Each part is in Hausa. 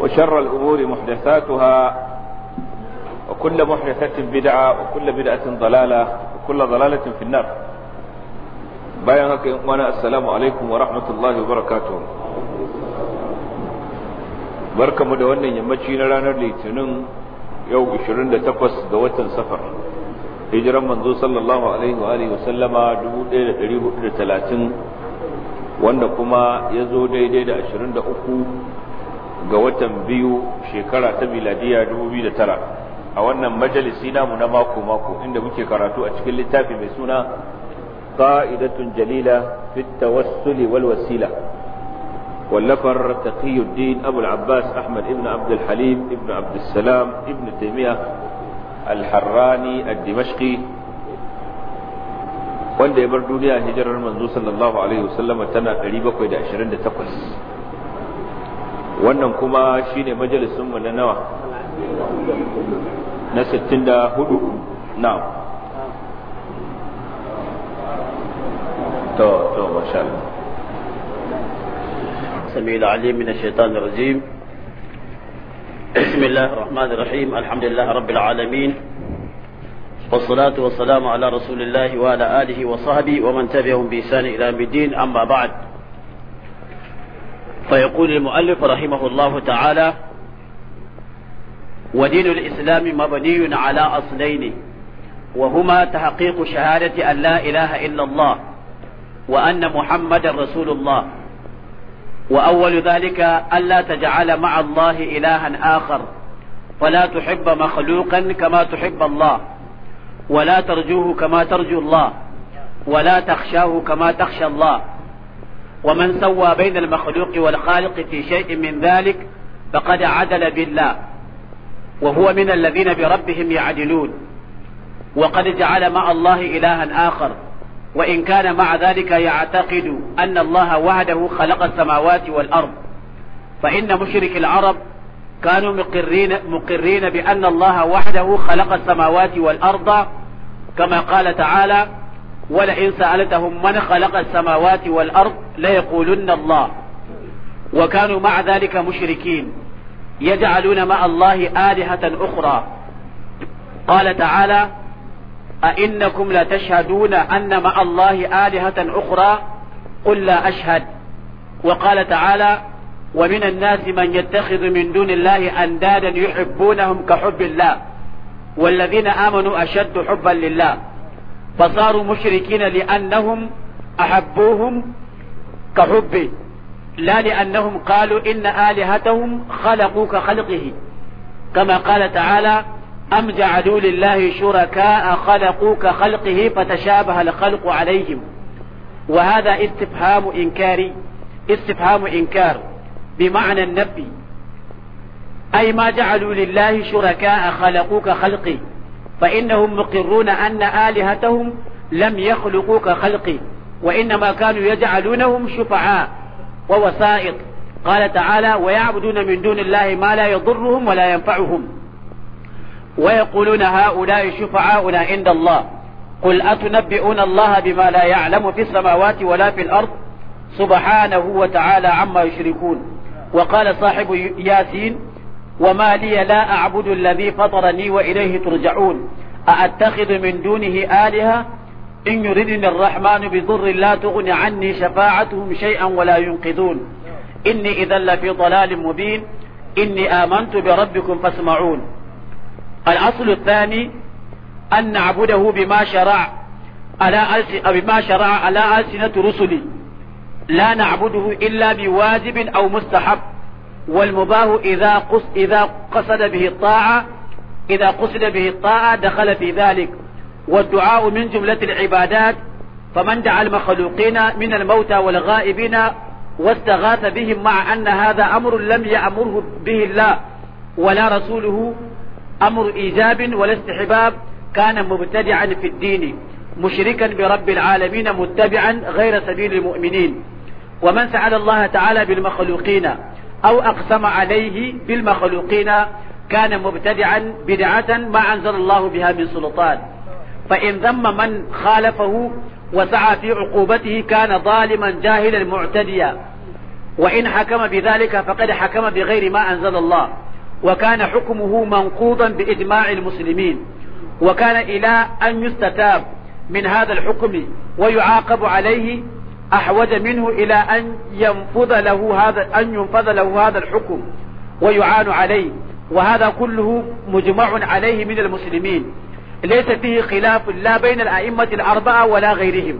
وشر الأمور محدثاتها وكل محدثة بدعة وكل بدعة ضلالة وكل ضلالة في النار bayan haka yan uwana assalamu wa rahmatullahi wa barakatuh barkamu da wannan yammaci na ranar litinin yau 28 ga watan safar hijiran manzo sallallahu alaihi wa alihi wasallama 1430 wanda kuma ya zo daidai da 23 ga watan biyu shekara ta miladiya 2009 a wannan majalisi namu na mako mako inda muke karatu a cikin littafi mai suna ƙa'idatun jalila fi wal wasila wallafar taqiyuddin abul abbas ahmad ibn abdul halim ibn abd salam ibn taymiya al harrani al dimashqi wanda ya bar duniya hijirar manzo sallallahu alaihi wasallama tana 728 wannan kuma shine majalisun mu na nawa na 64 na'am to to masha Allah سميع العليم من الشيطان الرجيم بسم الله الرحمن الرحيم الحمد لله رب العالمين والصلاة والسلام على رسول الله وعلى آله وصحبه ومن تبعهم بإحسان إلى الدين أما بعد فيقول المؤلف رحمه الله تعالى ودين الإسلام مبني على أصلين وهما تحقيق شهادة أن لا إله إلا الله وأن محمد رسول الله وأول ذلك ألا تجعل مع الله إلها آخر فلا تحب مخلوقا كما تحب الله ولا ترجوه كما ترجو الله ولا تخشاه كما تخشى الله ومن سوى بين المخلوق والخالق في شيء من ذلك فقد عدل بالله وهو من الذين بربهم يعدلون وقد جعل مع الله إلها آخر وإن كان مع ذلك يعتقد أن الله وحده خلق السماوات والأرض فإن مشرك العرب كانوا مقرين, مقرين بأن الله وحده خلق السماوات والأرض كما قال تعالى ولئن سألتهم من خلق السماوات والأرض ليقولن الله وكانوا مع ذلك مشركين يجعلون مع الله آلهة أخرى قال تعالى أئنكم لتشهدون أن مع الله آلهة أخرى قل لا أشهد وقال تعالى ومن الناس من يتخذ من دون الله أندادا يحبونهم كحب الله والذين آمنوا أشد حبا لله فصاروا مشركين لأنهم أحبوهم كحبه لا لأنهم قالوا إن آلهتهم خلقوا كخلقه كما قال تعالى أم جعلوا لله شركاء خلقوا كخلقه فتشابه الخلق عليهم وهذا استفهام إنكاري استفهام إنكار بمعنى النبي أي ما جعلوا لله شركاء خلقوا كخلقه فإنهم مقرون أن آلهتهم لم يخلقوا كخلقي وإنما كانوا يجعلونهم شفعاء ووسائط قال تعالى ويعبدون من دون الله ما لا يضرهم ولا ينفعهم ويقولون هؤلاء شفعاؤنا عند الله قل أتنبئون الله بما لا يعلم في السماوات ولا في الأرض سبحانه وتعالى عما يشركون وقال صاحب ياسين وما لي لا أعبد الذي فطرني وإليه ترجعون أأتخذ من دونه آلهة إن يردني الرحمن بضر لا تغن عني شفاعتهم شيئا ولا ينقذون إني إذا لفي ضلال مبين إني آمنت بربكم فاسمعون الأصل الثاني أن نعبده بما شرع على بما شرع على ألسنة رسلي لا نعبده إلا بواجب أو مستحب والمباه إذا, قص إذا قصد به الطاعة إذا قصد به الطاعة دخل في ذلك والدعاء من جملة العبادات فمن دعا المخلوقين من الموتى والغائبين واستغاث بهم مع أن هذا أمر لم يأمره به الله ولا رسوله أمر إيجاب ولا استحباب كان مبتدعا في الدين مشركا برب العالمين متبعا غير سبيل المؤمنين ومن سعد الله تعالى بالمخلوقين أو أقسم عليه بالمخلوقين كان مبتدعا بدعة ما أنزل الله بها من سلطان فإن ذم من خالفه وسعى في عقوبته كان ظالما جاهلا معتديا وإن حكم بذلك فقد حكم بغير ما أنزل الله وكان حكمه منقوضا بإجماع المسلمين وكان إلى أن يستتاب من هذا الحكم ويعاقب عليه أحوج منه إلى أن ينفذ له هذا أن ينفذ له هذا الحكم ويعان عليه وهذا كله مجمع عليه من المسلمين ليس فيه خلاف لا بين الأئمة الأربعة ولا غيرهم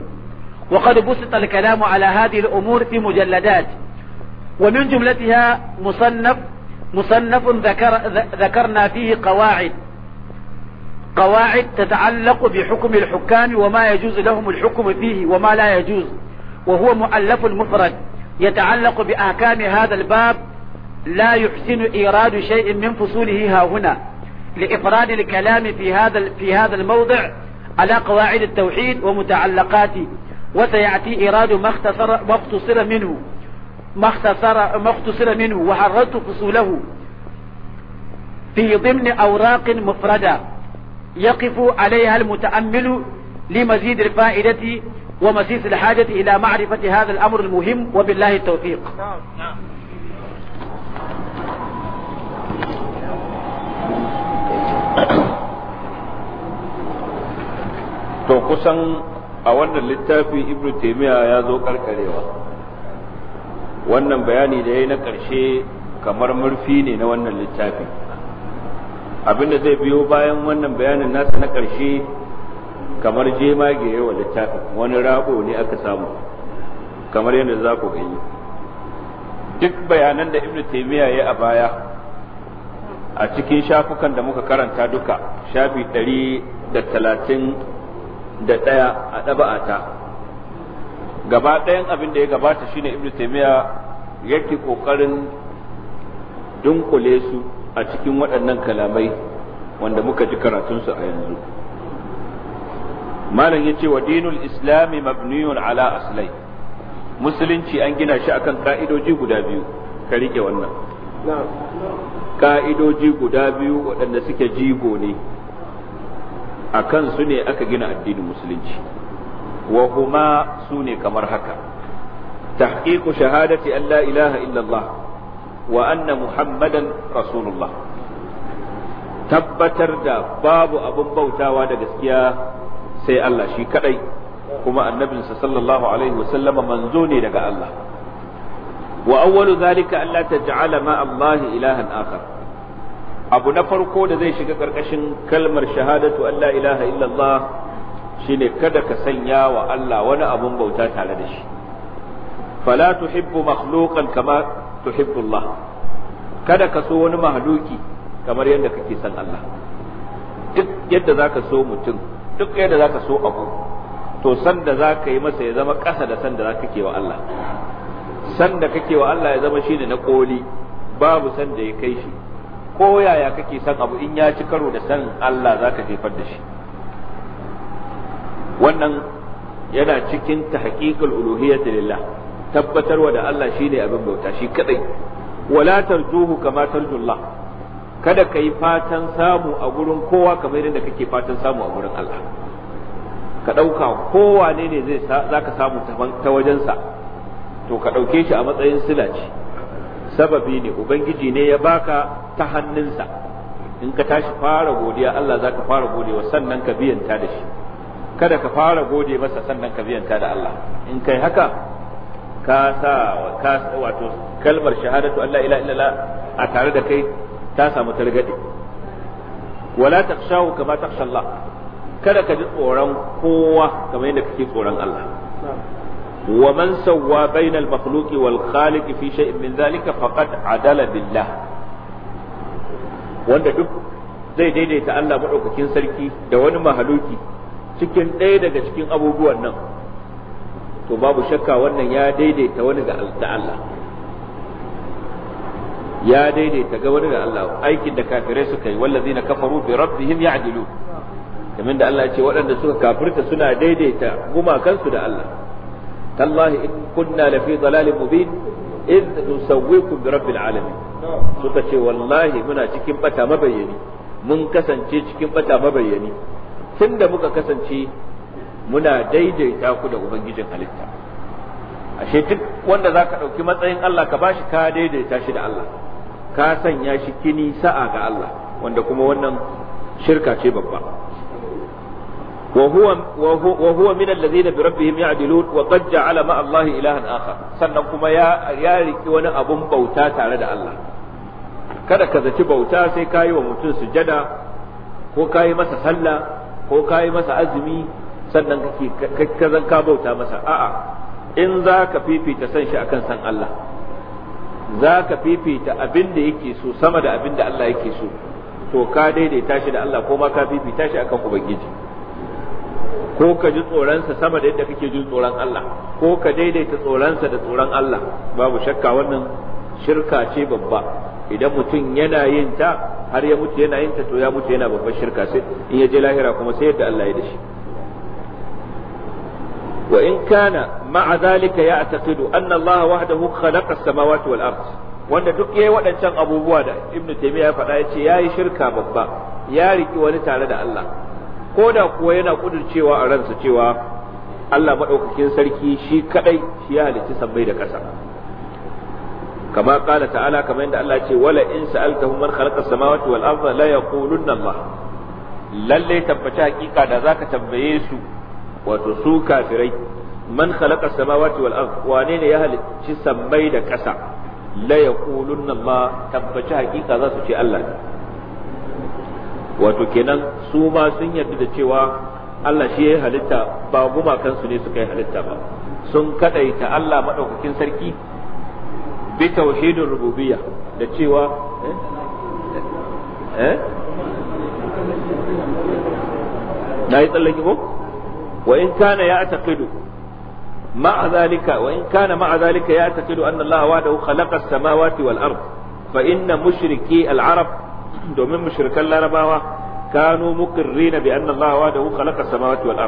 وقد بسط الكلام على هذه الأمور في مجلدات ومن جملتها مصنف مصنف ذكر ذكرنا فيه قواعد قواعد تتعلق بحكم الحكام وما يجوز لهم الحكم فيه وما لا يجوز وهو مؤلف مفرد يتعلق بأحكام هذا الباب لا يحسن إيراد شيء من فصوله ها هنا لإفراد الكلام في هذا في هذا الموضع على قواعد التوحيد ومتعلقاته وسيأتي إيراد ما اختصر ما اختصر منه ما اختصر ما اختصر منه وحررت فصوله في ضمن أوراق مفردة يقف عليها المتأمل لمزيد الفائدة ومسيس الحاجة إلى معرفة هذا الأمر المهم وبالله التوفيق to kusan a wannan littafi ibnu taimiyya ya zo karkarewa wannan bayani da ya yi na ƙarshe kamar murfi ne na wannan littafi abinda zai biyo bayan wannan bayanin nasa na ƙarshe kamar jema ga yawa littafin wani rabo ne aka samu kamar yadda za ku gani duk bayanan da ibnu taimiyya ya a baya a cikin shafukan da muka karanta duka shafi ɗari da talatin da ɗaya a ɗaba'ata gaba ɗayan abin da ya gabata shine ibnu taimiyya yake ƙoƙarin dunkule su a cikin waɗannan kalamai wanda muka ji karatunsu a yanzu malam yace wa dinul islami mabniyun ala aslai musulunci an gina shi akan ka'idoji guda biyu ka rike wannan ka'idoji guda biyu waɗanda suke jigo ne Akan su ne aka gina addinin musulunci wa huma su ne kamar haka tahqiqu shahadati an la ilaha illallah wa anna muhammadan rasulullah tabbatar da babu abin bautawa da gaskiya sai Allah shi kadai kuma annabinsa sallallahu alaihi wa manzo ne daga Allah wa awwalu zalika Allah taj'ala ma Allah ilahan akhar abu na farko da zai shiga karkashin kalmar shahadatu an la ilaha illallah shine kada ka sanya wa Allah wani abun bauta tare da shi fala tuhibbu makhluqan kama tuhibbu Allah kada ka so wani mahluki kamar yadda kake san Allah duk yadda zaka so mutum duk yadda zaka so abu to sanda zaka yi masa ya zama ƙasa da sanda zaka ke wa Allah sanda kake wa Allah ya zama shine na koli babu sanda ya kai shi ko yaya kake san abu in ya ci karo da san Allah zaka jefar da shi wannan yana cikin tahqiqul uluhiyyati lillah tabbatarwa da Allah shine abin bauta shi kadai wala tarjuhu kama tarjullah kada ka yi fatan samu a gurin kowa kamar yadda kake fatan samu a gurin Allah ka ɗauka kowa ne ne za ka samu ta wajensa to ka ɗauke shi a matsayin sila ce sababi ne ubangiji ne ya baka ta hannunsa in ka tashi fara godiya Allah za ka fara godewa sannan ka biyanta da shi kada ka fara gode masa sannan ka biyanta da Allah in kai haka ka sa wato kalmar shahadatu Allah ila illa a tare da kai ta samu targade wala takshahu kama taksha kada ka ji tsoron kowa kamar yadda kake tsoron Allah wa man sawwa bainal makhluqi wal khaliq fi shay'in min zalika faqad adala billah wanda duk zai daidaita Allah madaukakin sarki da wani mahaluki cikin ɗaya daga cikin abubuwan nan to babu shakka wannan ya daidaita wani ga Allah ya daidaita ga wani da Allah aikin da kafirai suka yi wallazi na kafaru bi rabbihim ya'dilu kamar da Allah ce waɗanda suka kafirta suna daidaita gumakansu da Allah tallahi in kunna fi dalalin mubin iz nusawwikum bi rabbil alamin suka ce wallahi muna cikin bata mabayyani mun kasance cikin bata mabayyani tunda muka kasance muna daidaita ku da ubangijin halitta ashe duk wanda zaka ɗauki matsayin Allah ka bashi ka daidaita shi da Allah ka sanya shi kini sa'a ga Allah wanda kuma wannan shirka ce babba huwa min bi rabbihim ya'dilun wa qad ja'ala ma Allah ilahan akhar sannan kuma ya ya riki wani abun bauta tare da Allah kada ka zaci bauta sai kayi wa mutum sujada ko kayi masa sallah ko kayi masa azumi sannan kake ka zan ka bauta masa a'a in za ka fifita san shi akan san Allah za ka fifita abin da yake so sama da abin da Allah yake so to ka daidaita shi da Allah ko ma ka fifita shi akan ubangiji ko ka ji tsoronsa sama da yadda kake jin tsoron Allah ko ka daidaita tsoronsa da tsoron Allah babu shakka wannan shirka ce babba idan mutum yana yin ta har ya mutu yana yin ta to ya mutu yana babban shirka sai in ya je lahira kuma sai yadda Allah ya da shi وإن ya مع ذلك يعتقد أن الله وحده خلق السماوات والأرض wanda duk yayi waɗancan abubuwa da ibnu Taymiyyah ya faɗa ya ce yayi shirka babba ya riki wani tare da Allah ko da kuwa yana kudurcewa a ransa cewa Allah maɗaukakin sarki shi kadai shi ya halicci sammai da ƙasa kama qala ta'ala kamar yadda Allah ce wala in sa'altahum man khalaqa samawati wal arda la yaqulunna Allah lalle tabbata hakika da zaka tambaye su wato su kafirai man khalaqa samawati wal ard wane ne ya halicci sammai da ƙasa la yaqulunna ma tabbaci hakika za su ce Allah wato kenan su ma sun yarda da cewa Allah shi ya halitta ba gumakan su ne suka yi halitta ba sun kadaita Allah madaukakin sarki bi tauhidin rububiyya da cewa eh eh na yi tsallake ko wa in kana ya taqidu ma'a zalika wa samawati wal ard fa inna mushriki domin mushrikan larabawa kanu muqirrina bi anna Allah wahdahu samawati wal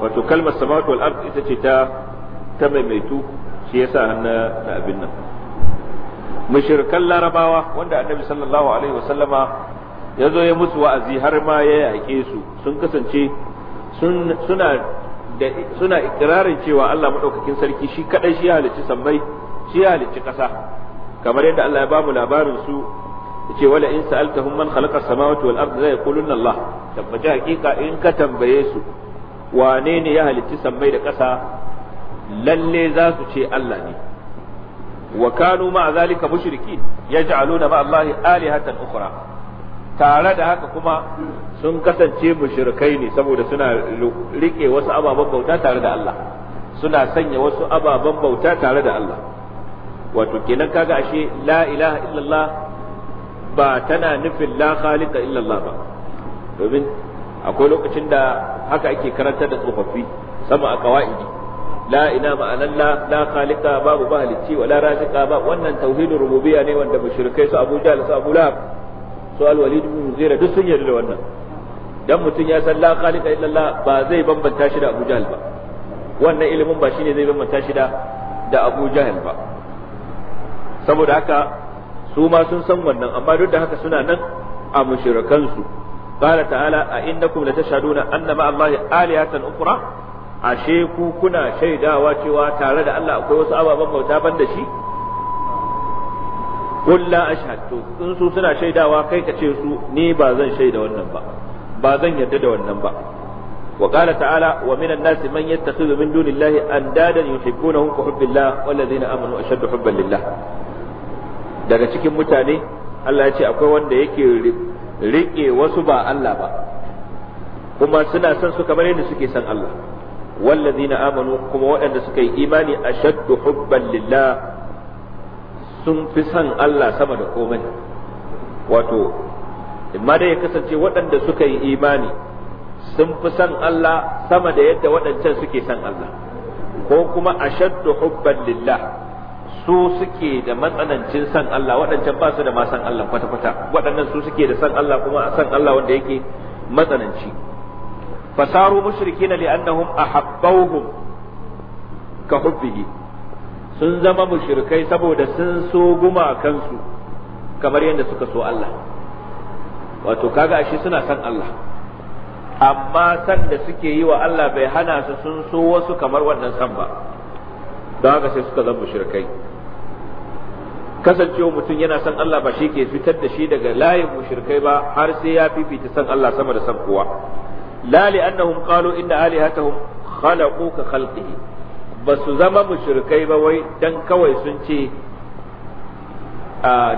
wato kalmar samawati wal ita ce ta maimaitu shi yasa hannu da abin nan larabawa wanda annabi sallallahu ya zo ya musu wa'azi har ma ya yaƙe su sun kasance suna da suna ikirarin cewa Allah madaukakin sarki shi kadai shi halicci sammai shi halicci ƙasa kamar yadda Allah ya bamu labarin su yace wala in sa'altahum man khalaqa samawati wal ardi la Allah tabbaci hakika in ka tambaye su wane ne ya halicci sammai da ƙasa lalle za su ce Allah ne wa kanu ma zalika mushrikin yaj'aluna ma Allah alihatan ukhra tare da haka kuma sun kasance mushrikai ne saboda suna riƙe wasu ababen bauta tare da Allah suna sanya wasu ababen bauta tare da Allah wato kenan kaga ashe la ilaha illallah ba tana nufin la khaliqa illallah ba domin akwai lokacin da haka ake karantar da tsofaffi sama a kawa'idi la ina ma'anan la la khaliqa babu ba halicci wala raziqa ba wannan tauhidin rububiyya ne wanda mushrikai su Abuja Jahl su Abu Lahab su alwalid bin ibn duk sun yarda da wannan dan mutum ya san la khaliqa illallah ba zai bambanta shi da Abu Jahl ba wannan ilimin ba shine zai bambanta shi da da Abu Jahl ba saboda haka su ma sun san wannan amma duk da haka suna nan a mushrikan su qala ta'ala a innakum latashhaduna anna ma allahi alihatan ukhra ashe ku kuna shaidawa cewa tare da Allah akwai wasu ababen bauta ban da shi qul la ashhad suna shaidawa kai ka ce su ni ba zan shaida wannan ba ba zan yarda da wannan ba wa ta'ala wa minan nasi man yattakhidhu min dunillahi andadan yuhibbunahum ka hubbillah wal ladzina amanu ashaddu hubban lillah daga cikin mutane Allah ya ce akwai wanda yake riƙe wasu ba Allah ba kuma suna son su kamar yadda suke son Allah amanu kuma waɗanda suka yi imani a hubban lillah sun fi son Allah sama da komai wato imma dai ya kasance waɗanda suka yi imani sun fi son Allah sama da yadda waɗancan suke son Allah ko kuma ashaddu hubban lillah su suke da matsanancin son Allah waɗancan ba su da ma son Allah kwata-kwata waɗannan su suke da son Allah kuma son Allah wanda yake matsananci fasaru mushrikina li'annahum ahabbawhum ka hubbihi sun zama mushrikai saboda sun so gumakansu kamar yadda suka so Allah wato kaga ashe suna san Allah amma san da suke yi wa Allah bai hana su sun so wasu kamar wannan san ba don haka sai suka zama mushrikai kasancewa mutum yana san Allah ba shi ke fitar da shi daga layin mushrikai ba har sai ya fifita san Allah sama da san kowa la li annahum qalu inna alihatahum khalaqu khalqihi ba su zama mushrikai ba wai dan kawai sun ce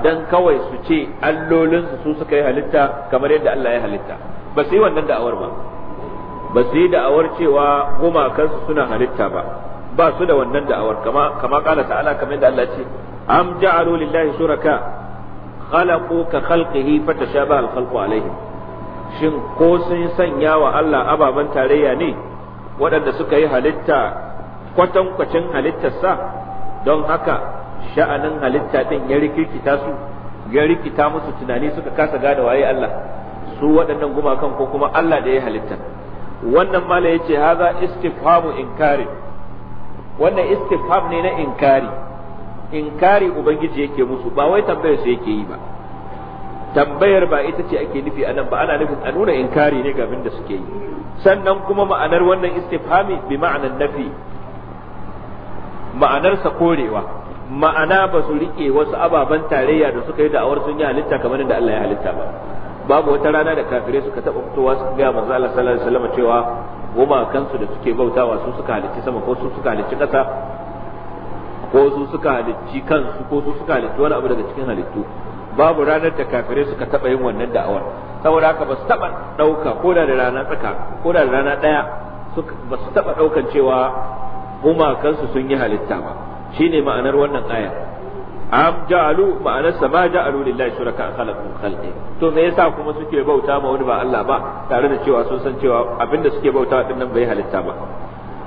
dan kawai su ce allolin su suka yi halitta kamar yadda Allah ya halitta ba su yi wannan da'awar ba ba su yi da'awar cewa gumakansu suna halitta ba ba su da wannan da'awar kama kama kala ta'ala kamar yadda Allah ce am ja'alu lillahi shuraka khalaqu ka khalqihi fatashabaha al-khalqu alayhi shin ko sun sanya wa Allah ababan tarayya ne waɗanda suka yi halitta kwatankwacin halittarsa don haka sha'anin halitta ɗin ya rikirkita su ya rikita musu tunani suka kasa gane waye Allah su waɗannan gumakan ko kuma Allah da ya halitta wannan mala yace haza istifhamu inkari wannan istifham ne na inkari inkari ubangiji yake musu ba wai tambayar su yake yi ba tambayar ba ita ce ake nufi anan ba ana nufin a nuna inkari ne ga abin da suke yi sannan kuma ma'anar wannan istifhami bi ma'anar nafi ma'anarsa korewa ma'ana ba su rike wasu ababen tarayya da suka yi da awar sun yi halitta kamar da Allah ya halitta ba babu wata rana da kafirai suka taɓa fitowa su ga manzo Allah sallallahu alaihi wasallam cewa goma kansu da suke bautawa su suka halicci sama ko su suka halicci ƙasa ko su suka halicci kansu ko su suka halicci wani abu daga cikin halittu babu ranar da kafirai suka taɓa yin wannan da'awar saboda haka ba su taɓa ɗauka ko da rana tsaka ko da rana ɗaya ba su taɓa ɗaukan cewa gumakansu sun yi halitta ba ne ma'anar wannan aya am ja'alu ma'anar ma ja'alu lillahi shuraka khalaqu khalqi to me yasa kuma suke bauta ma wani ba Allah ba tare da cewa sun san cewa abinda suke bauta din nan bai halitta ba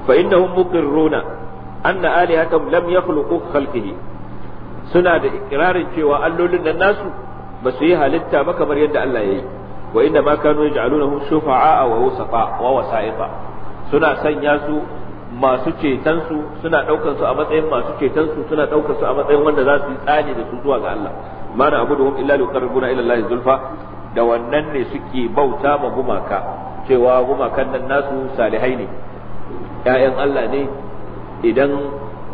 fa innahum muqirruna anna alihatum lam yakhluqu khalqihi suna da ikrarin cewa allolin nan nasu ba su yi halitta ba kamar yadda Allah ya yi wa inda ma kanu yaj'alunahum shufa'a wa wasaqa wa wasa'iqa suna sanya su masu cetonsu suna ɗaukar su a matsayin masu cetonsu suna ɗaukar su a matsayin wanda za su yi tsani da su zuwa ga Allah ma na abu da hum illa liqarrabuna ila Allah zulfa da wannan ne suke bauta ma gumaka cewa gumakan nan nasu salihai ne ƴaƴan Allah ne idan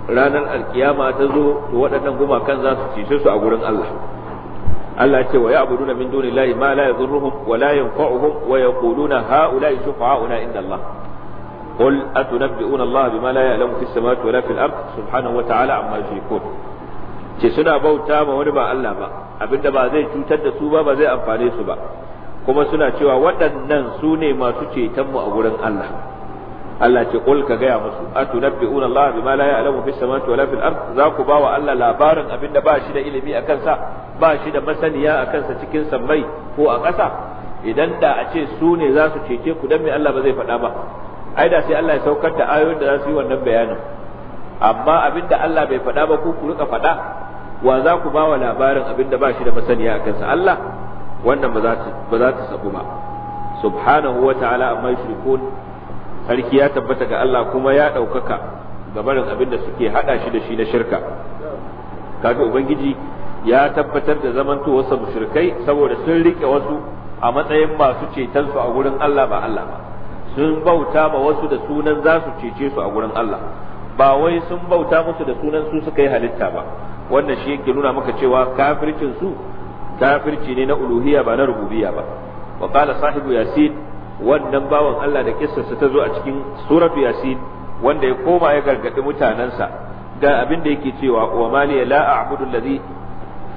ranar alkiyama ta zo to waɗannan gumakan za su cece su a gurin Allah Allah ce wa ya'buduna min dunillahi ma la yadhurruhum wa la yanfa'uhum wa yaquluna ha'ula'i shufa'una inda Allah قل أتنبئون الله بما لا يعلم في السماوات ولا في الأرض سبحانه وتعالى عما يشركون ce suna bauta ma wani ba Allah ba abinda ba zai cutar da su ba ba zai amfane su ba kuma suna cewa waɗannan su ne masu ceton mu a gurin Allah Allah ce qul ka gaya musu atunabbi'una Allah bima la ya'lamu fis samawati wala fil ard za ku ba wa Allah labarin abinda ba shi da ilimi a kansa ba shi da masaniya a kansa cikin sammai ko a ƙasa idan da a ce su ne za su cece ku dan me Allah ba zai faɗa ba ai da sai Allah ya saukar da ayoyin da za su yi wannan bayanin amma abinda Allah bai faɗa ba ku ku rika faɗa wa za ku ba wa labarin abinda ba shi da masaniya a kansa Allah wannan ba za ta sabu ba subhanahu wa ta'ala amma yushrikun sarki ya tabbata ga Allah kuma ya ɗaukaka ga barin abinda suke haɗa shi da shi na shirka kaga ubangiji ya tabbatar da zamanto wasu mushrikai saboda sun rike wasu a matsayin masu cetonsu a gurin Allah ba Allah ba sun bauta ma wasu da sunan za su cece su a gurin Allah ba wai sun bauta musu da sunan su suka yi halitta ba wannan shi yake nuna maka cewa kafircin su kafirci ne na uluhiyya ba na rububiyya ba wa qala sahibu yasin wannan bawan Allah da kissarsa ta zo a cikin suratu yasin wanda ya koma ya gargadi mutanansa ga abin da yake cewa wa mali la a'budu allazi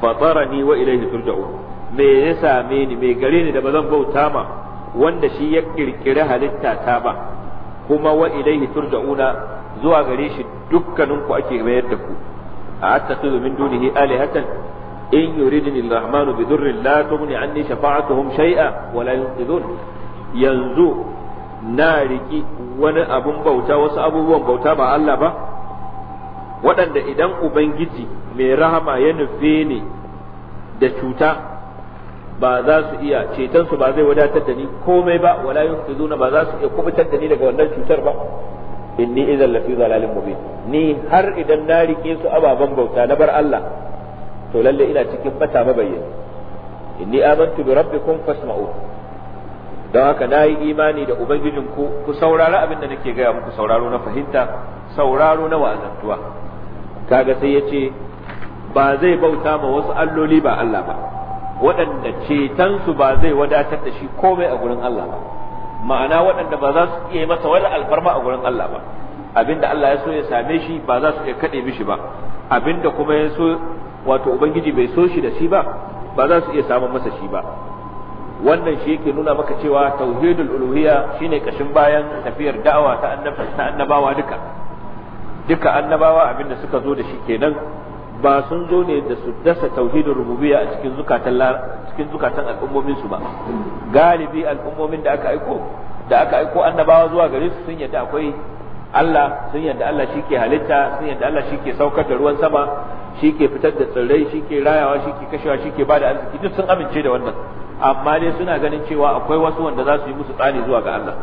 fatarani wa ilayhi turja'un me ya same ni me gare ni da bazan bauta ma wanda shi ya kirkiri halitta ta ba kuma wa ilaihi turja'una zuwa gare shi dukkanin ku ake mayar da ku a attakhidhu min dunihi alihatan in yuridni ar-rahmanu bi dhurrin la tughni anni shafa'atuhum shay'a wa la yunqidhun yanzu na riki wani abun bauta wasu abubuwan bauta ba Allah ba waɗanda idan ubangiji mai rahama ya nufe ni da cuta ba za su iya ceton su ba zai wadatar da ni komai ba wala yunqiduna ba za su iya kubutar da ni daga wannan cutar ba inni idan lafi zalalin mubi ni har idan na rike su ababan bauta na bar Allah to lalle ina cikin bata mabayyana inni amantu bi rabbikum fasma'u don haka na imani da ubangijin ku saurari abin da nake gaya muku sauraro na fahimta sauraro na wa'azantuwa kaga sai yace ba zai bauta ma wasu alloli ba Allah ba waɗanda cetonsu ba zai wadatar da shi komai a gurin Allah ba ma'ana waɗanda ba za su iya masa wani alfarma a gurin Allah ba abinda Allah ya so ya same shi ba za su iya kaɗe mishi ba abinda kuma ya so wato ubangiji bai so shi da shi ba ba za su iya samun masa shi ba wannan shi yake nuna maka cewa tauhidul uluhiyya shine kashin bayan tafiyar da'awa ta annabawa duka duka annabawa abinda suka zo da shi kenan ba sun zo ne da su dasa tauhidin rububiyya a cikin zukatan cikin zukatan al'ummomin su ba galibi al'ummomin da aka aiko da aka aiko annabawa zuwa gare su sun yadda akwai Allah sun yadda Allah shi ke halitta sun yadda Allah shi ke saukar da ruwan sama shi ke fitar da tsirrai shi ke rayawa shi ke kashewa shi ke bada arziki duk sun amince da wannan amma dai suna ganin cewa akwai wasu wanda za su yi musu tsani zuwa ga Allah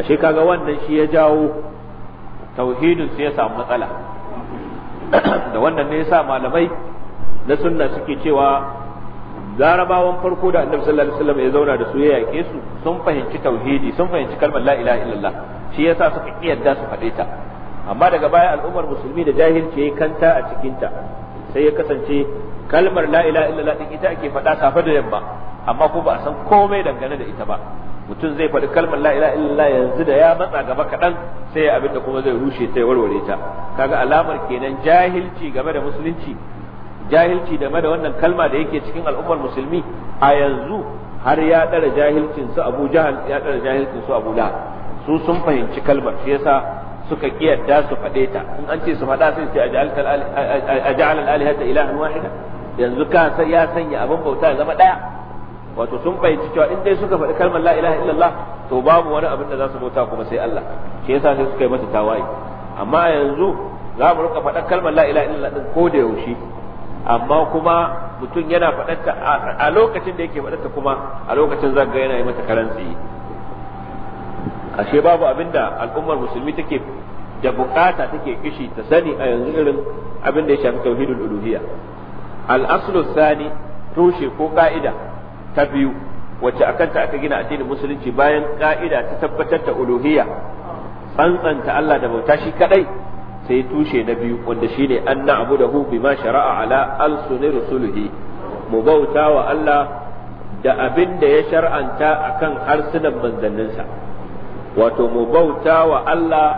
ashe kaga wannan shi ya jawo tauhidin su ya samu matsala da wannan ne yasa malamai na sunna suke cewa larabawan farko da annabi sallallahu alaihi wasallam ya zauna da su ya yake su sun fahimci tauhidi sun fahimci kalmar la ilaha illallah shi yasa suka kiyarda su faɗe ta amma daga baya al'ummar musulmi da jahilci ya kanta a cikin ta sai ya kasance kalmar la ilaha illallah din ita ake faɗa safe da yamma amma ko ba a san komai dangane da ita ba mutum zai faɗi kalmar la ilaha illallah yanzu da ya matsa gaba kaɗan sai ya abin da kuma zai rushe sai warware ta kaga alamar kenan jahilci game da musulunci jahilci game da wannan kalma da yake cikin al'ummar musulmi a yanzu har ya ɗara jahilcin su Abu Jahal ya ɗara jahilcin su Abu Lahab su sun fahimci kalmar shi yasa suka kiyarda su faɗe ta in an ce su faɗa sai ce aj'al al-alihata ilahan wahida yanzu ka ya sanya abin bauta ya zama ɗaya wato sun fahimci cewa in dai suka faɗi kalmar la ilaha illallah to babu wani abin da za su bauta kuma sai Allah shi yasa sai suka yi masa tawaye amma yanzu za mu rika faɗar kalmar la ilaha illallah din ko da yaushe amma kuma mutum yana faɗarta a lokacin da yake faɗarta kuma a lokacin zanga yana yi mata karantsi ashe babu abin da al'ummar musulmi take da bukata take kishi ta sani a yanzu irin abin da ya shafi tauhidul uluhiyya al-aslu thani tushe ko ka'ida ta biyu wacce akanta aka gina addinin musulunci bayan ka'ida ta tabbatar da uluhiyya tsantsanta Allah da bauta shi kadai sai tushe na biyu wanda shine an na'budahu bima shara'a ala al-sunni rusulihi mu bauta wa Allah da abin da ya shar'anta akan harsunan manzanninsa wato mu bauta wa Allah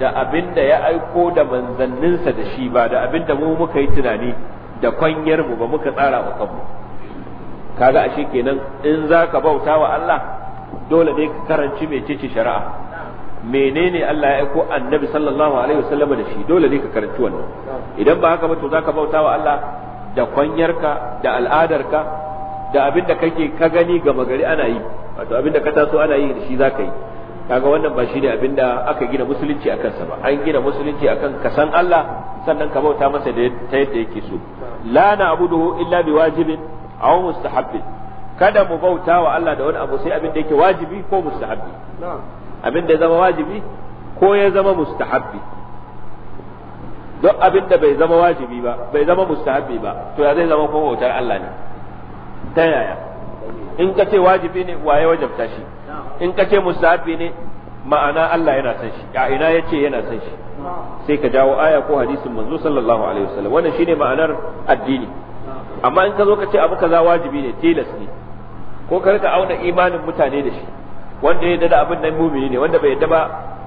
da abin da ya aiko da manzanninsa da shi ba da abin da mu muka yi tunani da kwanyar mu ba muka tsara wa kanmu kaga ashe kenan in zaka ka bauta wa Allah dole ne ka karanci mecece shari'a menene Allah ya aiko annabi sallallahu alaihi wasallam da shi dole ne ka karanci wannan idan ba haka ba to zaka bauta wa Allah da kwanyarka da al'adarka da abin da kake ka gani gama gari ana yi wato abin da ka taso ana yi da shi zaka yi kaga wannan ba shine abin da aka gina musulunci a kansa ba an gina musulunci akan ka san Allah sannan ka bauta masa da ta yadda yake so la na'buduhu illa biwajibin aw mustahabbi kada mu bauta wa Allah da wani abu sai abin da yake wajibi ko mustahabbi abin da ya zama wajibi ko ya zama mustahabbi duk abin da bai zama wajibi ba bai zama mustahabbi ba to ya zai zama ko bautar Allah ne ta yaya in ka ce wajibi ne waye wajabta shi in ka ce mustahabbi ne ma'ana Allah yana san shi a ina yace yana san shi sai ka jawo aya ko hadisin manzo sallallahu alaihi wasallam wannan shine ma'anar addini amma in ka zo ka ce abu kaza wajibi ne tilas ne ko ka rika auna imanin mutane da shi wanda ya da abin nan mumini ne wanda bai yadda ba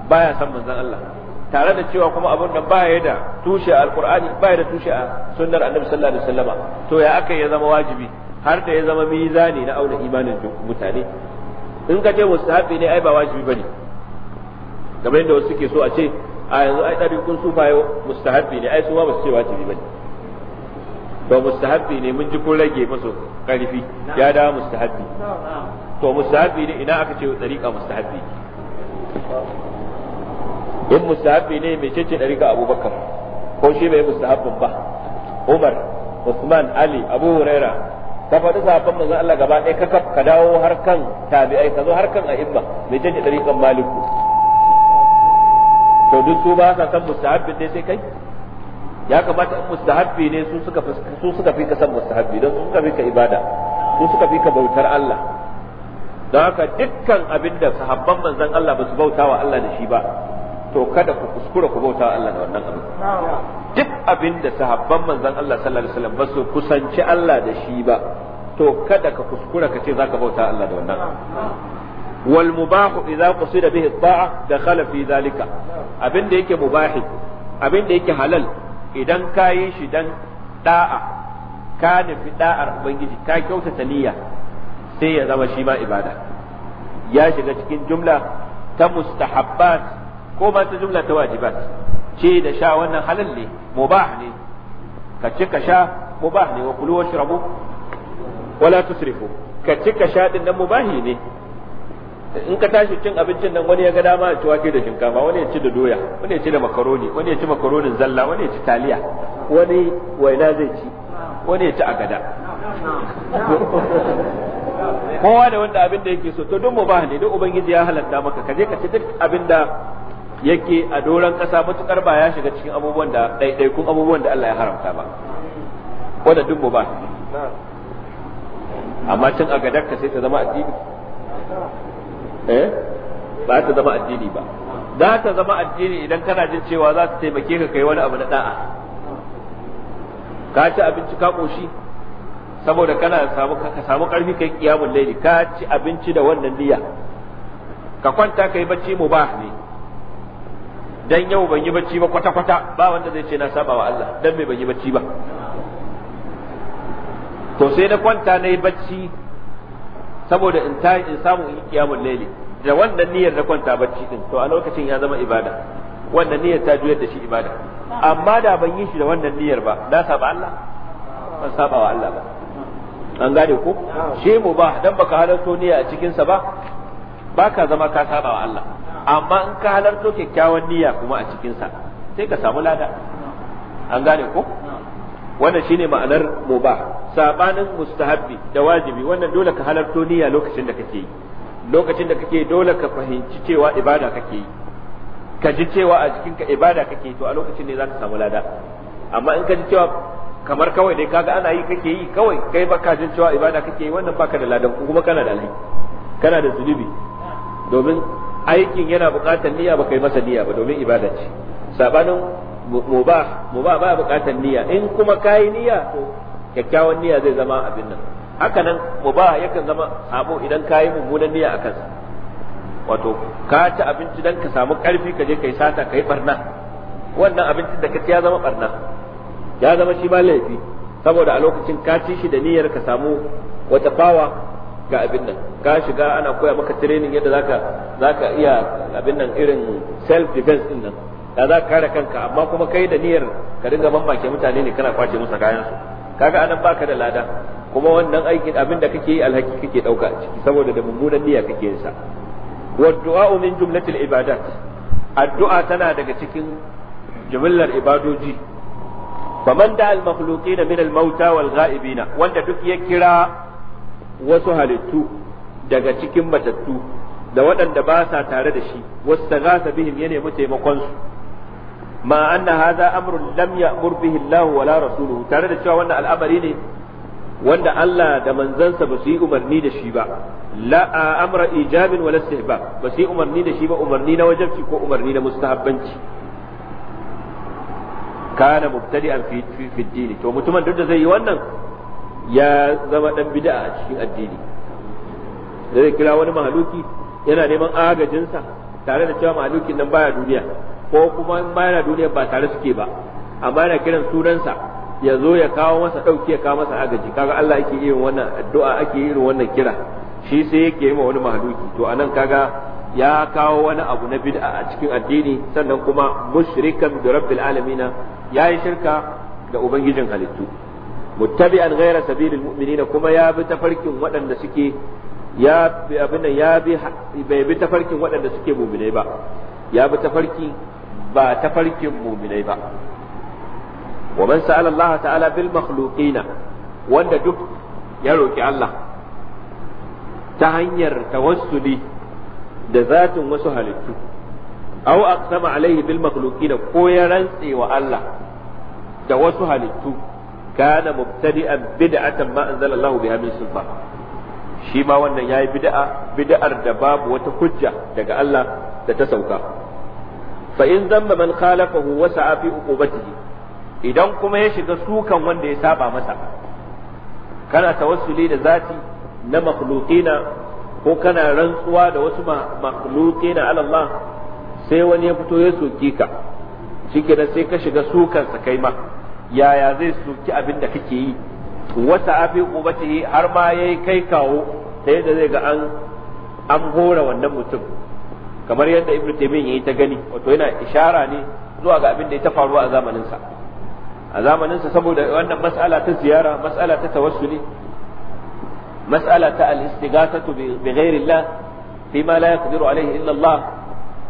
baya san manzon Allah tare da cewa kuma abin nan baya da tushe a alqur'ani baya da tushe a sunnar annabi sallallahu alaihi wasallama to ya aka ya zama wajibi har da ya zama mizani na auna imanin mutane in ka ce mustahabi ne ai ba wajibi bane kamar yadda wasu suke so a ce a yanzu ai ɗari kun sufaye mustahabi ne ai su ma ba su ce wajibi bane to mustahabbi ne mun ji kun rage musu karfi ya da mustahabbi to mustahabbi ne ina aka ce dariqa mustahabbi in mustahabbi ne mai ce dariqa abubakar ko shi bai mustahabbin ba umar usman ali abu huraira ka faɗi sahabban manzon Allah gaba ɗaya ka ka dawo har kan tabi'ai ka zo har kan a'imma mai cece dariqan maliku to duk su ba sa san mustahabbin dai sai kai ya kamata in mustahabbi ne su suka su suka fi ka san mustahabbi don sun suka fi ka ibada su suka fi ka bautar Allah don haka dukkan abin da sahabban manzon Allah ba su bauta wa Allah da shi ba to kada ku kuskura ku bauta wa Allah da wannan abin duk abin da sahabban manzon Allah sallallahu alaihi wasallam ba su kusanci Allah da shi ba to kada ka kuskura ka ce zaka bauta wa Allah da wannan wal mubahu idza qusida bihi at-ta'a dakhala fi zalika abin da yake mubahi abin da yake halal idan ka yi shi dan da'a ka nufi da'ar ubangiji ka kyauta niyya sai ya zama shi ma ibada ya shiga cikin jumla ta mustahabbat ko ba ta jumla ta wajibat ce da sha wannan halal ne mubah ne ka ci ka sha mubah ne wa kulu washrabu wala tusrifu ka ci ka sha din nan mubahi ne in ka tashi cin abincin nan wani ya ga dama ya ci wake da shinkafa wani ya ci da doya wani ya ci da makaroni wani ya ci makaronin zalla wani ya ci taliya wani waina zai ci wani ya ci agada kowa da wanda abin da yake so to don mu ba ne don ubangiji ya halatta maka ka je ka ci duk abin da yake a doran kasa matukar ba ya shiga cikin abubuwan da ɗaiɗaikun abubuwan da Allah ya haramta ba wanda duk mu ba amma cin agadar ka sai ta zama addini eh ba ta zama addini ba za ta zama addini idan kana jin cewa za ta taimake ka kai wani abu na da'a ka ci abinci ka koshi saboda kana samu ka samu karfi kai kiyamul laili ka ci abinci da wannan niyya ka kwanta kai bacci ba ne dan yau ban yi bacci ba kwata kwata ba wanda zai ce na saba wa Allah dan me ban yi bacci ba to sai na kwanta na yi bacci saboda in ta in samu in kiyamul laili da wannan niyyar na kwanta bacci din to a lokacin ya zama ibada wannan niyyar ta juyar da shi ibada amma da ban yi shi da wannan niyyar ba na saba Allah ban saba wa Allah ba an gane ko shi mu ba dan baka halarto niyya a cikin sa ba baka zama ka saba wa Allah amma in ka halarto kyakkyawan niyya kuma a cikin sa sai ka samu lada an gane ko wannan shine ma'anar mubah sabanin mustahabbi da wajibi wannan dole ka halarto niyya lokacin da kake yi lokacin da kake dole ka fahimci cewa ibada kake yi ka ji cewa a jikinka ibada kake to a lokacin ne zaka samu lada amma in ka ji cewa kamar kawai dai kaga ana yi kake yi kawai kai baka jin cewa ibada kake yi wannan baka da ladan kuma kana da alhaki kana da zunubi domin aikin yana buƙatar niyya baka yi masa niyya ba domin ibada ce sabanin mubah mubah ba buƙatar niyya in kuma kayi niyya to kyakkyawan niyya zai zama abin nan haka nan mubah yakan zama abu idan kayi mummunan niyya a kansa wato ka ci abinci dan ka samu karfi ka je kai sata kai barna wannan abincin da ka ci ya zama barna ya zama shi ma laifi saboda a lokacin ka ci shi da niyyar ka samu wata fawa ga abin nan ka shiga ana koya maka training yadda zaka zaka iya abin nan irin self defense din nan da za ka kare kanka amma kuma kai da niyyar ka dinga mamake mutane ne kana kwace musu kayan su kaga anan baka da lada kuma wannan aiki abin da kake yi alhaki kake dauka ciki saboda da mummunan niyya kake yin sa wa du'a min jumlatil ibadat addu'a tana daga cikin jumlar ibadoji faman da al makhluqin min al mauta wal ghaibina wanda duk ya kira wasu halittu daga cikin matattu da waɗanda ba sa tare da shi wasu gasa bihim ya nemi taimakon su ma anna hadha amrun lam ya'mur bihi Allah wala rasuluhu tare da cewa wannan al'amari ne wanda Allah da manzansa ba su yi umarni da shi ba la amra ijabin wala istihbab ba su yi umarni da shi ba umarni na wajabci ko umarni na mustahabbanci kana mubtadi'an fi fi dini to mutumin duk da zai yi wannan ya zama dan bid'a a cikin addini zai kira wani mahaluki yana neman agajinsa tare da cewa mahalukin nan baya duniya ko kuma in bayana duniya ba tare suke ba amma yana kiran sunansa ya zo ya kawo masa ɗauki ya kawo masa agaji kaga Allah ake irin wannan addu'a ake irin wannan kira shi sai yake yi ma wani mahaluki to anan kaga ya kawo wani abu na bid'a a cikin addini sannan kuma mushrikan bi rabbil alamina yayi shirka da ubangijin halittu muttabi'an ghayra sabilil mu'minina kuma ya bi tafarkin waɗanda suke ya abin ya bi bai bi tafarkin waɗanda suke mu'minai ba ya bi tafarki ba tafarkin muminai ba wa man sa'ala Allah ta'ala bil makhluqina wanda duk ya roki Allah ta hanyar tawassuli da zatin wasu halittu aw aqsama alaihi bil makhluqina ko ya rantse wa Allah da wasu halittu kana mubtadi'an bid'atan ma anzala Allah biha min sultan shi ma wannan yayi bid'a bid'ar da babu wata hujja daga Allah da ta sauka fa in zamba man khalafahu wa sa'a fi uqubatihi idan kuma ya shiga sukan wanda ya saba masa kana tawassuli da zati na makhluqina ko kana rantsuwa da wasu makhluqina ala Allah sai wani ya fito ya soki ka shikenan sai ka shiga sukan sa kai ma yaya zai soki abin da kake yi wata afi ubati har ma yayi kai kawo ta yadda zai ga an an hora wannan mutum kamar yadda ibn taymiyyah yayi ta gani wato yana ishara ne zuwa ga abin da ya ta faruwa a zamanin sa a zamanin sa saboda wannan mas'ala ta ziyara mas'ala ta tawassuli mas'ala ta al-istighathatu bi ghairi Allah fi ma la yaqdiru alayhi illa Allah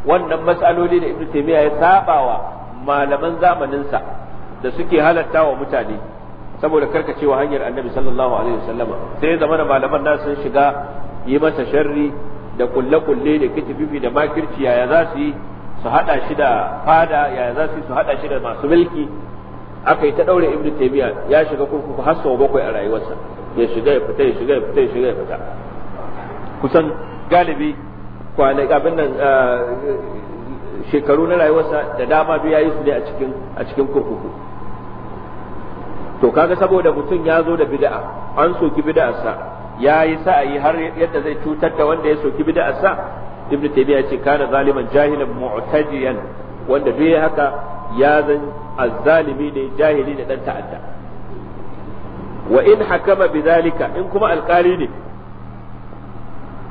wannan mas'aloli da ibn taymiyyah ya sabawa malaman zamanin sa da suke halatta wa mutane saboda karkacewa hanyar annabi sallallahu alaihi wasallama sai ya zama da malaman nan sun shiga yi masa sharri da kulle kulle da kitififi da makirci yaya za su yi su hada shi da fada yaya za su yi su hada shi da masu mulki aka yi ta daure ibnu taymiya ya shiga kurkuku har sau bakwai a rayuwarsa ya shiga ya fita ya shiga ya fita ya shiga ya fita kusan galibi kwanaki abin nan ah, shekaru na rayuwarsa da dama biyu yi su ne a cikin kurkuku to kaga saboda mutum ya zo da bid'a an soki bid'arsa ya yi sa'ayi har yadda zai cutar da wanda ya soki bid'arsa ibnu taymiya ce kana zaliman jahilan mu'tajiyan wanda duk haka ya zan azzalimi ne jahili ne dan ta'adda wa in hakama bidhalika in kuma alkali ne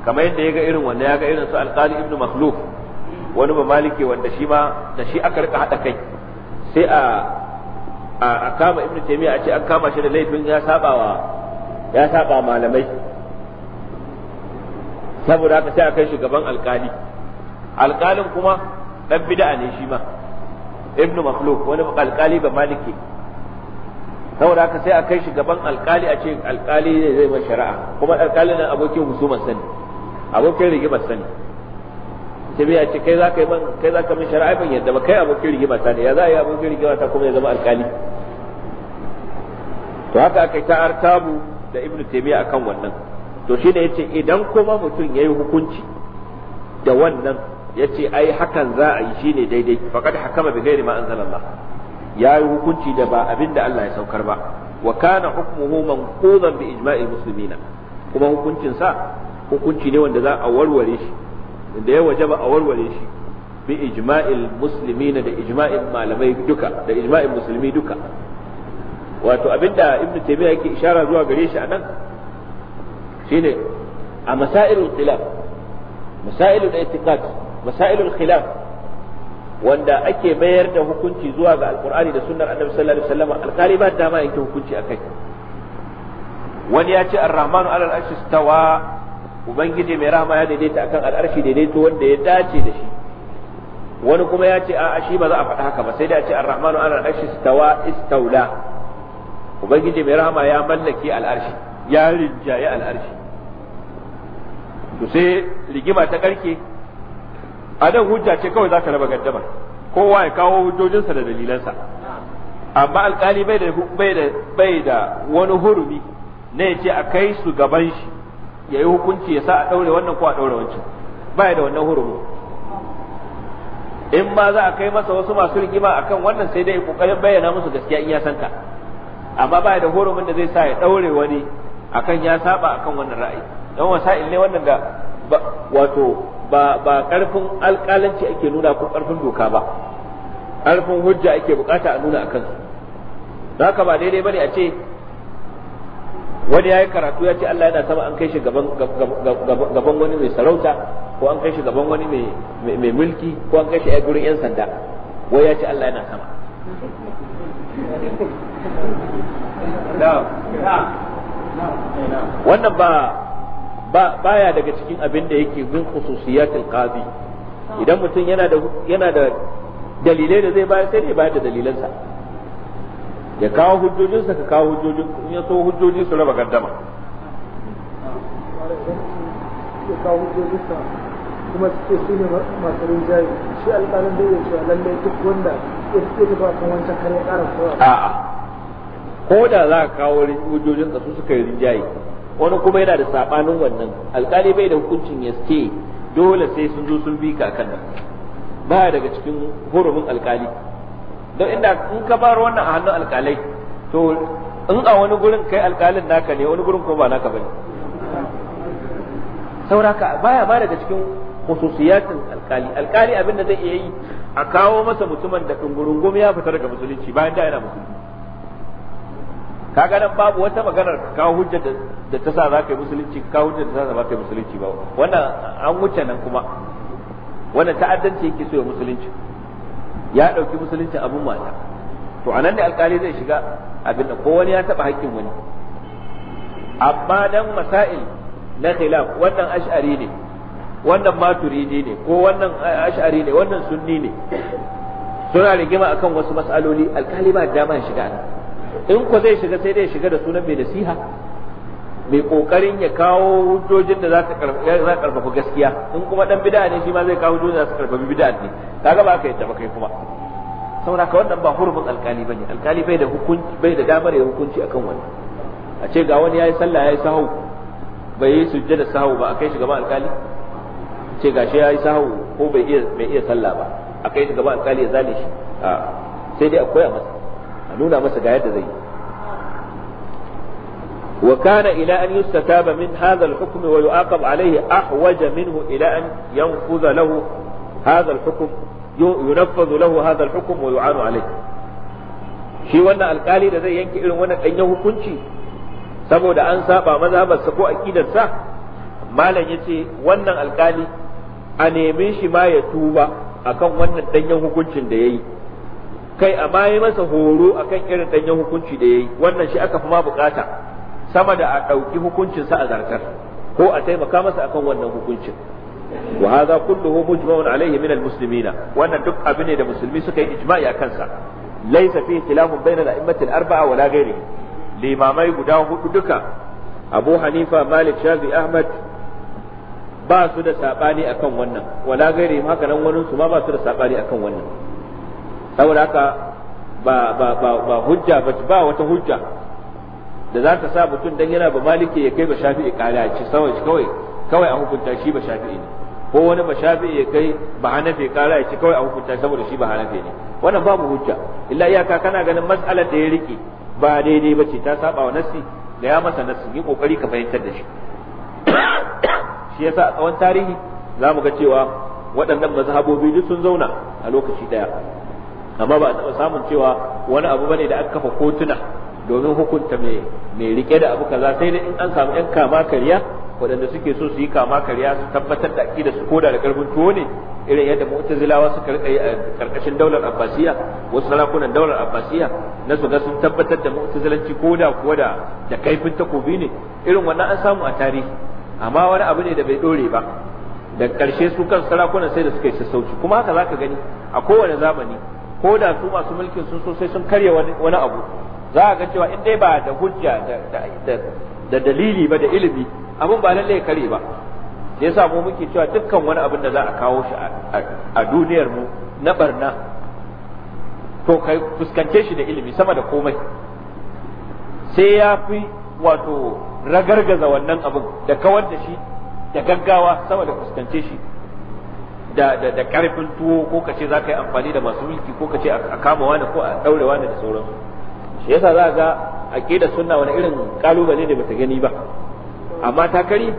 kamar yadda ya ga irin wanda ya ga irin su alkali ibnu makhluf wani ba maliki wanda shi ma da shi aka rika hada kai sai a a kama ibnu taymiya a ce an kama shi da laifin ya sabawa ya saba malamai saboda haka sai a kai shugaban alkali alkalin kuma dan bid'a ne shi ma ibnu makhluq wani alkali ba maliki saboda haka sai a kai shi gaban alkali a ce alkali zai mai shari'a kuma alkalin nan abokin husumar sani abokin rigimar sani tabiya ce kai za ka yi man kai za ka min shari'a ban yadda ba kai abokin rigima ta ne ya za a yi abokin rigima ta kuma ya zama alkali to haka aka yi ta tabu da ibn taymiya akan wannan to ya ce idan kuma mutum yayi hukunci da wannan yace ai hakan za a yi shine daidai faqad hakama bi ghairi ma anzalallah yayi hukunci da ba abinda Allah ya saukar ba wa kana hukmuhu manqudan bi ijma'il muslimina kuma hukuncin sa hukunci ne wanda za a warware shi da ya wajaba a warware shi bi ijma'il muslimina da ijma'in malamai duka da ijma'in musulmi duka wato abinda ibnu taymiya yake ishara zuwa gare shi anan shine a masailul khilaf masailul i'tiqad masailul khilaf wanda ake mayar da hukunci zuwa ga alqur'ani da sunnar annabi sallallahu alaihi wasallam alqali ba dama yanke hukunci akai wani ya ce ar-rahmanu alal arshi stawa ubangiji mai rahama ya daidaita akan al'arshi daidaito wanda ya dace da shi wani kuma ya ce a'a shi ba za a faɗa haka ba sai da ce ar-rahmanu ala al'arshi istawa istawla ubangiji mai rahama ya mallaki al'arshi ya rinjaye al'arshi to sai rigima ta karke a hujja ce kawai zaka raba gaddamar kowa ya kawo hujjojinsa da dalilansa amma alkali bai da bai da bai da wani hurumi ne ya ce a kai su gaban shi ya yi hukunci ya sa a ɗaure wannan ko a ɗaure wancan ba da wannan hurumin in ma za a kai masa wasu masu rigima a kan wannan sai dai ƙoƙarin bayyana musu gaskiya in ya santa amma ba da hurumin da zai sa ya ɗaure wani a kan ya saba kan wannan ra'ayi don wasa'il ne wannan da wato ba ƙarfin karfin alƙalanci ake nuna ko karfin doka ba karfin hujja ake bukata a nuna kansu za ka ba daidai bane a ce wani ya yi karatu ya ce Allah yana sama an kai shi gaban wani mai sarauta ko an kai shi gaban wani mai mulki ko an kai shi a gurin 'yan sanda wai ya ce Allah yana sama wannan ba baya daga cikin abin da yake bin khususiyatul qadi idan mutum yana da yana da dalilai da zai bayar sai ne bayar da dalilansa ya kawo hujjojinsa ka kawo hujjojin in ya so hujjojin su raba gaddama ya kawo hujjojinsa kuma suke ce su ne masu rinjaye shi alƙalin da ya ce lallai duk wanda ya ce ta kan wancan kare ƙara kowa a'a ko da za ka kawo hujjojinsa su suka yi rinjaye wani kuma yana da saɓanin wannan alƙali bai da hukuncin ya ce dole sai sun zo sun bi ka kan nan ba daga cikin hurumin alƙali don inda in ka bar wannan a hannun alkalai to in a wani gurin kai alkalin naka ne wani gurin kuma ba naka bane sauraka baya ba daga cikin khususiyatin alkali alkali abin da zai iya yi a kawo masa mutumin da gumi ya fita daga musulunci bayan da yana musulunci kaga nan babu wata maganar kawo hujja da ta sa za yi musulunci kawo hujja da ta sa za yi musulunci ba wannan an wuce nan kuma wannan ta'addanci yake so ya musulunci ya ɗauki musulunci abin wasa to anan ne alkali zai shiga abin da wani ya taɓa haƙƙin wani amma dan masail na khilaf wannan ash'ari ne wannan maturidi ne ko wannan ash'ari ne wannan sunni ne suna rigima akan wasu mas'aloli alkali ba dama shiga in ko zai shiga sai dai shiga da sunan mai nasiha mai kokarin ya kawo hujjojin da za su karfafa gaskiya in kuma dan bid'a ne shi ma zai kawo hujjojin da za su karfafi bid'a ne kaga ba ka yadda ba kai kuma saboda ka wannan ba hurumin alkali bane alkali bai da hukunci bai da damar ya hukunci akan wani. a ce ga wani yayi sallah yayi sahau bai yi sujjada sahau ba kai shi gaban alkali ce gashi yayi sahau ko bai iya bai iya sallah ba akai shi gaban alkali ya zale shi a sai dai akwai a masa a nuna masa ga yadda zai yi وكان إلى أن يستتاب من هذا الحكم ويعاقب عليه أحوج منه إلى أن ينفذ له هذا الحكم ينفذ له هذا الحكم ويعان عليه shi wannan alkali da zai yanke irin wannan ɗanyen hukunci saboda an saba mazhabarsa ko aqidarsa malam ce wannan alkali a nemi shi ma ya tuba a kan wannan ɗanyen hukuncin da ya yi kai a ma masa horo a kan irin ɗanyen hukunci da ya yi wannan shi aka fi ma buƙata. sama da a ɗauki hukuncinsa a zartar ko a taimaka masa akan wannan hukuncin wa hadha kulluhu mujma'un alayhi min almuslimina wannan duk abin ne da musulmi suka yi ijma'i akan sa laysa fi khilafun bayna al-a'immati al-arba'a wala ghairihi limamai guda hudu duka Abu Hanifa Malik Shafi Ahmad ba su da sabani akan wannan wala ghairi haka nan wani su ma ba su da sabani akan wannan saboda haka ba ba ba, ba hujja ba ba wata hujja da za ta sa mutum dan yana ba maliki ya kai ba shafi'i kala ci sawa kawai kawai a hukunta shi ba shafi'i ne ko wani ba shafi'i ya kai ba hanafi kala a ci kawai a hukunta saboda shi ba hanafi ne wannan babu hujja illa iyaka kana ganin mas'alar da ya rike ba daidai ba ce ta saba wa nassi da ya masa nassi yi kokari ka fahimtar da shi shi yasa a tsawon tarihi za mu ga cewa waɗannan mazhabobi duk sun zauna a lokaci ɗaya amma ba a taɓa samun cewa wani abu bane da aka kafa kotuna domin hukunta mai rike da abu kaza sai dai in an samu yan kama karya waɗanda suke so su yi kama karya su tabbatar da da su koda da karfin tuwo ne irin yadda mu'tazilawa suka rika yi a karkashin daular abbasiya wasu sarakunan daular abbasiya na su ga sun tabbatar da mu'tazilanci koda kuwa da da kaifin takobi ne irin wannan an samu a tarihi amma wani abu ne da bai dore ba da ƙarshe su kan sarakunan sai da suka yi sassauci kuma haka zaka gani a kowane zamani ko da su masu mulkin sun so sai sun karya wani abu za ga cewa in dai ba da hujja da dalili ba da ilimi abin ba lallai kare ba da yasa mu muke cewa dukkan wani abin da za a kawo shi a duniyar mu na barna to kai fuskance shi da ilimi sama da komai sai ya fi wato ragargaza wannan abin da kawar da shi da gaggawa sama da fuskance shi da da da karfin tuwo ko kace za ka yi amfani da masu mulki ko kace a kama wani ko a daure wani da sauransu shi yasa za ga aqidar sunna wani irin kalubale ba bata gani ba amma ta kari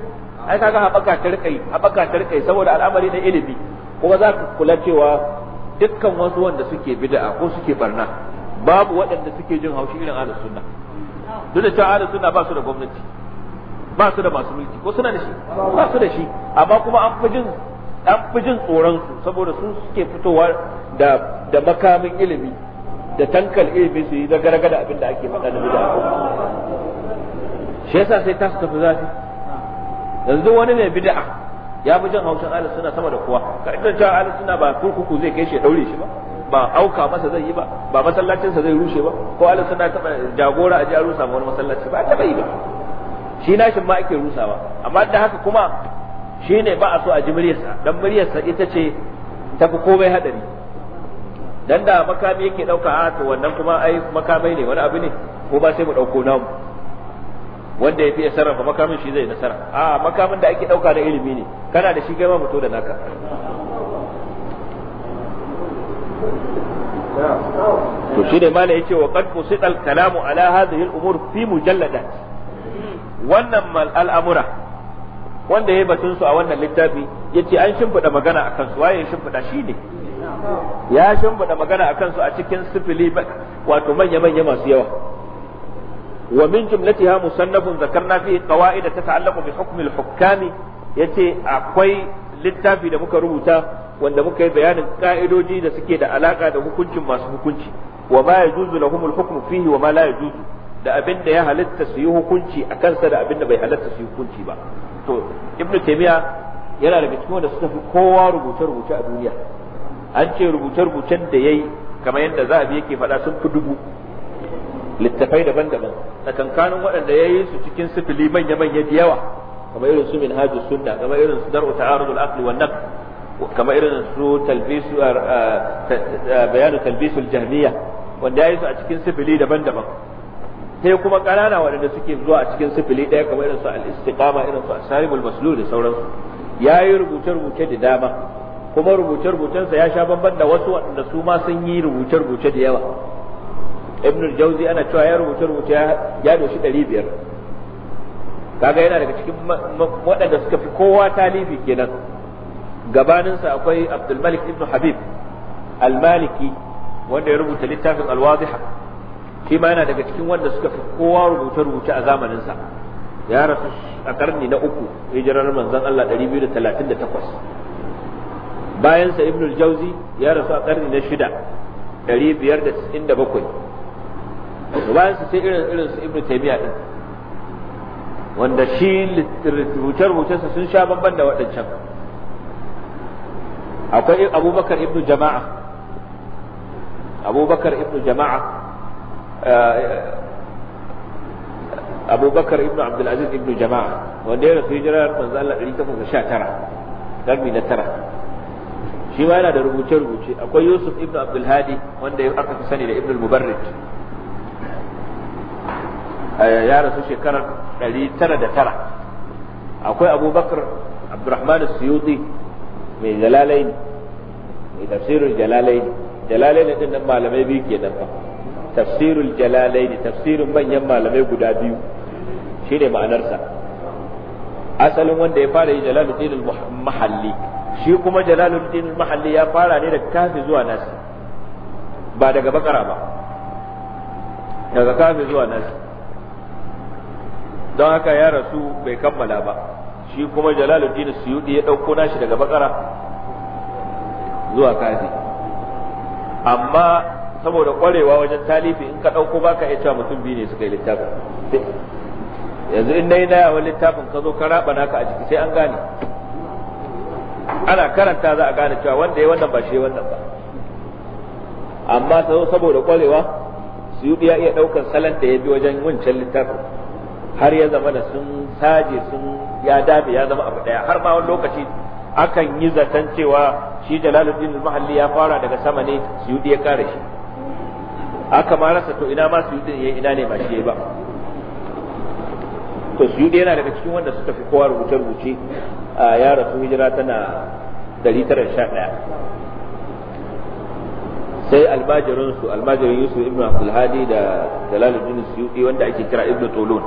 ai kaga habaka ta rikai habaka ta rikai saboda al'amari na ilimi kuma za ka kula cewa dukkan wasu wanda suke bid'a ko suke barna babu waɗanda suke jin haushi irin ahlus sunna duk da cewa ahlus sunna ba su da gwamnati ba su da masu mulki ko suna da shi ba su da shi amma kuma an fi jin an fi jin tsoron su saboda su suke fitowa da da makamin ilimi da tankal ilimi su yi zagaraga gada abin da ake faɗa na bid'a shi yasa sai ta su tafi zafi yanzu wani ne bida'a ya fi jan haushin ahli suna sama da kowa ka ita cewa ahli suna ba kurkuku zai kai shi ɗaure shi ba ba auka masa zai yi ba ba masallacinsa zai rushe ba ko ahli suna taɓa jagora a ji rusa wani masallaci ba taɓa yi ba shi nashin ma ake rusawa amma da haka kuma shi ne ba a so a ji muryarsa dan muryarsa ita ce tafi komai hadari dan da makami yake dauka a ah, to wannan kuma ai makamai ne wani abu ne ko ba sai mu dauko namu wanda ya fi sarrafa makamin shi zai nasara a ah, makamin da ake dauka da ilimi ne kana da shi kai ma mutu da naka to shi ne mala yace wa qad qusita al kalamu ala hadhihi al umur fi mujalladat wannan mal al amura wanda yayi batun su a wannan littafi yace an shimfida magana akan su waye shimfida shi ne ya shimfiɗa magana akan su a cikin sifili wato manya-manya masu yawa wa min jumlatiha musannafun zakarna fi qawaid ta'allaqu bi hukm al-hukkami yace akwai littafi da muka rubuta wanda muka yi bayanin ka'idoji da suke da alaka da hukuncin masu hukunci wa ma yajuzu lahum al hukm fihi wa ma la yajuzu da abin ya halatta su yi hukunci a kansa da abinda bai halatta su yi hukunci ba to ibnu taymiya yana daga cikin wanda suka fi kowa rubuce-rubuce a duniya an ce rubuce-rubucen da ya yi kamar yadda za zahabi yake faɗa sun fi dubu littafai daban-daban A kankanin waɗanda ya yi su cikin sifili manya-manya da yawa kamar irin su minhajus sunna kamar irin su dar'u ta'arudul aqli wan naqd kamar irin su talbisu ah, bayanu talbisul jahmiya wanda ya yi su a cikin sifili daban-daban sai kuma ƙanana waɗanda suke zuwa a cikin sifili ɗaya kamar irin su al-istiqama irin su asarimul maslul da sauransu ya yi rubuce-rubuce da dama kuma rubuce-rubucensa ya sha bamban da wasu waɗanda su ma sun yi rubuce-rubuce da yawa ibn jauzi ana cewa ya rubuce-rubuce ya doshi ɗari biyar kaga yana daga cikin waɗanda suka fi kowa talibi kenan gabaninsa akwai abdulmalik ibn habib almaliki wanda ya rubuta littafin alwaziha shi ma yana daga cikin wanda suka fi kowa rubuce-rubuce a zamaninsa ya rasu a karni na uku hijirar manzon Allah 238 bayan sa ibn al-jawzi ya rasu a karni na shida ɗari biyar da 597 bayan sa sai irin irin su ibn taymiya din wanda shi rubuce sa sun sha bamban da waɗancan akwai abubakar ibn jama'a abubakar ibn jama'a eh, abubakar ibn abdulaziz ibn jama'a wanda ya rasu hijirar manzo Allah 1819 karni na tara shi ma yana da rubuce rubuce akwai Yusuf ibn Abdul Hadi wanda aka fi sani da Ibn Mubarrid ya rasu shekarar 909 akwai Abubakar Abdurrahman Suyuti mai jalalaini mai tafsirin jalalaini jalalaini din nan malamai biyu ke fa tafsirul jalalaini tafsirin manyan malamai guda biyu shine ma'anarsa asalin wanda ya fara yi jalaluddin al-mahalli shi kuma jalaluddin mahalli ya fara ne daga kafi zuwa nasi ba daga bakara ba daga kafi zuwa nasi don haka ya rasu bai kammala ba shi kuma jalaluddin suyudi ya ɗauko nashi daga bakara zuwa kafi amma saboda kwarewa wajen talifi in ka ɗauko baka iya cewa mutum biyu ne suka yi littafin yanzu in na yi na yawon littafin ka zo ka raba naka a jiki sai an gane ana karanta za a gane cewa wanda ya wannan ba shi wannan ba amma sau saboda kwarewa su yi iya ɗaukar salon da ya bi wajen wancan littafin har ya zama da sun saje sun ya dabe ya zama abu daya har ma wani lokaci akan yi zaton cewa shi jalaluddin mahalli ya fara daga sama ne su ya kare shi aka ma rasa to ina ma su yi ina ne ba shi ba to suyudi yana daga cikin wanda suka fi kowa rubuce rubuce a ya rasu hijira tana 911 sai albajirin su albajirin yusuf ibn abdul hadi da jalaluddin suyudi wanda ake kira ibn tolun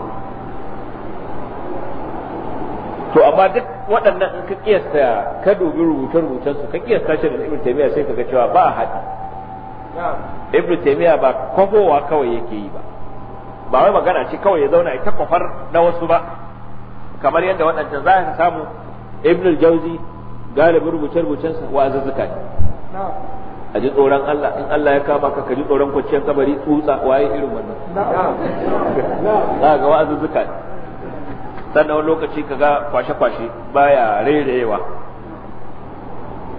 to amma duk waɗannan in ka kiyasta ka dubi rubuce rubucen su ka kiyasta shi da ibn taymiya sai ka ga cewa ba a haɗi ibn taymiya ba kwafowa kawai yake yi ba ba wai magana ce kawai ya zauna ya ta kwafar na wasu ba kamar yadda waɗancan za ka samu ibnul jauzi galibin rubuce-rubucensa wa zazzuka ne a ji tsoron Allah in Allah ya kama ka ji tsoron kwanciyar kabari tsutsa waye irin wannan za ga wa'azuzzuka ne sannan wani lokaci ka ga kwashe-kwashe baya rerewa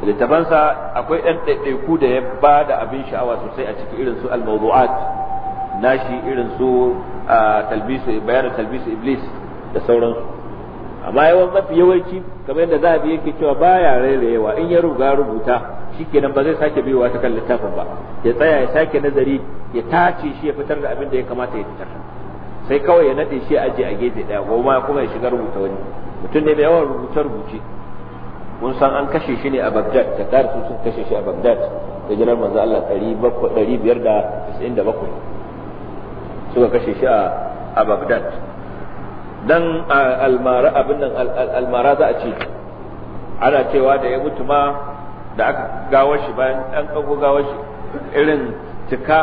littafansa akwai ɗan ɗaiɗaiku da ya ba da abin sha'awa sosai a cikin irin su al nashi irin su talbisu bayanin talbisu iblis da sauransu amma yawan mafi yawanci kamar yadda zahabi yake cewa baya rairayewa in ya ruga rubuta shikenan ba zai sake biyowa ta kan littafin ba ya tsaya ya sake nazari ya tace shi ya fitar da abin da ya kamata ya fitar sai kawai ya nade shi aje a gefe daya goma kuma ya shiga rubuta wani mutum ne mai yawan rubuce rubuce mun san an kashe shi ne a bagdad da tarihi sun kashe shi a bagdad da jiran manzo Allah 597 suka kashe shi a Baghdad dan almara abin nan almara za a ce ana cewa da ya mutu ma da aka gawar shi bayan an kago gawar shi irin cika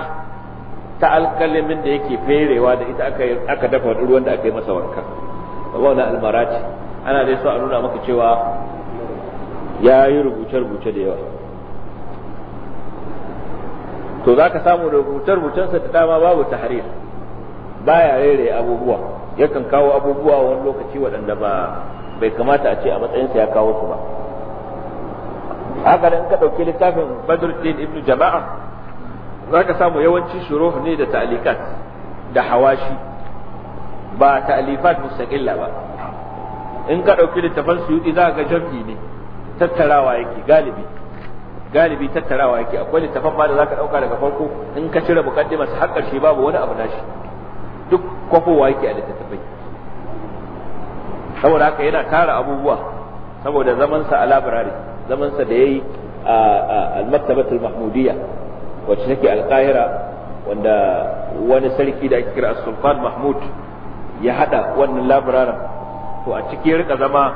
ta alkalimin da yake ferewa da ita aka dafa ruwan da aka yi masa wanka wannan almara ce ana dai so a nuna maka cewa ya yi rubuce-rubuce da yawa to za ka samu rubuce-rubucensa da dama babu tahrir baya rere abubuwa yakan kawo abubuwa wani lokaci waɗanda ba bai kamata a ce a matsayinsa ya kawo su ba haka in ka ɗauki littafin badruddin ibnu jama'a za ka samu yawanci shuruh ne da ta'alikat da hawashi ba ta'alifat mustaqilla ba in ka ɗauki littafan suyuti za ga jam'i ne tattarawa yake galibi galibi tattarawa yake akwai littafan ba da za ka ɗauka daga farko in ka cire muqaddimas har ƙarshe babu wani abu na shi duk kwafowa yake a littattafai saboda haka yana tara abubuwa saboda zamansa a labirari zamansa da ya yi a almaktabatul mahmudiyya wacce take alkahira wanda wani sarki da ake kira sulfan mahmud ya hada wannan labirarin to a ciki ya rika zama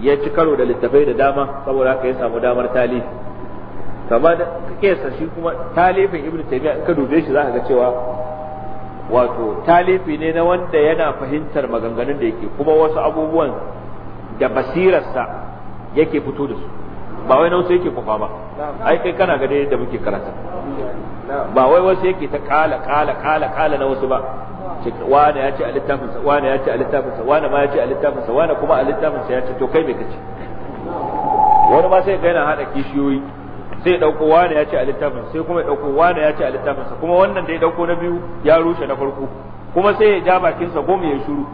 ya ci karo da littafai da dama saboda haka ya samu damar talifi kamar da kesa shi kuma talifin ibnu taymiya in ka dube shi zaka ga cewa wato talifi ne na wanda yana fahimtar maganganun da yake kuma wasu abubuwan da basirarsa yake fito da su ba wai na wasu yake kufa ba ai kai kana ga da muke karanta ba wai wasu yake ta kala kala kala kala na wasu ba wane ya ce a littafinsa wane ya ce a littafinsa wane ma ya ce a littafinsa wane kuma a littafinsa ya ce to kai me kace wani ma sai ga yana hada kishiyoyi sai ya dauko wani ya ce a littafin sai kuma ya dauko wani ya ce a littafin kuma wannan da ya dauko na biyu ya rushe na farko kuma sai ya ja bakin sa goma ya shiru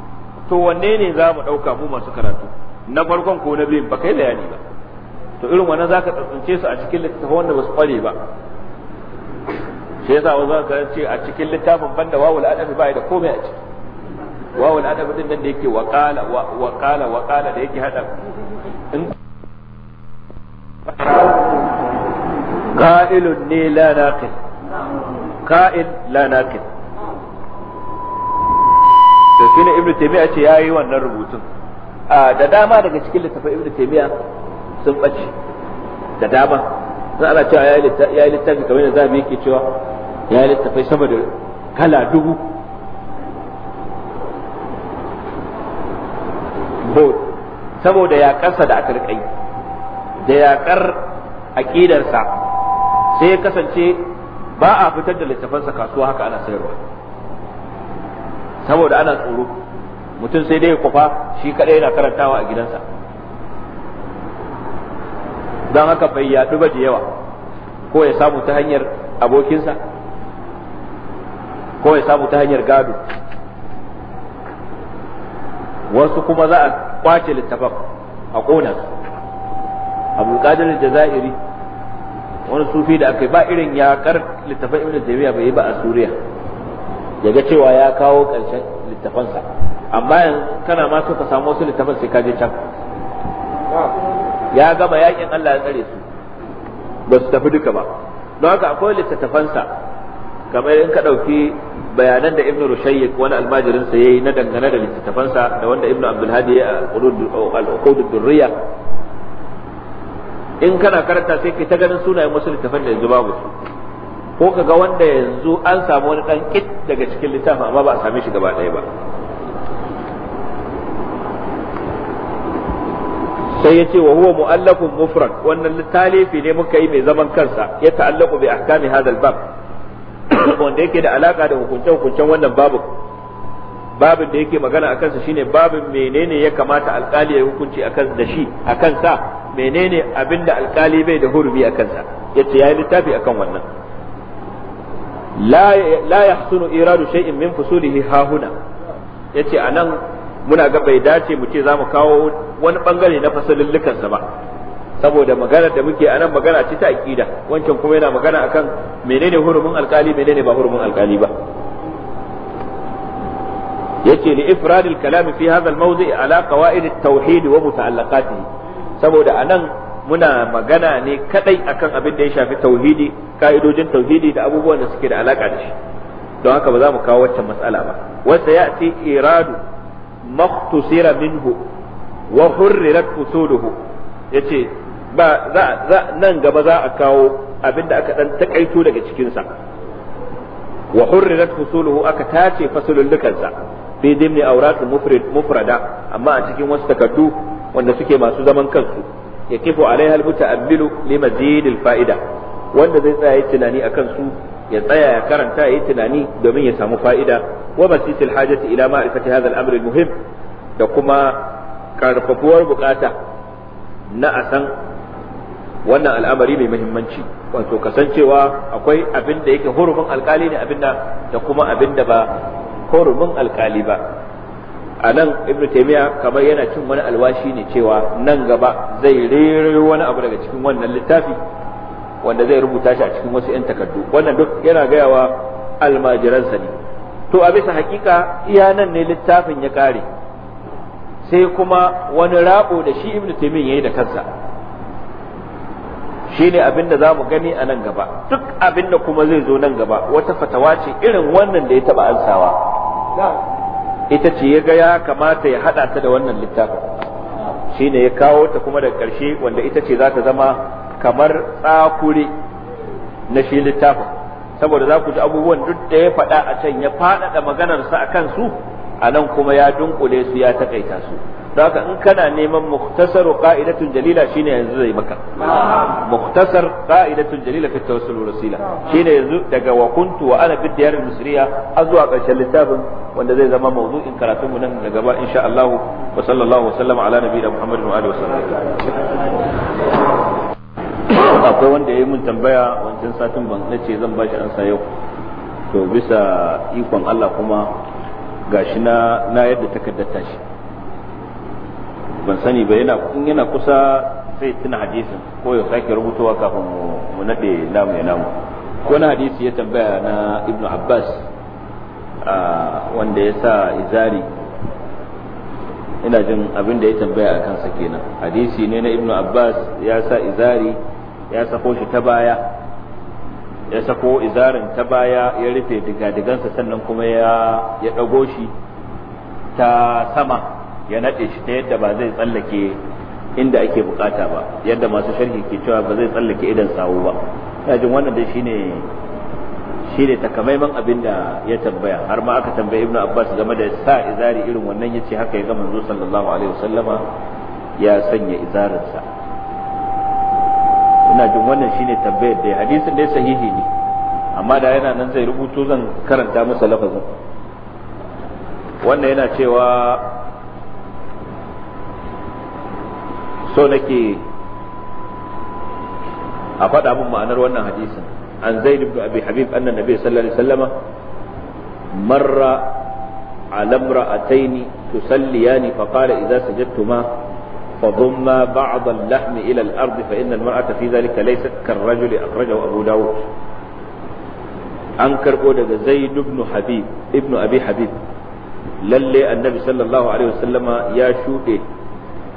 to wanne ne za mu dauka mu masu karatu na farkon ko na biyun ba kai bayani ba to irin wannan zaka tsantsance su a cikin littafin wanda ba su kware ba shi yasa wanda zaka ce a cikin littafin banda wawul adabi ba da komai a ciki wawul adabi din nan da yake waqala waqala waqala da yake hada in qa'ilun ne la naqil qa'il la naqil to shine ibnu taymiya ce yayi wannan rubutun da dama daga cikin littafin ibnu taymiya sun bace da dama sai ana cewa yayi littafi kamar yadda zamu yake cewa yayi littafai sama da kala dubu saboda ya da aka rikai da yaƙar aƙidarsa sai ya kasance ba a fitar da littafansa kasuwa haka ana sayarwa saboda ana tsoro mutum sai dai kufa shi kadai yana karantawa a gidansa don haka bai yaɗu ba da yawa ko ya samu ta hanyar abokinsa ko ya samu ta hanyar gado wasu kuma za a kwace littafan a ƙona su a iri. wani sufi da aka yi ba irin kar littafan ibn taymiya bai yi ba a suriya yaga cewa ya kawo ƙarshen littafansa amma yanzu kana ma so ka samu wasu littafan sai ka je can ya gama yakin Allah ya tsare su ba su tafi duka ba don haka akwai littattafansa kamar in ka ɗauki bayanan da ibnu rushayyik wani almajirin sa yayi na dangane da littattafansa da wanda ibnu abdul hadi ya al-uqud ad-durriya in kana karanta sai kai ta ganin sunayen wasu littafan da yanzu babu su ko ka ga wanda yanzu an samu wani dan kit daga cikin littafin amma ba a same shi gaba ɗaya ba sai ya ce wa huwa mu'allafun mufrad wannan talifi ne muka yi mai zaman kansa ya ta'allaku bi ahkami hadal bab wanda yake da alaka da hukunce hukuncen wannan babu babin da yake magana a kansa shine babin menene ya kamata alkali ya yi hukunci a kansa da shi a kansa menene abin da alkali bai da hurumi a kansa yace yayi littafi akan wannan la la yahsunu iradu shay'in min fusulihi hahuna yace anan muna ga bai dace mu ce za mu kawo wani bangare na sa ba saboda magana da muke anan magana ce ta aqida wancan kuma yana magana akan menene hurumin alkali menene ba hurumin alkali ba yace li ifrad al kalam fi hadha al mawdi ala qawaid at tauhid wa saboda anan muna magana ne kadai akan abin da ya shafi tauhidi ka'idojin tauhidi da abubuwan da suke da alaka da shi don haka ba za mu kawo waccan matsala ba wasa ya'ti iradu makhtusira minhu wa hurrirat fusuluhu yace ba za nan gaba za a kawo abinda aka dan takaito daga cikin sa wa hurrirat fusuluhu aka tace fasulullukan fi ne awratul mufrada amma a cikin wasu takardu wanda suke masu zaman kansu yakifu alaiha almutaammilu li mazidil fa'ida wanda zai tsaya yi tunani akan su ya tsaya ya karanta yi tunani domin ya samu fa'ida wa basisil hajati ila ma'rifati hadha al-amr muhim da kuma karfafuwar bukata na san wannan al'amari mai muhimmanci wato kasancewa akwai abin da yake hurumin alkali ne abin da kuma abin da ba hurumin alkali ba a nan ibnu taymiya kamar yana cin wani alwashi ne cewa nan gaba zai rerayo wani abu daga cikin wannan littafi wanda zai rubuta shi a cikin wasu 'yan takardu wannan duk yana gayawa almajiransa ne to a bisa hakika iya nan ne littafin ya kare sai kuma wani rabo da shi ibnu taymiya yayi da kansa shine abin da mu gani a nan gaba duk abin da kuma zai zo nan gaba wata fatawa ce irin wannan da ya taba ansawa ita ce ya ga kamata ya hada ta da wannan littafin ne ya kawo ta kuma daga ƙarshe wanda ita ce za ta zama kamar tsakuri na shi littafin saboda za ku ji abubuwan duk da ya faɗa a can ya faɗaɗa maganarsa a kansu a nan kuma ya dunkule su ya taƙaita su don haka in kana neman mukhtasar qa'idatun jalila shine yanzu zai maka mukhtasar qa'idatun jalila fi tawassul wal wasila shine yanzu daga wa kuntu wa ana bid diyar misriya har karshen littafin wanda zai zama mawdu'in karatun mu nan daga ba insha Allah wa sallallahu wa sallama ala nabiyina Muhammadin wa alihi wa sallam akwai wanda yayi mun tambaya wancan satin ban nace zan bashi ansa yau to bisa ikon Allah kuma gashi na na yadda takaddata shi ban sani ba yana in yana kusa sai tuna hadisin ko ya sake rubutowa kafin mu nade namu ya namu ko na hadisi ya tambaya na ibnu abbas wanda ya sa izari ina jin abin da ya tambaya a kansa kenan hadisi ne na ibnu abbas ya sa izari ya sako shi ta baya ya sako izarin ta baya ya rufe digansa sannan kuma ya ya dago shi ta sama ya nade shi ta yadda ba zai tsallake inda ake bukata ba yadda masu sharhi ke cewa ba zai tsallake idan sawu ba ya jin wannan dai shine shine takamaiman abin da ya tambaya har ma aka tambaye ibnu abbas game da sa izari irin wannan yace haka ya ga manzo sallallahu alaihi wasallama ya sanya izarinsa ina jin wannan shine tambayar da hadisin dai sahihi ne amma da yana nan zai rubuto zan karanta masa lafazin wannan yana cewa so nake a faɗa min ma'anar wannan hadisin an zai ibn abi habib anna nabiy sallallahu alaihi wasallama marra ala imra'ataini tusalliyani fa qala idza sajadtuma فضم بعض اللحم إلى الأرض فإن المرأة في ذلك ليست كالرجل أخرجه أبو داود أنكر أودة زيد بن حبيب ابن أبي حبيب habib lalle annabi sallallahu عليه وسلم ya شوئي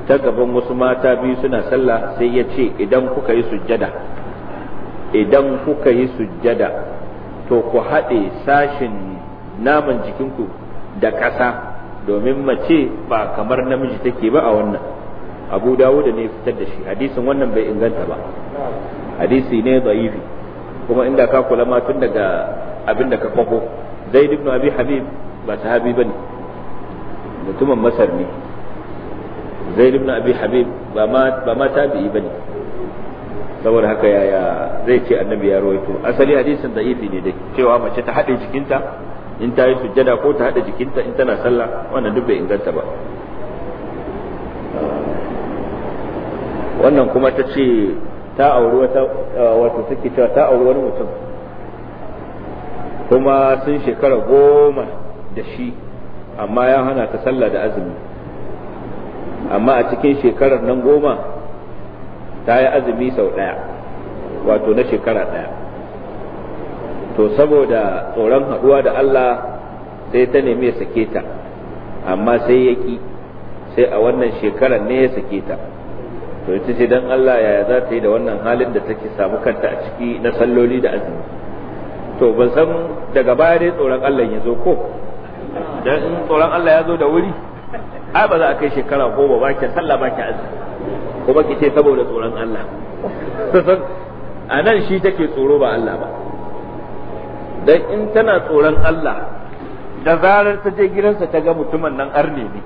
ta gaban wasu mata biyu suna sallah sai ya ce idan kuka yi sujjada idan kuka yi sujjada to ku haɗe sashin naman jikinku da ƙasa domin mace ba kamar namiji take ba a wannan abu dawuda ne fitar da shi hadisin wannan bai inganta ba hadisi ne da'ifi kuma inda ka kula ma tun daga abin da ka kwako zai ibn abi habib ba sahabi bane mutumin masar ne zaid ibn abi habib ba ma ba ma saboda haka yaya zai ce annabi ya rawaito asali hadisin da'ifi ne dai cewa mace ta haɗe jikinta in ta yi sujjada ko ta haɗe jikinta in tana sallah wannan duk bai inganta ba wannan kuma ta ce ta auri wata uh, wato take cewa ta auri wani mutum kuma sun shekara goma da shi amma ya hana ta sallah da azumi amma a cikin shekarar nan goma ta yi azumi sau ɗaya wato na shekara ɗaya to saboda tsoron haɗuwa da Allah sai ta nemi ya sake ta amma sai ya ƙi sai a wannan shekarar ne ya sake ta to ita ce don Allah yaya za ta yi da wannan halin da take samu kanta a ciki na salloli da azumi to ban san daga baya dai tsoron Allah ya zo ko dan tsoron Allah ya zo da wuri ai ba za a kai shekara ko ba ki sallah ba ki azumi Ko baki ce saboda tsoron Allah a nan shi take tsoro ba Allah ba dan in tana tsoron Allah da zarar ta je gidansa ta ga mutumin nan arne ne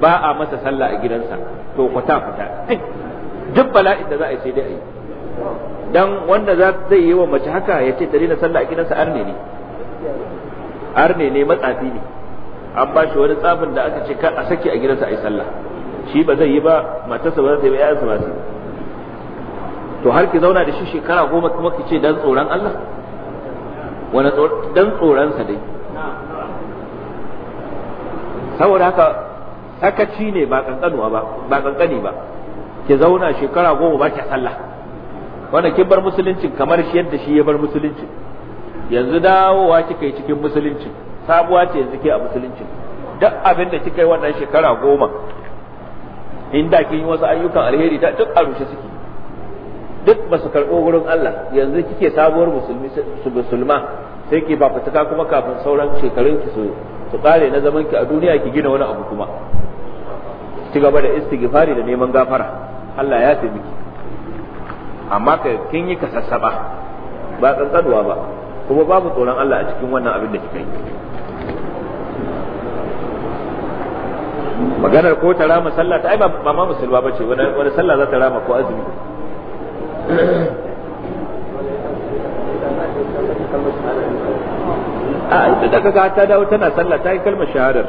ba a masa sallah a gidansa to kwata kwata duk bala'in da za a yi sai dai a dan wanda zai yi wa mace haka ya ce ta daina sallah a gidansa arne ne arne ne matsafi ne an ba shi wani tsafin da aka ce a saki a gidansa a yi sallah shi ba zai yi ba matarsa ba za ta yi ba ƴaƴansa ba to har ki zauna da shi shekara goma kuma ki ce dan tsoron Allah wani dan tsoron sa dai saboda haka sakaci ne ba kankanuwa ba ba kankani ba ki zauna shekara goma ba ki sallah wanda kin bar musuluncin kamar shi yadda shi ya bar musuluncin yanzu dawowa kika yi cikin musuluncin sabuwa ce yanzu ke a musulunci duk abin da kika yi wannan shekara goma inda da kin yi wasu ayyukan alheri da duk a rushe suke duk ba su karɓo wurin Allah yanzu kike sabuwar musulmi su musulma sai ki ba fituka kuma kafin sauran shekarun ki su kare na zaman ki a duniya ki gina wani abu kuma ci gaba da istighfari da neman gafara Allah ya taimaki amma ka kin yi ka sassaba ba tsantsaduwa ba kuma babu tsoron Allah a cikin wannan abin da kika yi maganar ko ta rama sallah ta ai ba ma musulma bace wani wani sallah za ta rama ko azumi a ita da ga ta dawo tana sallah ta yi kalmar shahadar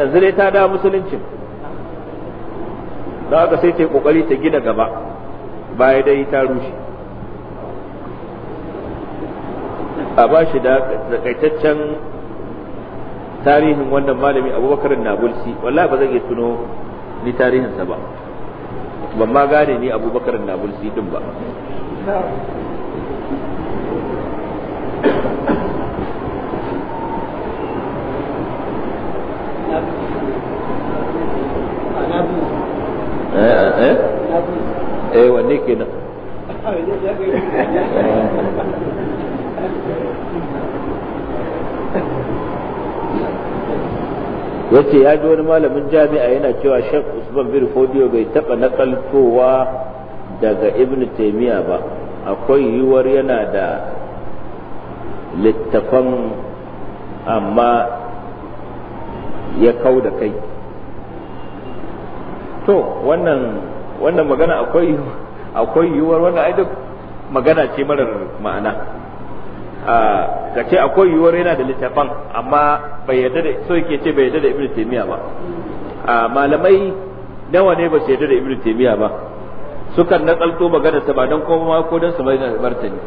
yanzu dai ta dawo musulunci da haka sai ta yi kokari ta gina gaba baya dai ta rushe a ba shi da takaitaccen tarihin wannan malami abubakar nabulsi wallahi ba zan iya tuno ni tarihinsa ba ban ma gane ni abubakar nabulsi din ba eh, eh, eh, eh wanne kenan yace ya ji wani malamin jami'a yana cewa Sheikh Usman bin Fodiyo bai taba nakaltowa daga Ibn taimiyya ba akwai yiwuwar yana da littafan amma ya kau da kai to wannan wannan magana akwai akwai yiwuwar wannan ai duk magana ce marar ma'ana ka ce akwai yiwuwar yana da littafan amma bai yarda da so yake ce bai yarda da ibnu taymiya ba malamai nawa ne ba su yarda da ibnu taymiya ba sukan tsalto magana ta ba dan kuma ko dan su da martani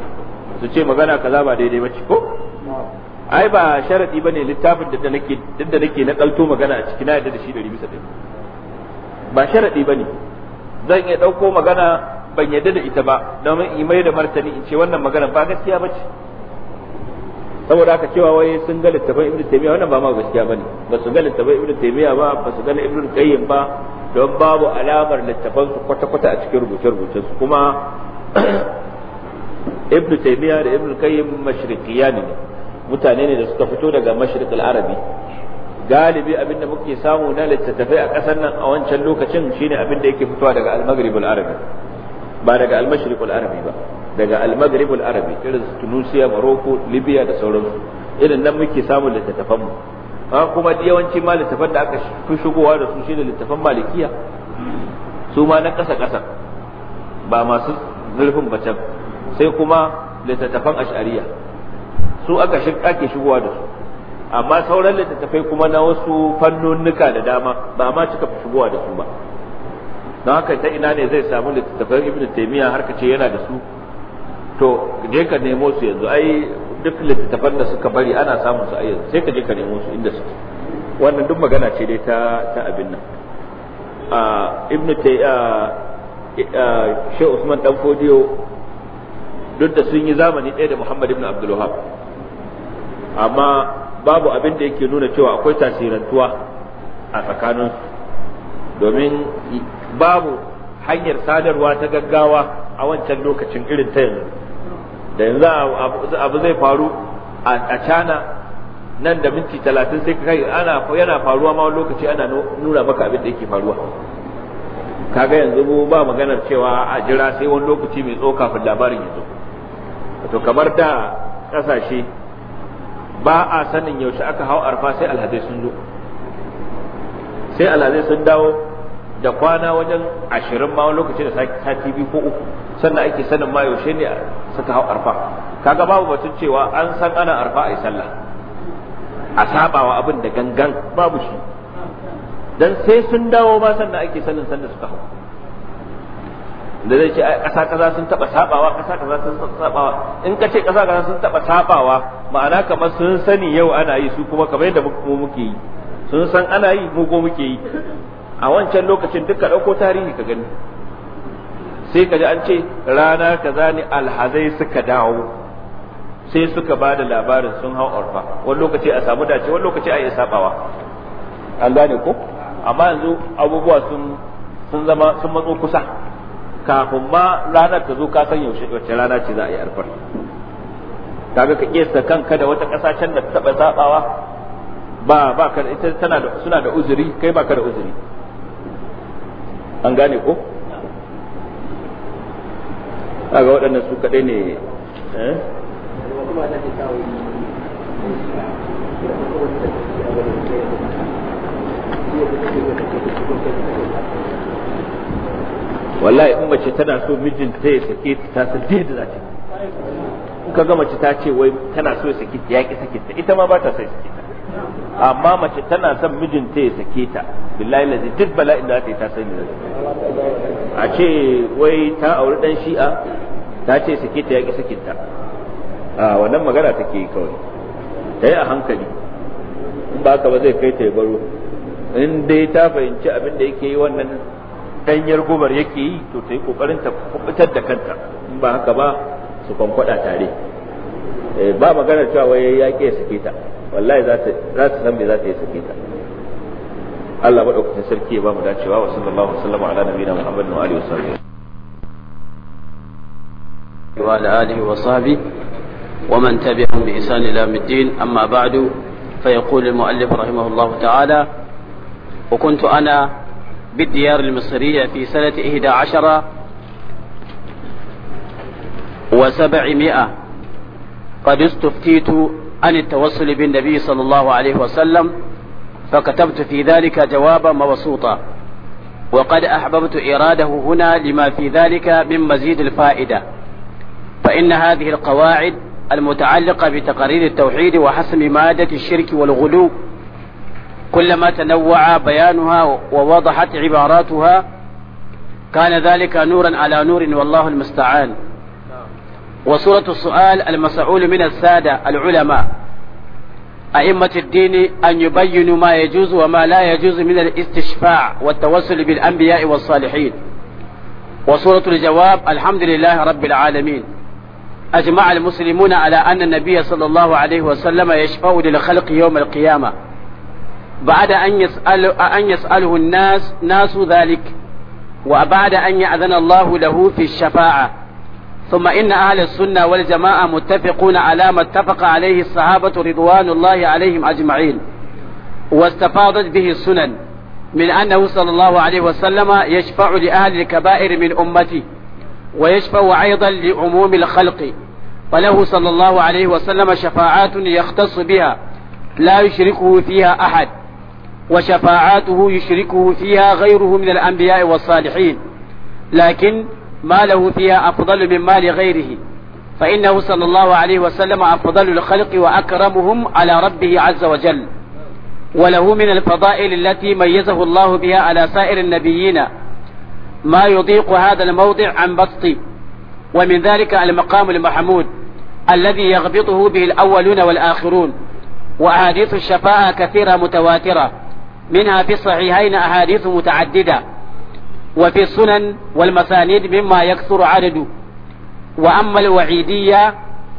su ce magana kaza ba daidai ba ci ko ai ba sharadi bane littafin da nake da nake tsalto magana a cikin yarda da shi 100 bisa 100 ba sharadi bane zan iya dauko magana ban yarda da ita ba domin imai da martani in ce wannan magana ba gaskiya ba ce saboda haka cewa wai sun ga littafin ibnu taymiya wannan ba ma gaskiya bane ba su ga littafin ibnu taymiya ba ba su ga ibnu qayyim ba don babu alamar littafan su kwata kwata a cikin rubuce rubucen su kuma ibnu taymiya da ibnu qayyim mashriqiyan ne mutane ne da suka fito daga mashriq al-arabi galibi abinda muke samu na littattafai a ƙasar nan a wancan lokacin shine abinda yake fitowa daga al-maghrib al-arabi ba daga al-mashriq al-arabi ba daga al-maghrib al-arabi irin su tunisia morocco libya da sauransu irin nan muke samun littattafan mu kuma yawanci ma littattafan da aka fi shigowa da su shine littafan malikiya su ma na ƙasa ƙasa ba masu zurfin bacan sai kuma littattafan ash'ariya su aka ake shigowa da su amma sauran littattafai kuma na wasu fannonuka da dama ba ma cika shigowa da su ba don haka ta ina ne zai samu littattafan ibn taimiyya har ka ce yana da su to je ka nemo su yanzu ai duk littattafan da suka bari ana samun su a yanzu sai ka je ka nemo su inda suke wannan duk magana ce dai ta ta abin nan a ibnu ta shi usman dan fodiyo duk da sun yi zamani ɗaya da muhammad ibn abdul wahab amma babu abin da yake nuna cewa akwai tasirantuwa a tsakaninsu domin babu hanyar sadarwa ta gaggawa a wancan lokacin irin ta yanzu da yanzu abu zai faru a cana nan da minti talatin sai ka kai ana yana faruwa ma wani lokaci ana nuna maka abin da yake faruwa kaga yanzu mu ba maganar cewa a jira sai wani lokaci mai tso kafin labarin ya zo to kamar da kasashe ba a sanin yaushe aka hau arfa sai alhazai sun zo sai alhazai sun dawo da kwana wajen ashirin ma lokaci da sati biyu ko uku sannan ake sanin ma yaushe ne suka hau arfa kaga babu batun cewa an san ana arfa a yi sallah a sabawa abin da gangan babu shi dan sai sun dawo ma sannan ake sanin sanda suka hau da zai ce ƙasa kaza sun taɓa sabawa ƙasa kaza sun taba sabawa in ka ce ƙasa kaza sun taɓa sabawa ma'ana kamar sun sani yau ana yi su kuma kamar yadda mu muke yi sun san ana yi mu ko muke yi a wancan lokacin duka ɗauko tarihi ka gani sai ka ji an ce rana ka zane alhazai suka dawo sai suka ba da labarin sun hau orfa wani lokaci a samu dace wani lokaci a iya sabawa an gane ko amma yanzu abubuwa sun zama sun matso kusa kafin ma ranar ta zo ka san yaushe wacce rana ce za a yi arfar kaga ka kesa kanka da wata ƙasa can da ta taɓa sabawa ba ba ka ita tana da suna da uzuri kai ba ka da uzuri an gane ko kaga waɗannan su kaɗai ne eh? wallahi in mace tana so mijinta ya sake ta ta san ta yadda za ta yi ka ga mace ta ce wai tana so ya sake ta yaƙi sake ta ita ma ba ta sai sake ta amma mace tana son mijinta ya sake ta billahi lazi duk bala'in da ta yi ta sani a ce wai ta auri dan shi'a ta ce sake ta sakin ta a wannan magana take yi kawai ta yi a hankali in ba ka ba zai kai ta ya baro in dai ta fahimci abin da yake yi wannan danyar gobar yake yi to ta yi kokarin ta fitar da kanta in ba haka ba su kwankwada tare eh, ba maganar cewa wai yaki ya sake ta wallahi za ta san me za ta yi sake ta Allah madaukakin sarki ya ba mu dacewa wa sallallahu alaihi wasallam ala nabiyina Muhammad wa alihi wasallam wa ala alihi wa sahbihi ومن تبعهم بإحسان إلى الدين أما بعد فيقول المؤلف رحمه الله تعالى وكنت أنا بالديار المصرية في سنة إحدى عشر وسبعمائة قد استفتيت عن التوصل بالنبي صلى الله عليه وسلم فكتبت في ذلك جوابا مبسوطا وقد أحببت إراده هنا لما في ذلك من مزيد الفائدة فإن هذه القواعد المتعلقة بتقارير التوحيد وحسم مادة الشرك والغلو كلما تنوع بيانها ووضحت عباراتها كان ذلك نورا على نور والله المستعان وسورة السؤال المسؤول من السادة العلماء أئمة الدين أن يبينوا ما يجوز وما لا يجوز من الاستشفاع والتوسل بالأنبياء والصالحين وسورة الجواب الحمد لله رب العالمين أجمع المسلمون على أن النبي صلى الله عليه وسلم يشفع للخلق يوم القيامة بعد أن, يسأل أن يسأله الناس ناس ذلك وبعد أن يأذن الله له في الشفاعة ثم إن أهل السنة والجماعة متفقون على ما اتفق عليه الصحابة رضوان الله عليهم أجمعين واستفاضت به السنن من أنه صلى الله عليه وسلم يشفع لأهل الكبائر من أمته ويشفع أيضا لعموم الخلق فله صلى الله عليه وسلم شفاعات يختص بها لا يشركه فيها أحد وشفاعاته يشركه فيها غيره من الأنبياء والصالحين لكن ماله فيها أفضل من مال غيره فإنه صلى الله عليه وسلم أفضل الخلق وأكرمهم على ربه عز وجل وله من الفضائل التي ميزه الله بها على سائر النبيين ما يضيق هذا الموضع عن بسط ومن ذلك المقام المحمود الذي يغبطه به الأولون والآخرون وأحاديث الشفاء كثيرة متواترة منها في الصحيحين أحاديث متعددة وفي السنن والمسانيد مما يكثر عدده وأما الوعيدية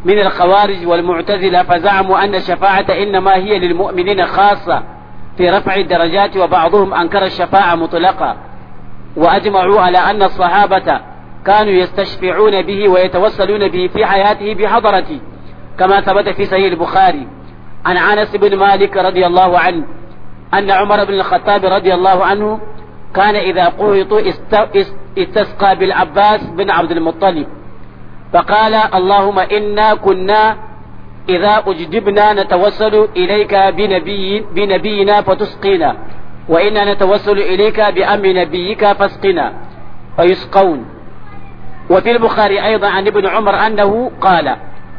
من الخوارج والمعتزلة فزعموا أن الشفاعة إنما هي للمؤمنين خاصة في رفع الدرجات وبعضهم أنكر الشفاعة مطلقة وأجمعوا على أن الصحابة كانوا يستشفعون به ويتوسلون به في حياته بحضرته كما ثبت في صحيح البخاري عن أنس بن مالك رضي الله عنه أن عمر بن الخطاب رضي الله عنه كان إذا قهط استسقى بالعباس بن عبد المطلب فقال اللهم إنا كنا إذا أجدبنا نتوسل إليك بنبي بنبينا فتسقينا وإنا نتوسل إليك بأمر نبيك فاسقنا فيسقون وفي البخاري أيضا عن ابن عمر أنه قال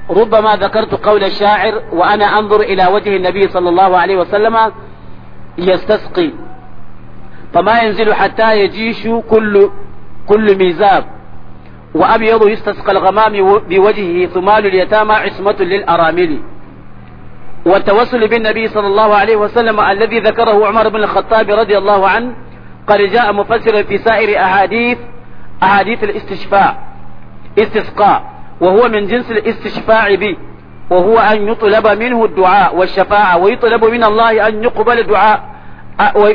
ربما ذكرت قول الشاعر وأنا أنظر إلى وجه النبي صلى الله عليه وسلم يستسقي فما ينزل حتى يجيش كل كل ميزاب وأبيض يستسقى الغمام بوجهه ثمال اليتامى عصمة للأرامل والتوسل بالنبي صلى الله عليه وسلم الذي ذكره عمر بن الخطاب رضي الله عنه قد جاء مفسرا في سائر أحاديث أحاديث الاستشفاء استسقاء وهو من جنس الاستشفاع به وهو أن يطلب منه الدعاء والشفاعة ويطلب من الله أن يقبل دعاء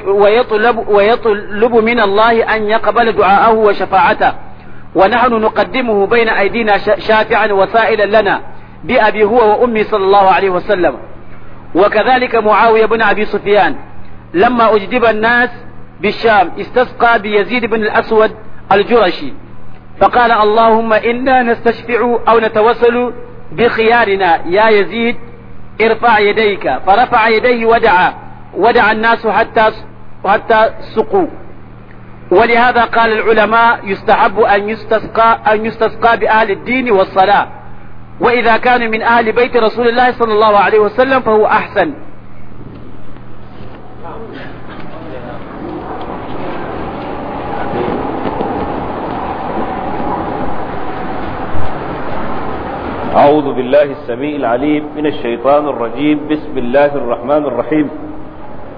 ويطلب, ويطلب من الله أن يقبل دعاءه وشفاعته ونحن نقدمه بين أيدينا شافعا وسائلا لنا بأبي هو وأمي صلى الله عليه وسلم وكذلك معاوية بن أبي سفيان لما أجدب الناس بالشام استسقى بيزيد بن الأسود الجرشي فقال اللهم إنا نستشفع أو نتوسل بخيارنا يا يزيد ارفع يديك فرفع يديه ودعا ودع الناس حتى حتى سقوا ولهذا قال العلماء يستحب أن يستسقى, أن يستسقى بأهل الدين والصلاة وإذا كانوا من أهل بيت رسول الله صلى الله عليه وسلم فهو أحسن أعوذ بالله السميع العليم من الشيطان الرجيم بسم الله الرحمن الرحيم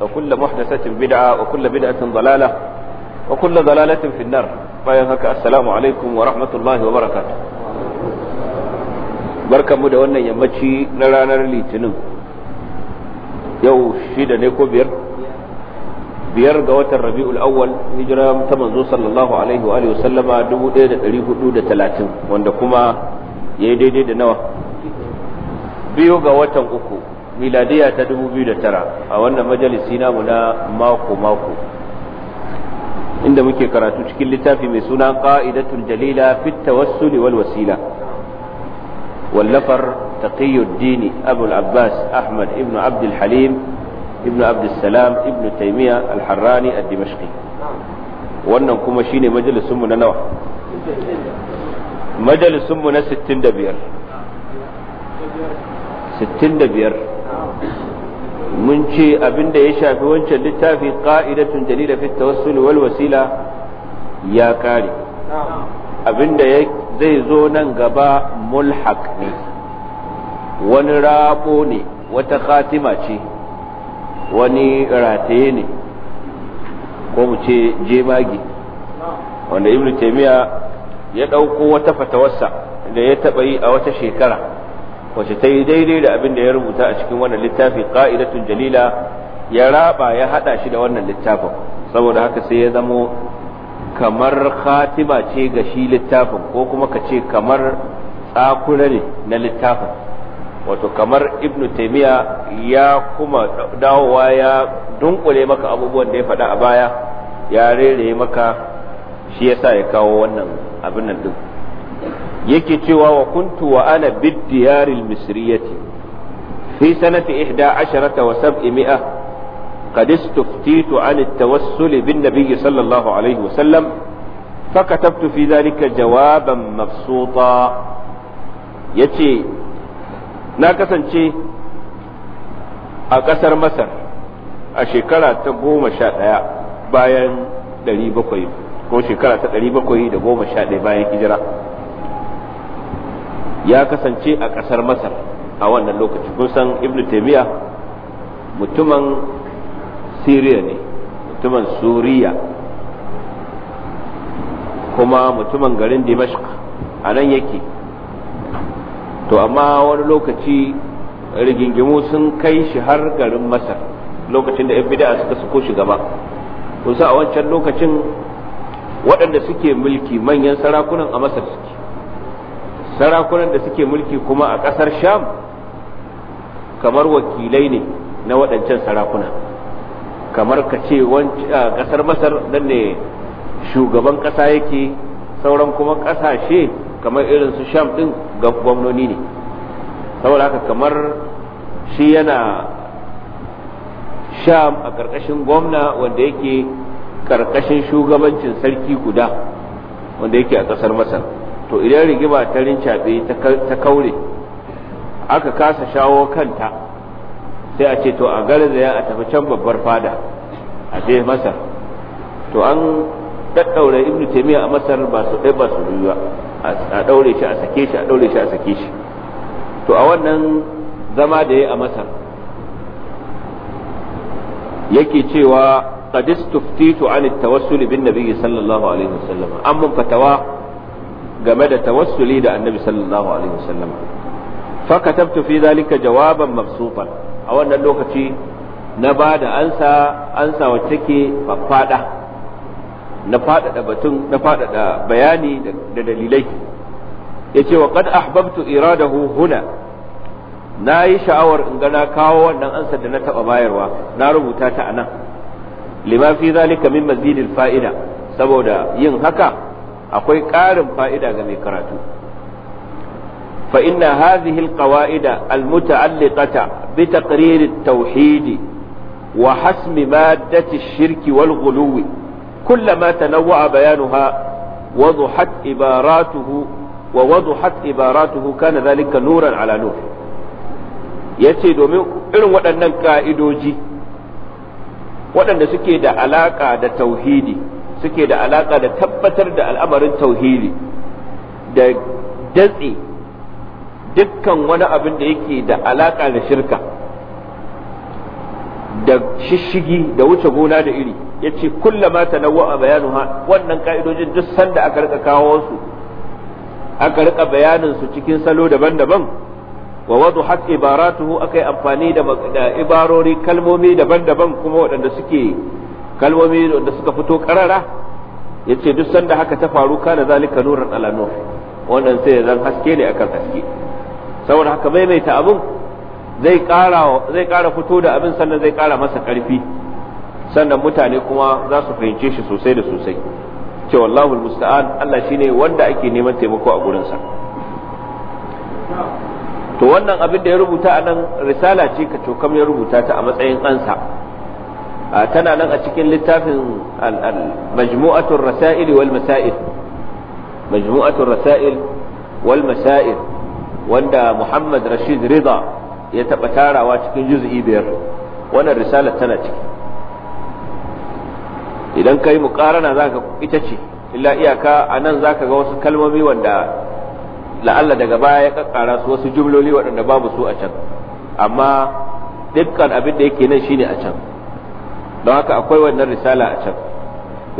وكل محدثة بدعة وكل بدعة ضلالة وكل ضلالة في النار بايهك السلام عليكم ورحمة الله وبركاته barkanmu da wannan yammaci na ranar litinin yau shida ne ko biyar biyar ga watan rabi'ul awwal hijira ta manzo sallallahu alaihi wa alihi wasallama 1430 wanda kuma yayi daidai da nawa biyu ga watan uku miladiya ta 2009 a wannan majalisi namu na mako mako inda muke karatu cikin littafi mai suna qa'idatul jalila fit tawassuli wal wasila wallafar taqiyuddin abu abbas ahmad ibn abd halim ibn abd salam ibn dimashqi wannan kuma shine majalisun mu na nawa majalisun na 65 65 mun ce abin da ya shafi wancan littafi qa'idatun da fi tawassul wal wasila ya kare da zai zo nan gaba mulhaq ne wani rabo ne wata khatima ce wani rataye ne ko mu ce jemagi wanda ibnu taymiya ya ɗauko wata fatawarsa da ya taba yi a wata shekara wace ta yi daidai da abin da ya rubuta a cikin wannan littafi ka'idatun jalila ya raba ya hada shi da wannan littafin saboda haka sai ya zamo kamar khatima ce ga shi littafin ko kuma ka ce kamar tsakura ne na littafin wato kamar ibnu taimiyya ya kuma dawowa ya dunkule maka abubuwan da ya faɗa a baya ya rere maka shi yasa ya kawo wannan abin nan duk yake cewa wa kuntu wa ana bid diyaril misriyati fi sanati 11 wa 700 qad istuftitu an at-tawassul bin nabiy sallallahu alaihi wa sallam فكتبت yace na kasance a kasar masar a shekara ta أشكرا sha شاء bayan ɗari bakwai ko shekara ta ɗari bakwai da goma sha ɗaya bayan hijira ya kasance a ƙasar masar a wannan lokaci kun san ibn taimiyya mutumin siriya ne mutumin suriya kuma mutumin garin dimashq a nan yake to amma wani lokaci rigingimu sun kai shi har garin masar lokacin da 'yan bida suka suko shi gaba kusa a wancan lokacin waɗanda suke mulki manyan sarakunan a masar suke sarakunan da suke mulki kuma a ƙasar sham kamar wakilai ne na waɗancan sarakuna kamar ka ce ƙasar masar nan ne shugaban ƙasa yake sauran kuma ƙasashe kamar irin su sham ɗin gwamnoni ne saboda haka kamar shi yana sham a ƙarƙashin gwamna wanda yake ƙarƙashin shugabancin sarki guda wanda yake a ƙasar masar to idan rigima ta rincaɓe ta kaure aka kasa shawo kanta sai a ce to a garzaya a tafi can babbar fada a je masar to an daddaure ibnu taymiya a masar ba su ɗaya ba su ruwa a daure shi a sake shi a daure shi a sake shi to a wannan zama da ya a masar yake cewa qad istuftitu an at-tawassul bin nabiy sallallahu alaihi wasallam an fatawa game da tawassuli da annabi sallallahu alaihi wasallam fa katabtu fi zalika jawaban mabsufan a wannan lokaci na ba da ansa ansa wacce ke faffada na faɗaɗa batun na faɗaɗa bayani da dalilai yace wa qad ahbabtu iradahu huna na yi sha'awar in gana kawo wannan ansa da na taɓa bayarwa na rubuta ta a nan lima fi zalika min mazidil fa'ida saboda yin haka akwai ƙarin fa'ida ga mai karatu fa inna hadhihi alqawaida almuta'alliqata bi taqrir at-tauhid wa hasm maddati ash-shirk wal ghuluw kullama tanawwa'a bayanuha wadahat ibaratuhu wa wadahat ibaratuhu kana dhalika nuran ala yace domin irin waɗannan ka'idoji waɗanda suke da alaƙa da tauhidi suke da alaka da tabbatar da al'amarin tauhidi da datse dukkan wani abin da yake da alaka da shirka da shishigi da wuce gona da iri ya ce kullama ta nawa a bayanuha wannan ka'idojin duk sanda aka rika kawo su aka rika bayanin su cikin salo daban-daban wa wadu tuhu ibaratuhu aka yi amfani da ibarori kalmomi daban-daban kuma waɗanda suke kalmomi da suka fito karara yace duk sanda haka ta faru kana zalika nuran ala nur wannan sai zan haske ne akan haske saboda haka maimaita abin zai kara zai kara fito da abin sannan zai kara masa karfi sannan mutane kuma za su fahimce shi sosai da sosai ce wallahu musta'an Allah shine wanda ake neman taimako a gurin sa to wannan abin da ya rubuta a nan risala ce ka cokam ya rubuta ta a matsayin ansa tana nan a cikin littafin majmu'atul rasail wal masail majmu'atul rasail wal masail wanda Muhammad Rashid Rida ya taba tarawa cikin juz'i biyar wannan risalar tana ciki idan kai za zaka ita ce illa iyaka a za zaka ga wasu kalmomi wanda la'alla daga baya ya kakkara su wasu jumloli waɗanda babu su a can amma dukkan abin da yake nan shine a can don haka akwai wannan risala a can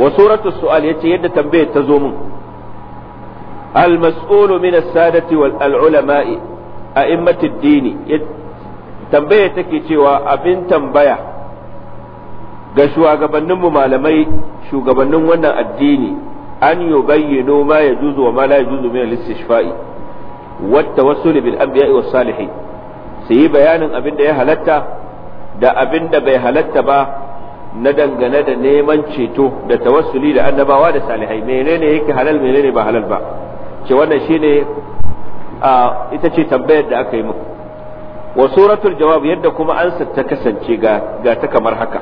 wa suratu su'al yace yadda tambayar ta zo mun al mas'ulu min as-sadati wal ulama'i a'immati ad-din tambaya take cewa abin tambaya ga shugabannin mu malamai shugabannin wannan addini an yubayyinu ma yajuzu wa ma la yajuzu min al-istishfa'i wa bil anbiya'i was salihin yi bayanin abin da ya halatta da abin da bai halatta ba na dangane da neman ceto da tawassuli da annabawa da salihai menene yake halal menene ba halal ba ce wannan shine ita ce tambayar da aka yi muku. wa suratul jawab yadda kuma ansa ta kasance ga ga ta kamar haka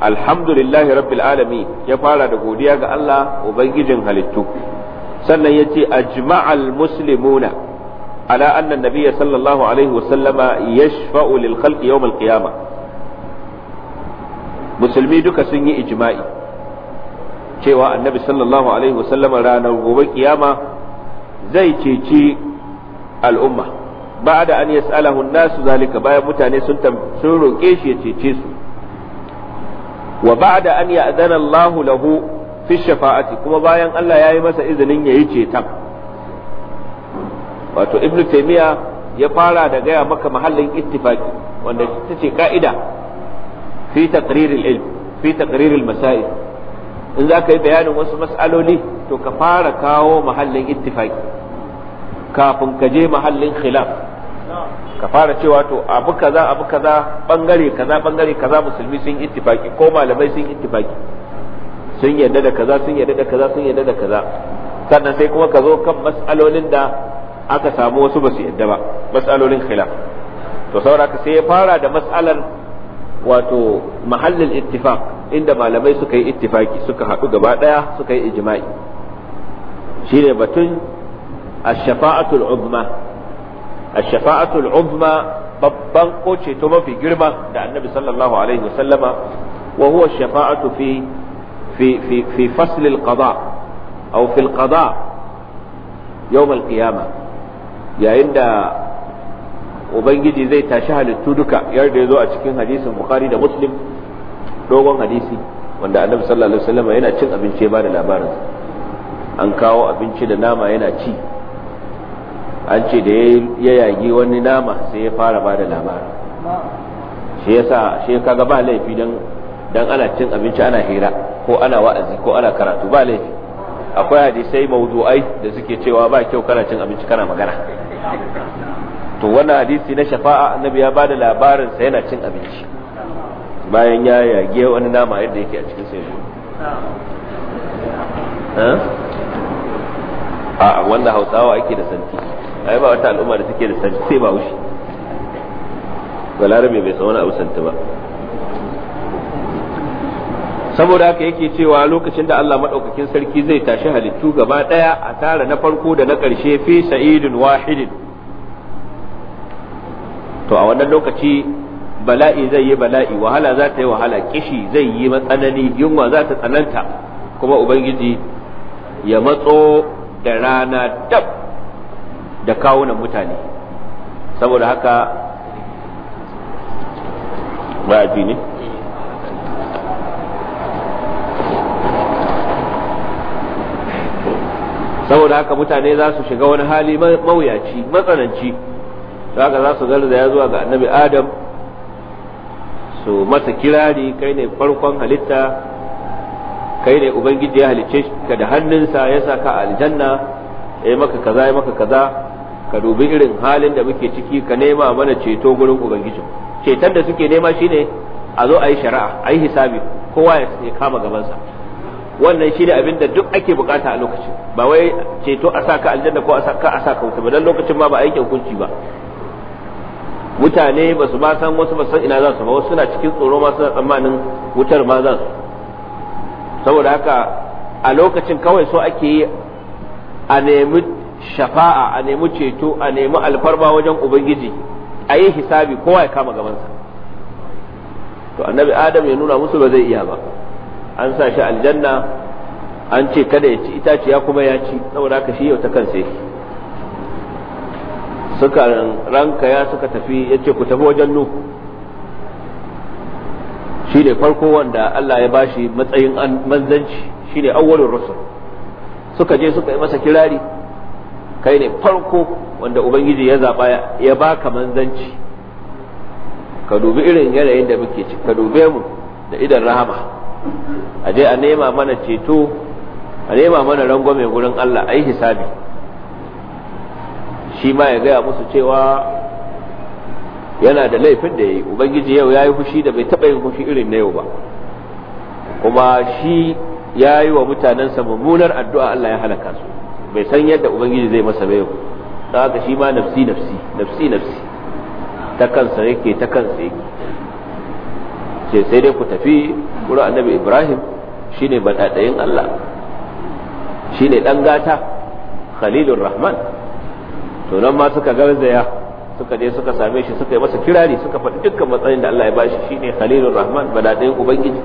alhamdulillahi rabbil alamin ya fara da godiya ga Allah ubangijin halittu sannan yace ajma'al muslimuna ala anna nabiyya sallallahu alaihi wa sallama yashfa'u lil khalqi yawm al qiyamah musulmi duka sun yi ijima'i cewa annabi sallallahu alaihi wasallama ranar gobe kiyama zai ceci al'umma ba da an yas'alahu nasu zalika bayan mutane sun roƙe shi ya cece su wa ba'da an ya'dana Allahu lahu fi shafa'ati kuma bayan Allah ya yi masa izinin ya yi ceton wato ibn taymiya ya fara da gaya maka mahallin ittifaki wanda ta ce ka'ida fi taqrir al-ilm fi taqrir al-masail in za ka yi bayanin wasu mas'aloli to ka fara kawo mahallin ittifaki kafin ka je mahallin khilaf ka fara cewa to abu kaza abu kaza bangare kaza bangare kaza musulmi sun ittifaki ko malamai sun ittifaki sun yarda da kaza sun yarda da kaza sun yarda da kaza sannan sai kuma ka zo kan mas'alolin da aka samu wasu ba su yarda ba mas'alolin khilaf to saboda sai ya fara da mas'alan. wato mahallin ittifaq inda malamai suka yi ittifaki suka haɗu gaba ɗaya suka yi ijma'i shi ne batun ash-shafa'atul uzma ash-shafa'atul uzma babban koce to mafi girma da annabi sallallahu alaihi wasallama wa huwa ash-shafa'atu fi fi fi fi fasl al-qada aw fi al-qada yawm al-qiyamah yayin da ubangiji zai tashi halittu duka yadda ya zo a cikin hadisin bukhari da muslim dogon hadisi wanda annabi sallallahu alaihi wasallam yana cin abinci ba da labarin an kawo abinci da nama yana ci an ce da ya yagi wani nama sai ya fara ba da labarin shi yasa shi kaga ba laifi dan dan ana cin abinci ana hira ko ana wa'azi ko ana karatu ba laifi akwai hadisai mawdu'ai da suke cewa ba kyau kana cin abinci kana magana to wannan hadisi na shafa'a annabi ya bada labarin sa yana cin abinci bayan ya yage wani nama yadda yake a cikin sai a wannan hausawa ake da santi ai ba wata al'umma da take da santi sai ba wushi balarabe bai san wani abu santi ba saboda haka yake cewa lokacin da Allah madaukakin sarki zai tashi halittu gaba daya a tara na farko da na ƙarshe fi sa'idin wahidin to a wannan lokaci bala'i zai yi bala'i wahala za ta yi wahala kishi zai yi matsanani yunwa za ta tsananta kuma ubangiji ya matso da rana dab da kawunan mutane saboda haka ba ne saboda haka mutane za su shiga wani hali mawuyaci matsananci haka za su garza ya zuwa ga annabi adam su masa kirari kai ne farkon halitta kai ne ubangiji ya halicce ka da hannunsa ya sa ka aljanna ya maka kaza ya maka kaza ka dubi irin halin da muke ciki ka nema mana ceto gurin ubangijin ceton da suke nema shine a zo a yi shari'a a yi hisabi kowa ya kama gabansa wannan shi ne abin da duk ake bukata a lokacin ba wai ceto a sa ka aljanna ko a sa ka a sa wuta ba dan lokacin ma ba a yanke hukunci ba mutane ba su ba san wasu ba san ina za su ba wasu suna cikin tsoro ma suna tsammanin wutar ma za su saboda haka a lokacin kawai so ake yi a nemi shafa'a a nemi ceto a nemi alfarma wajen ubangiji a yi hisabi kowa ya kama gabansa to annabi adam ya nuna musu ba zai iya ba an sa shi aljanna an ce kada ya ci itaciya kuma ya ci saboda haka shi yau ta kansa yake suka ranka ya suka tafi ya ce ku tafi wajen nu shi ne farko wanda Allah ya bashi matsayin manzanci shi ne awwalin rusul suka je suka yi masa kirari kai ne farko wanda ubangiji ya zaba ya baka manzanci ka dubi irin yanayin da muke ci ka dube mu da idan rahama a je a nema mana ceto a nema mana rangwame gurin Allah ai hisabi shi ma ya gaya musu cewa yana da laifin da ya yi ubangiji yau ya yi fushi da bai taɓa yin fushi irin na yau ba kuma shi ya yi wa mutanensa mummunar addu'a Allah ya halaka su bai san yadda ubangiji zai masa ba yau ta haka shi ma nafsi nafsi nafsi nafsi ta kansa yake ta kansa yake ce sai dai ku tafi wurin annabi ibrahim shi ne badadayin Allah shi ne ɗan gata khalilun rahman to nan ma suka garzaya suka je suka same shi suka yi masa kirari suka faɗi dukkan matsayin da Allah ya bashi shine Khalilur Rahman badadin ubangiji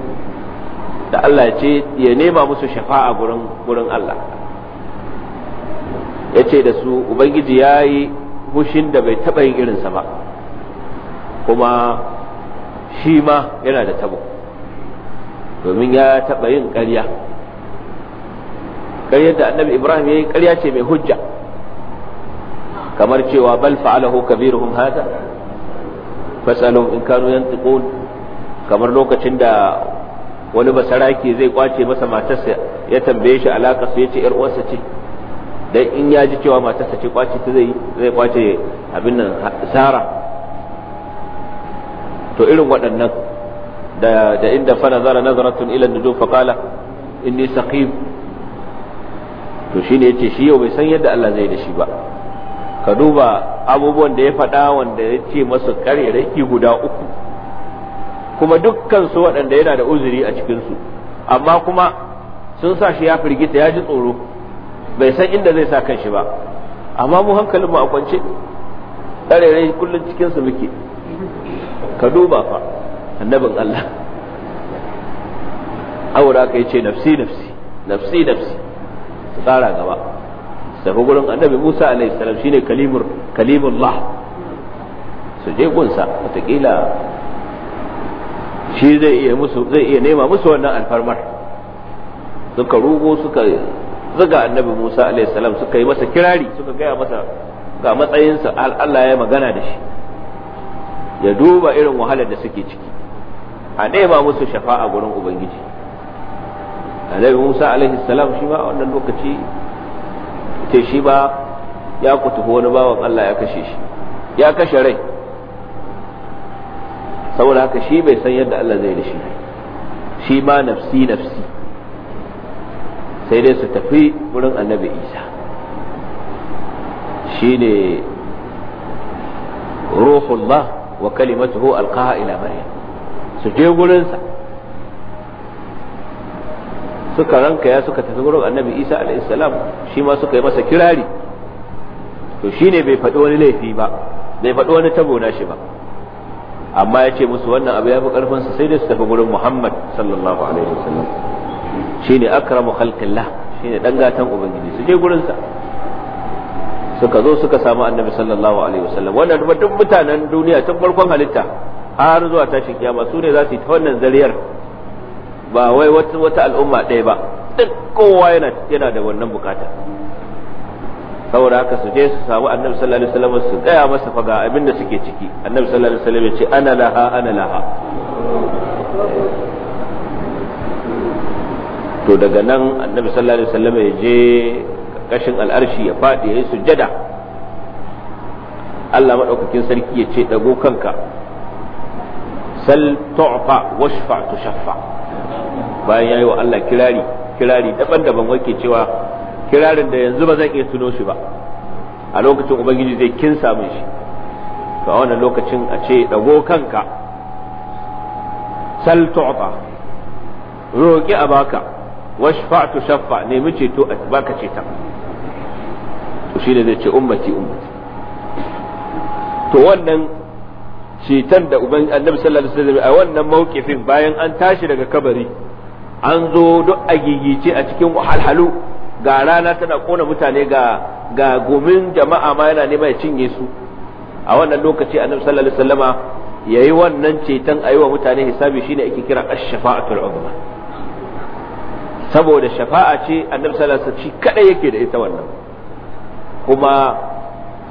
da Allah ya ce ya nema musu shafa'a gurin gurin Allah ya ce da su ubangiji ya yi hushin da bai taɓa yin irinsa ba kuma shi ma yana da tabo domin ya taɓa yin ƙarya ƙaryar da annabi ibrahim ya yi ƙarya ce mai hujja kamar cewa bal fa'alahu kabiruhum hada fasalu in kanu yantiqun kamar lokacin da wani basaraki zai kwace masa matarsa ya tambaye shi alaka su yace yar uwarsa ce dan in ya ji cewa matarsa ce kwace ta zai zai kwace abin nan sara to irin waɗannan da da inda fa nazara nazaratun ila nujum fa qala inni saqim to shine yace shi yau bai san yadda Allah zai da shi ba ka duba abubuwan da ya faɗa wanda ya ce masu ƙaryarki guda uku kuma dukkan su waɗanda yana da uzuri a cikinsu amma kuma sun sa shi ya firgita ya ji tsoro bai san inda zai sa kan shi ba amma mu hankalin mu a kwance ƙaryarai kullum cikinsu muke ka duba fa annabin Allah aura ka ce nafsi nafsi nafsi nafsi tsara gaba tafi gurin annabi Musa alaihi salam shine kalimur kalimullah su je gunsa wataƙila shi zai iya musu zai iya nema musu wannan alfarmar suka rugo suka zuga annabi Musa alaihi salam suka yi masa kirari suka gaya masa ga matsayinsa Allah ya magana da shi ya duba irin wahalar da suke ciki a nema musu shafa'a gurin ubangiji annabi Musa alaihi salam shi ma a wannan lokaci ce shi ba ya kutufu wani bawan Allah ya kashe shi ya kashe rai saboda haka shi bai san yadda Allah zai da shi shi ma nafsi nafsi sai dai su tafi wurin annabi isa shi ne ruhullah wa kalimatuhu alqaha ila maryam su je gurinsa suka ranka ya suka tafi gurin annabi isa alaihissalam shi ma suka yi masa kirari to shi ne bai faɗi wani laifi ba bai faɗi wani tabo na shi ba amma ya ce musu wannan abu ya fi ƙarfinsa sai dai su tafi gurin muhammad sallallahu alaihi wasallam shine akramu khalqillah shi ne ɗangatan ubangiji su je gurinsa suka zo suka samu annabi sallallahu alaihi wasallam wannan duk mutanen duniya tun farkon halitta har zuwa tashin kiyama su ne za su yi ta wannan zariyar ba wai wata wata al'umma ɗaya ba duk kowa yana yana da wannan bukata saboda haka su je su samu annabi sallallahu alaihi wasallam su gaya masa faga abin da suke ciki annabi sallallahu alaihi wasallam ya ce ana laha ana laha to daga nan annabi sallallahu alaihi wasallam ya je kashin al'arshi ya faɗi ya yi sujjada Allah maɗaukakin sarki ya ce ɗago kanka sal tu'fa washfa tushaffa bayan yayi wa Allah kirari kirari daban-daban wake cewa kirarin da yanzu ba zan iya tuno shi ba a lokacin ubangiji zai kin samu shi to a wannan lokacin a ce dago kanka sal tu'ta roki a baka washfa'tu shaffa nemi ceto a baka ceta to shi ne zai ce ummati ummati to wannan ceton da uban annabi sallallahu alaihi wasallam a wannan mawqifin bayan an tashi daga kabari an zo duk a gigice a cikin wahalhalu ga rana tana kona mutane ga ga gomin jama'a ma yana nema ya cinye su a wannan lokaci annabi sallallahu alaihi wasallama yayi wannan ceton a wa mutane hisabi shine ake kira ash-shafa'atul uzma saboda shafa'a ce annabi sallallahu alaihi wasallam kadai yake da ita wannan kuma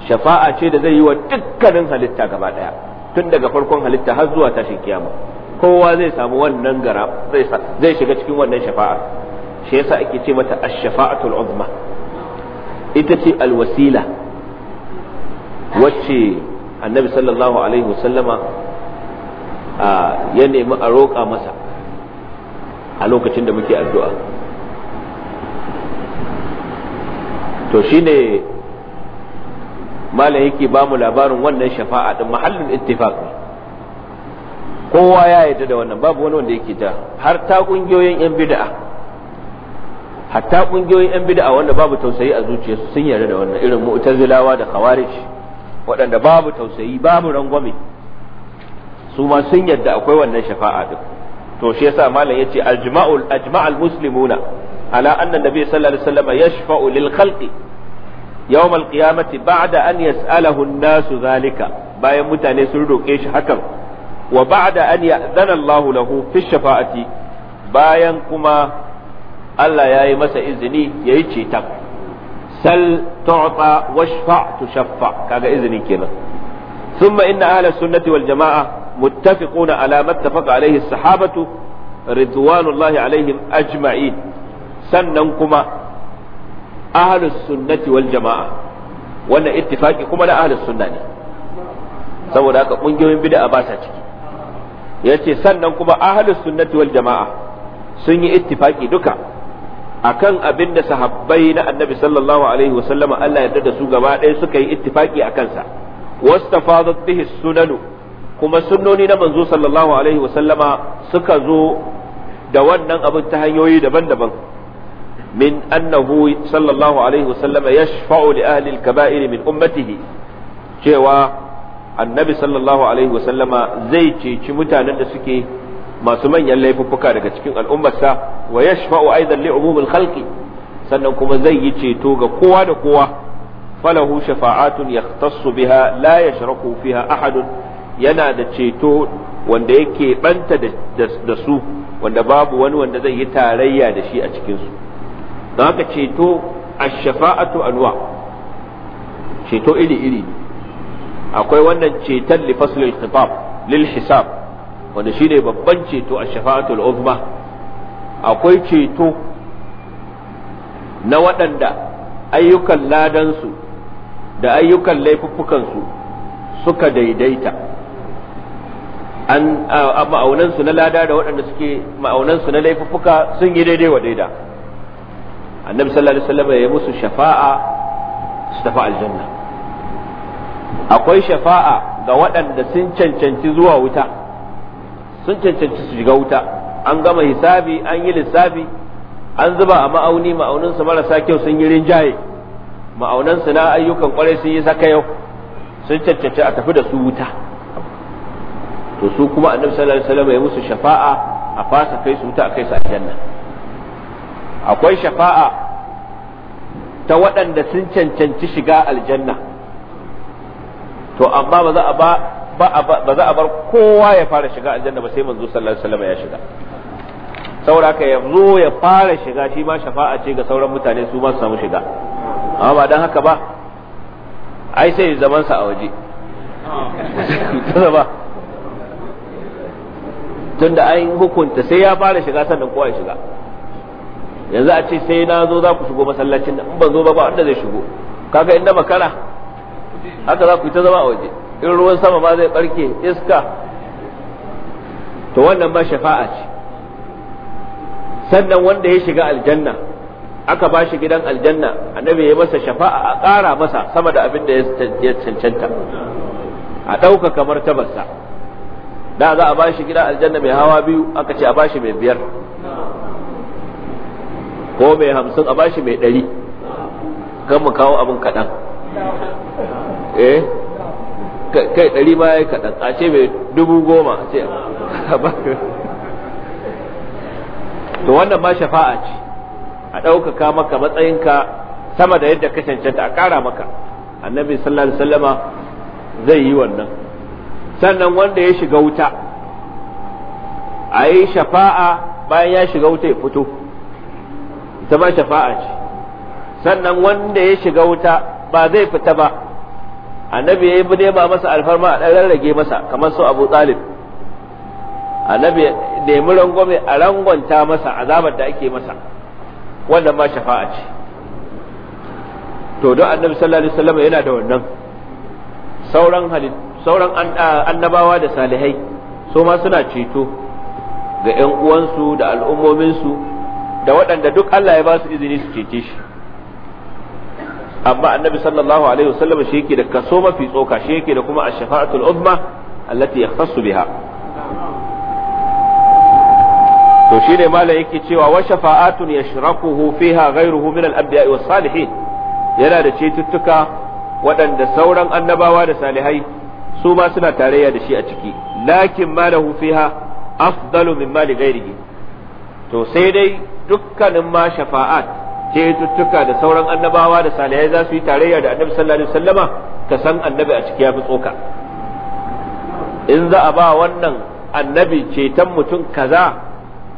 shafa'a ce da zai yi wa dukkanin halitta gaba daya tun daga farkon halitta har zuwa tashin kiyama kowa zai samu wannan gara zai shiga cikin wannan shafa'a shi yasa ake ce mata ash-shafa'atul uzma ita ce alwasila wacce annabi sallallahu alaihi wasallama ya nemi a roƙa masa a lokacin da muke addu'a to shine malam yake ba mu labarin wannan shafa'a din mahallin ittifaq ne kowa ya yarda da wannan babu wani wanda yake ta har ta kungiyoyin yan bid'a hatta kungiyoyin yan bid'a wanda babu tausayi a zuciyarsu sun yarda da wannan irin mu'tazilawa da khawarij waɗanda babu tausayi babu rangwame su ma sun yarda akwai wannan shafa'a din to shi yasa malam yace aljma'ul ajma'al muslimuna ala anna nabiy sallallahu alaihi wasallam yashfa'u lil khalqi yawmal qiyamati ba'da an yas'alahu an-nasu bayan mutane sun roke shi hakan wa ba'da an lahu fi bayan kuma Allah yayi masa izini yayi cetan sal izini kenan ثم إن أهل السنة والجماعة متفقون على ما اتفق عليه الصحابة رضوان الله عليهم أجمعين sannan kuma ahalus sunnati wal jama'a wannan ittifaki kuma na ahalus sunna ne saboda haka kungiyoyin bid'a ba sa ciki yace sannan kuma ahalus sunnati wal jama'a sun yi ittifaki duka akan abin da sahabbai na annabi sallallahu alaihi wa Allah ya da su gaba ɗaya suka yi ittifaki a kansa wastafadat bihi sunanu kuma sunnoni na manzo sallallahu alaihi wa suka zo da wannan abin ta hanyoyi daban-daban من أنه صلى الله عليه وسلم يشفع لأهل الكبائر من أمته cewa annabi sallallahu alaihi wasallama zai ceci mutanen da suke masu manyan laifuffuka daga cikin al'ummarsa wa yashfa'u aidan li umumil khalqi sannan kuma zai yi ceto ga kowa da kowa falahu shafa'atun yahtassu biha la yashraku fiha ahadun yana da ceto wanda yake banta da su wanda babu wani wanda zai yi tarayya da shi a cikinsu. don haka ceto a shafaatu anwa ceto iri iri akwai wannan ceton li faslil khitab lil hisab wanda shi ne babban ceto a shafaatu al akwai ceto na waɗanda ayyukan ladansu da ayyukan laifuffukansu suka daidaita an ma'aunansu na lada da waɗanda suke ma'aunansu na laifuffuka sun yi daidai wa daida annabi sallallahu alaihi wasallam ya musu shafa'a su tafi aljanna akwai shafa'a ga waɗanda sun cancanci zuwa wuta sun cancanci su shiga wuta an gama hisabi an yi lissafi an zuba a ma'auni ma'auninsu marasa kyau sun yi rinjaye su na ayyukan kwarai sun yi saka yau sun cancanci a tafi da su wuta to su kuma annabi sallallahu alaihi wasallam ya musu shafa'a a fasa kai su wuta a kai su aljanna akwai shafa'a ta waɗanda sun cancanci shiga aljanna to amma ba za a ba ba za a bar kowa ya fara shiga aljanna ba sai manzo sallallahu alaihi wasallam ya shiga saboda haka yanzu ya fara shiga shi ma shafa'a ce ga sauran mutane su ma su samu shiga amma ba dan haka ba ai sai zaman sa a waje ba tunda ai hukunta sai ya fara shiga sannan kowa ya shiga yanzu a ce sai na zo za ku shigo masallacin nan in ba zo ba ba wanda zai shigo kaga inda makara haka za ku yi ta zama a waje in ruwan sama ma zai barke iska to wannan ba shafa'a ce sannan wanda ya shiga aljanna aka ba shi gidan aljanna annabi ya masa shafa'a a ƙara masa sama da abin da ya cancanta a kamar martabarsa da za a ba shi gidan aljanna mai hawa biyu aka ce a ba shi mai biyar ko mai hamsin a bashi mai ɗari kan mu kawo abin kaɗan eh kai ɗari ma ya yi kaɗan a ce mai dubu goma ce to wannan ma shafa'a ce a ɗaukaka maka matsayinka sama da yadda ka cancanta a ƙara maka annabi sallallahu alaihi wasallama zai yi wannan sannan wanda ya shiga wuta a yi shafa'a bayan ya shiga wuta ya fito ita ma shafa'a ce sannan wanda ya shiga wuta ba zai fita ba annabi ya bude nema masa alfarma a ɗan rage masa kamar su abu talib annabi ya muran gome a rangonta masa azabar da ake masa wannan ma shafa'a ce to don annabi sallallahu alaihi wasallam yana da wannan sauran sauran annabawa da salihai su ma suna ceto ga 'yan uwansu da al'ummominsu da waɗanda duk Allah ya ba su izini su cece shi amma annabi sallallahu alaihi wasallam shi yake da kaso mafi tsoka shi yake da kuma ash-shafa'atul uzma allati yakhtassu biha to shine mala yake cewa wa shafa'atun yashrakuhu fiha ghayruhu min al-anbiya'i was-salihin yana da cetuttuka waɗanda sauran annabawa da salihai su ma suna tarayya da shi a ciki lakin ma lahu fiha afdalu mimma li ghayrihi to sai dai dukkanin ma shafa'at cututtuka da sauran annabawa da salihai za su yi tarayya da annabi sallallahu alaihi wasallama ka san annabi a ciki ya fi tsoka in za a ba wannan annabi ceton mutum kaza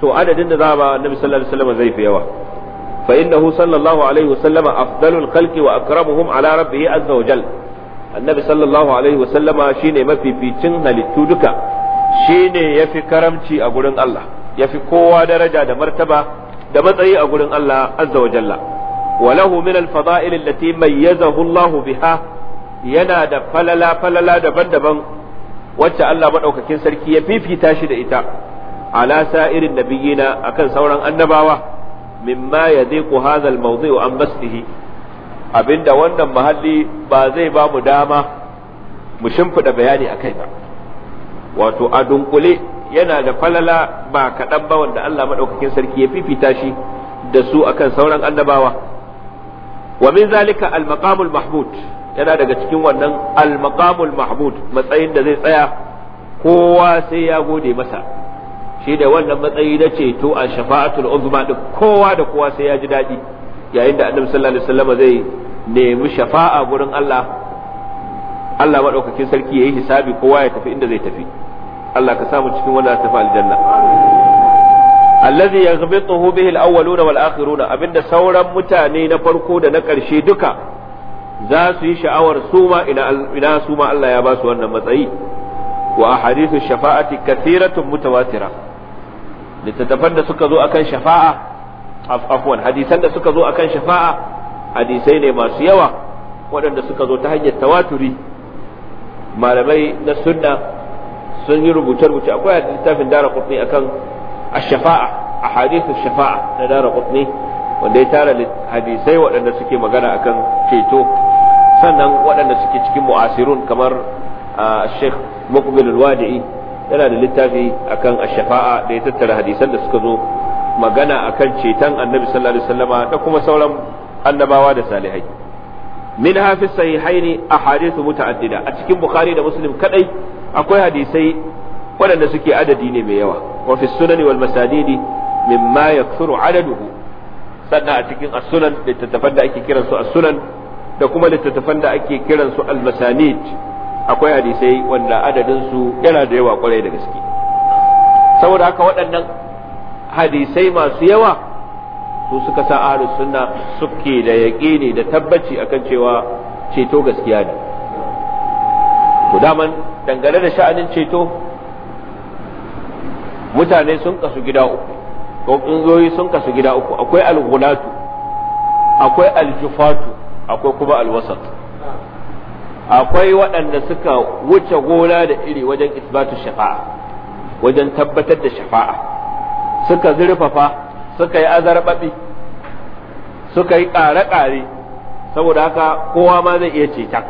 to adadin da za a ba annabi sallallahu alaihi wasallama zai fi yawa fa innahu sallallahu alaihi wasallama afdalul khalqi wa akramuhum ala rabbih azza wa jal annabi sallallahu alaihi wasallama shine mafificin halittu duka shine yafi karamci a gurin Allah ya fi kowa daraja da martaba da matsayi a gurin Allah azza wa jalla walahu min al allati mayyazahu Allah biha yana da falala falala daban-daban wacce Allah madaukakin sarki ya fifita shi da ita ala sa'irin nabiyina akan sauran annabawa mimma yadiqu hadha al-mawdi'u an basdihi abinda wannan mahalli ba zai ba mu dama mu shimfida bayani akai ba wato a dunkule yana da falala ba kaɗan ba wanda Allah maɗaukakin sarki ya fifita shi da su akan sauran annabawa wa min zalika al-maqamul mahmud yana daga cikin wannan al-maqamul mahmud matsayin da zai tsaya kowa sai ya gode masa shi da wannan matsayi na ceto a shafa'atul uzma din kowa da kowa sai ya ji daɗi yayin da annabi sallallahu alaihi wasallam zai nemi shafa'a gurin Allah Allah maɗaukakin sarki ya yi hisabi kowa ya tafi inda zai tafi Allah ka samu cikin wanda ta tafi aljanna alladhi yaghbituhu bihi al-awwaluna wal akhiruna abinda sauran mutane na farko da na ƙarshe duka za su yi sha'awar su ma ina su ma Allah ya ba su wannan matsayi wa ahadithu shafa'ati kathiratun mutawatira littattafan da suka zo akan shafa'a afwan hadisan da suka zo akan shafa'a hadisai ne masu yawa waɗanda suka zo ta hanyar tawaturi malamai na sunna sun yi rubuce-rubuce akwai a littafin dara kutni kan ash-shafa'a ahadithu shafa'a na dara kutni wanda ya tara hadisai waɗanda suke magana akan ceto sannan waɗanda suke cikin mu'asirun kamar Sheikh Muqbil al-Wadi'i yana da littafi akan ash-shafa'a da ya tattara hadisan da suka zo magana akan ceton Annabi sallallahu alaihi wasallama da kuma sauran annabawa da salihai min hafi sahihaini ahadithu muta'addida a cikin Bukhari da Muslim kadai akwai hadisai waɗanda suke adadi ne mai yawa wa fi sunani wal masanidi mimma yakthuru adaduhu sannan a cikin as-sunan littattafan da ake kiransu as-sunan da kuma littattafan da ake kiransu al-masanid akwai hadisai wanda adadin su yana da yawa kwarai da gaske saboda haka waɗannan hadisai masu yawa su suka sa ahlus sunna suke da yaqini da tabbaci akan cewa ceto gaskiya ne to daman dangane da sha'anin ceto mutane sun kasu gida uku ko kungiyoyi sun kasu gida uku akwai alghulatu akwai aljufatu akwai kuma alwasat akwai waɗanda suka wuce gona da iri wajen isbatu shafa'a wajen tabbatar da shafa'a suka zurfafa suka yi azarbabi suka yi ƙare-ƙare saboda haka kowa ma zai iya ceta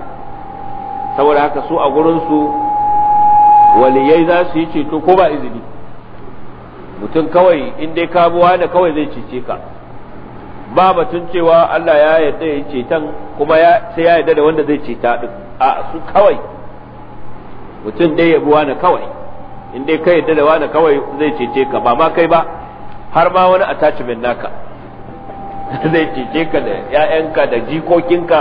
saboda haka su a gurinsu waliyai za su yi ceto ko ba izini mutum kawai in dai buwa da kawai zai cece ka ba batun cewa Allah ya yarda ya ceton kuma sai ya yarda da wanda zai ceta din a su kawai mutum dai ya buwa na kawai in dai ka yarda da wani kawai zai cece ka ba ma kai ba har ma wani attachment naka zai cece ka da ƴaƴanka da jikokinka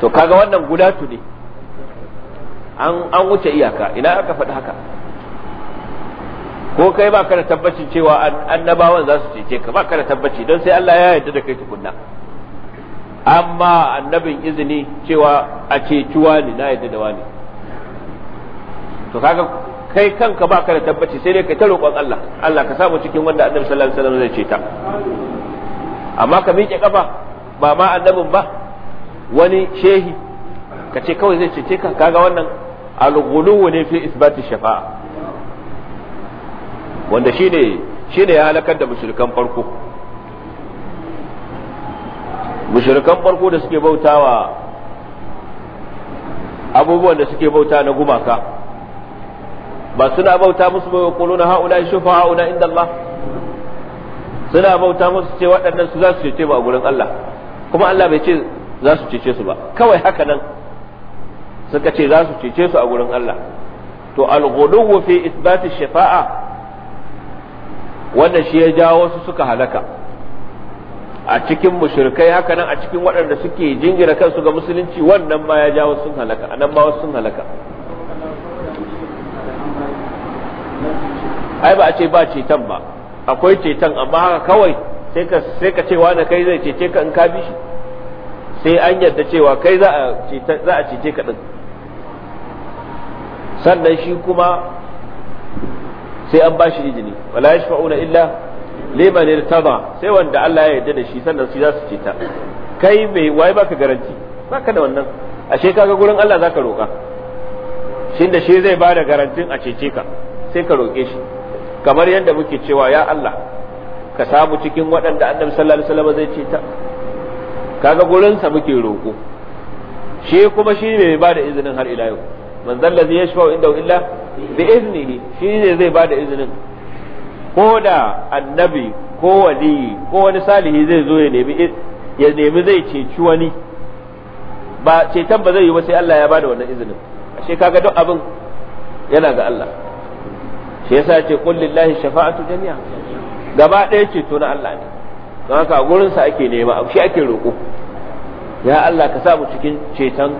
to kaga wannan guda ne an wuce iyaka ina aka faɗi haka ko kai ba ka da tabbacin cewa annabawan za su cece ka ba ka da tabbaci don sai Allah ya yarda da kai tukunna amma annabin izini cewa a ceci wani na yarda da wani to kaga kai kanka ba ka da tabbaci sai dai kai ta roƙon Allah Allah ka samu cikin wanda annabi sallallahu alaihi wasallam zai ceta amma ka miƙe kafa ba ma annabin ba wani shehi ka ce kawai zai cece ka kaga wannan الغلو ghuluw ne fi isbati shafa'a wanda shine shine ya halakar da mushrikan farko mushrikan farko da suke bautawa abubuwan da suke bauta na gumaka ba suna bauta musu ba yaquluna haula haula inda Allah suna bauta musu ce waɗannan su za su cece ba a gurin Allah kuma Allah bai ce za su cece su ba kawai haka nan suka ce za su cece su a gurin Allah to al-ghuluw fi isbat shafa'a wannan shi ya jawo su suka halaka a cikin mushrikai haka nan a cikin waɗanda suke jingira kansu ga musulunci wannan ma ya jawo sun halaka anan ma wasu sun halaka ai ba a ce ba ceton ba akwai ceton amma haka kawai sai ka sai ka ce wani kai zai cece ka in ka bi shi sai an yarda cewa kai za a cece ka din sannan shi kuma sai an bashi izini wala yashfa'una illa liman irtada sai wanda Allah ya yarda da shi sannan shi za su ce ta kai bai wai baka garanti baka da wannan ashe kaga gurin Allah zaka roka shin da shi zai ba da garantin a cece ka sai ka roke shi kamar yadda muke cewa ya Allah ka samu cikin waɗanda annabi sallallahu alaihi wasallam zai ce ta kaga gurin sa muke roko shi kuma shi ne mai da izinin har ila yau man zalla zai yashfa inda illa bi iznihi shi ne zai bada izinin ko da annabi ko wali ko wani salihi zai zo ya nemi ya nemi zai ceci wani ba ceton ba zai yi ba sai Allah ya bada wannan izinin ashe kaga duk abin yana ga Allah shi yasa ce qul lillahi shafa'atu jami'a gaba ɗaya ceto na Allah ne don haka gurin sa ake nema shi ake roƙo ya Allah ka sa mu cikin ceton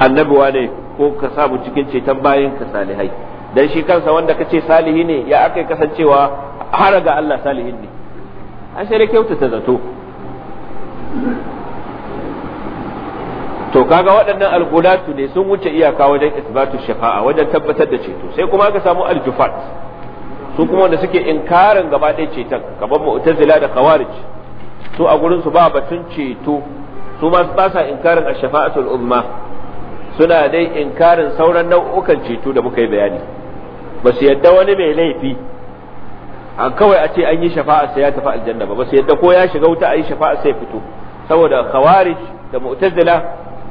annabuwa ne ko ka samu cikin ceton bayan ka salihai dan shi kansa wanda ka ce salihi ne ya aka kasancewa har ga Allah salihin ne an sai kyautata zato to kaga waɗannan algulatu ne sun wuce iyaka wajen isbatu shafa'a wajen tabbatar da ceto sai kuma aka samu aljufat su kuma wanda suke inkarin gaba ɗaya ceton kamar mu'tazila da khawarij su a gurin su ba batun ceto su ma ba sa inkarin ashfa'atul shafaatul umma suna dai inkarin sauran nau'ukan ceto da muka yi bayani ba su yadda wani mai laifi an kawai a ce an yi shafa'a sai ya tafi aljanna ba ba su yadda ko ya shiga wuta a yi shafa'a sai fito saboda khawarij da mu'tazila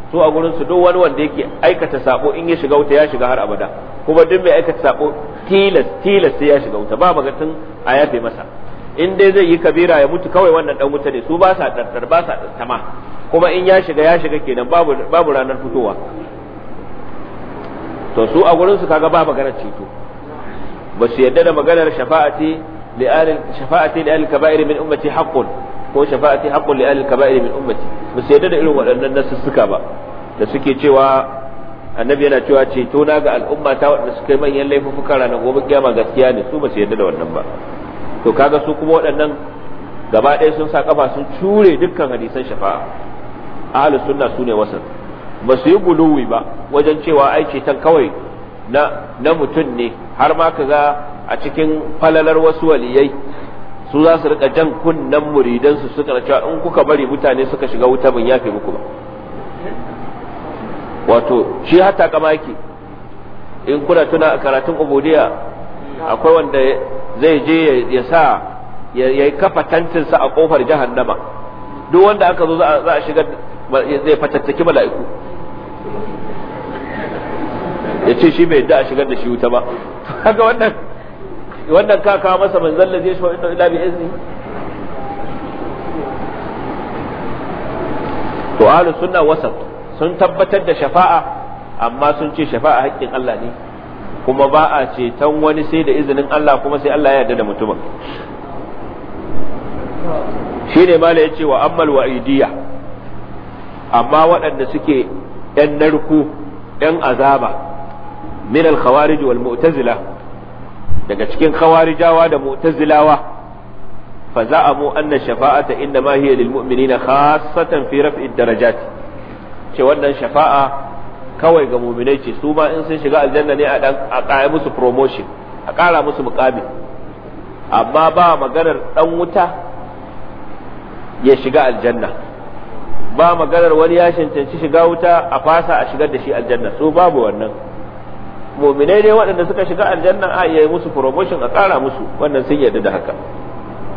su a gurin su duk wani wanda yake aikata sabo in ya shiga wuta ya shiga har abada kuma duk mai aikata sabo tilas tilas sai ya shiga wuta ba magatun a yafe masa in dai zai yi kabira ya mutu kawai wannan dan wuta ne su ba sa ɗarɗar ba sa tama kuma in ya shiga ya shiga kenan babu babu ranar fitowa to su a gurin su kaga ba maganar ceto ba su yadda da maganar shafa'ati li ahli shafa'ati li ahli kaba'ir min ummati haqqun ko shafa'ati haqqun li ahli kaba'ir min ummati ba su yadda da irin waɗannan nasussuka ba da suke cewa annabi yana cewa ceto na ga al'umma ta waɗanda suka yi manyan laifuffuka ranar gobe kiyama gaskiya ne su ba su yadda da wannan ba to kaga su kuma waɗannan gaba ɗaya sun sa kafa sun cure dukkan hadisan shafa'a ahlus sunna sune wasan ba su yi guluwi ba wajen cewa ai ceton kawai na mutum ne har ma ka ga a cikin falalar wasu waliyai su za su rika jan kunnen muridansu suka na cewa in kuka bari mutane suka shiga wuta ban yafe muku ba wato shi hata kama yake in kuna tuna a karatun ubodiya akwai wanda zai je ya sa ya kafa tantinsa a kofar jahannama duk wanda aka zo za a shiga zai fatattaki mala'iku ya ce shi bai yadda a shigar da shi wuta ba haka wannan wannan ka kawo masa manzan zai shi wa ila bi izni to ahlus sunna wasat sun tabbatar da shafa'a amma sun ce shafa'a haƙƙin Allah ne kuma ba a ceton wani sai da izinin Allah kuma sai Allah ya yarda da mutumin shi ne mala ya ce wa ammal idiya amma waɗanda suke yan narku yan azaba min al-khawarij wal mu'tazila daga cikin khawarijawa da mu'tazilawa fa za'amu anna shafa'ata inna ma hiya lil mu'minina khassatan fi raf'id darajat ce wannan shafa'a kawai ga mu'minai ce su ma in sun shiga aljanna ne a dan a musu promotion a kara musu muqami amma ba maganar dan wuta ya shiga aljanna ba maganar wani ya cancanci shiga wuta a fasa a shigar da shi aljanna so babu wannan muminai ne waɗanda suka shiga aljanna a yi musu promotion a ƙara musu wannan sun yarda da haka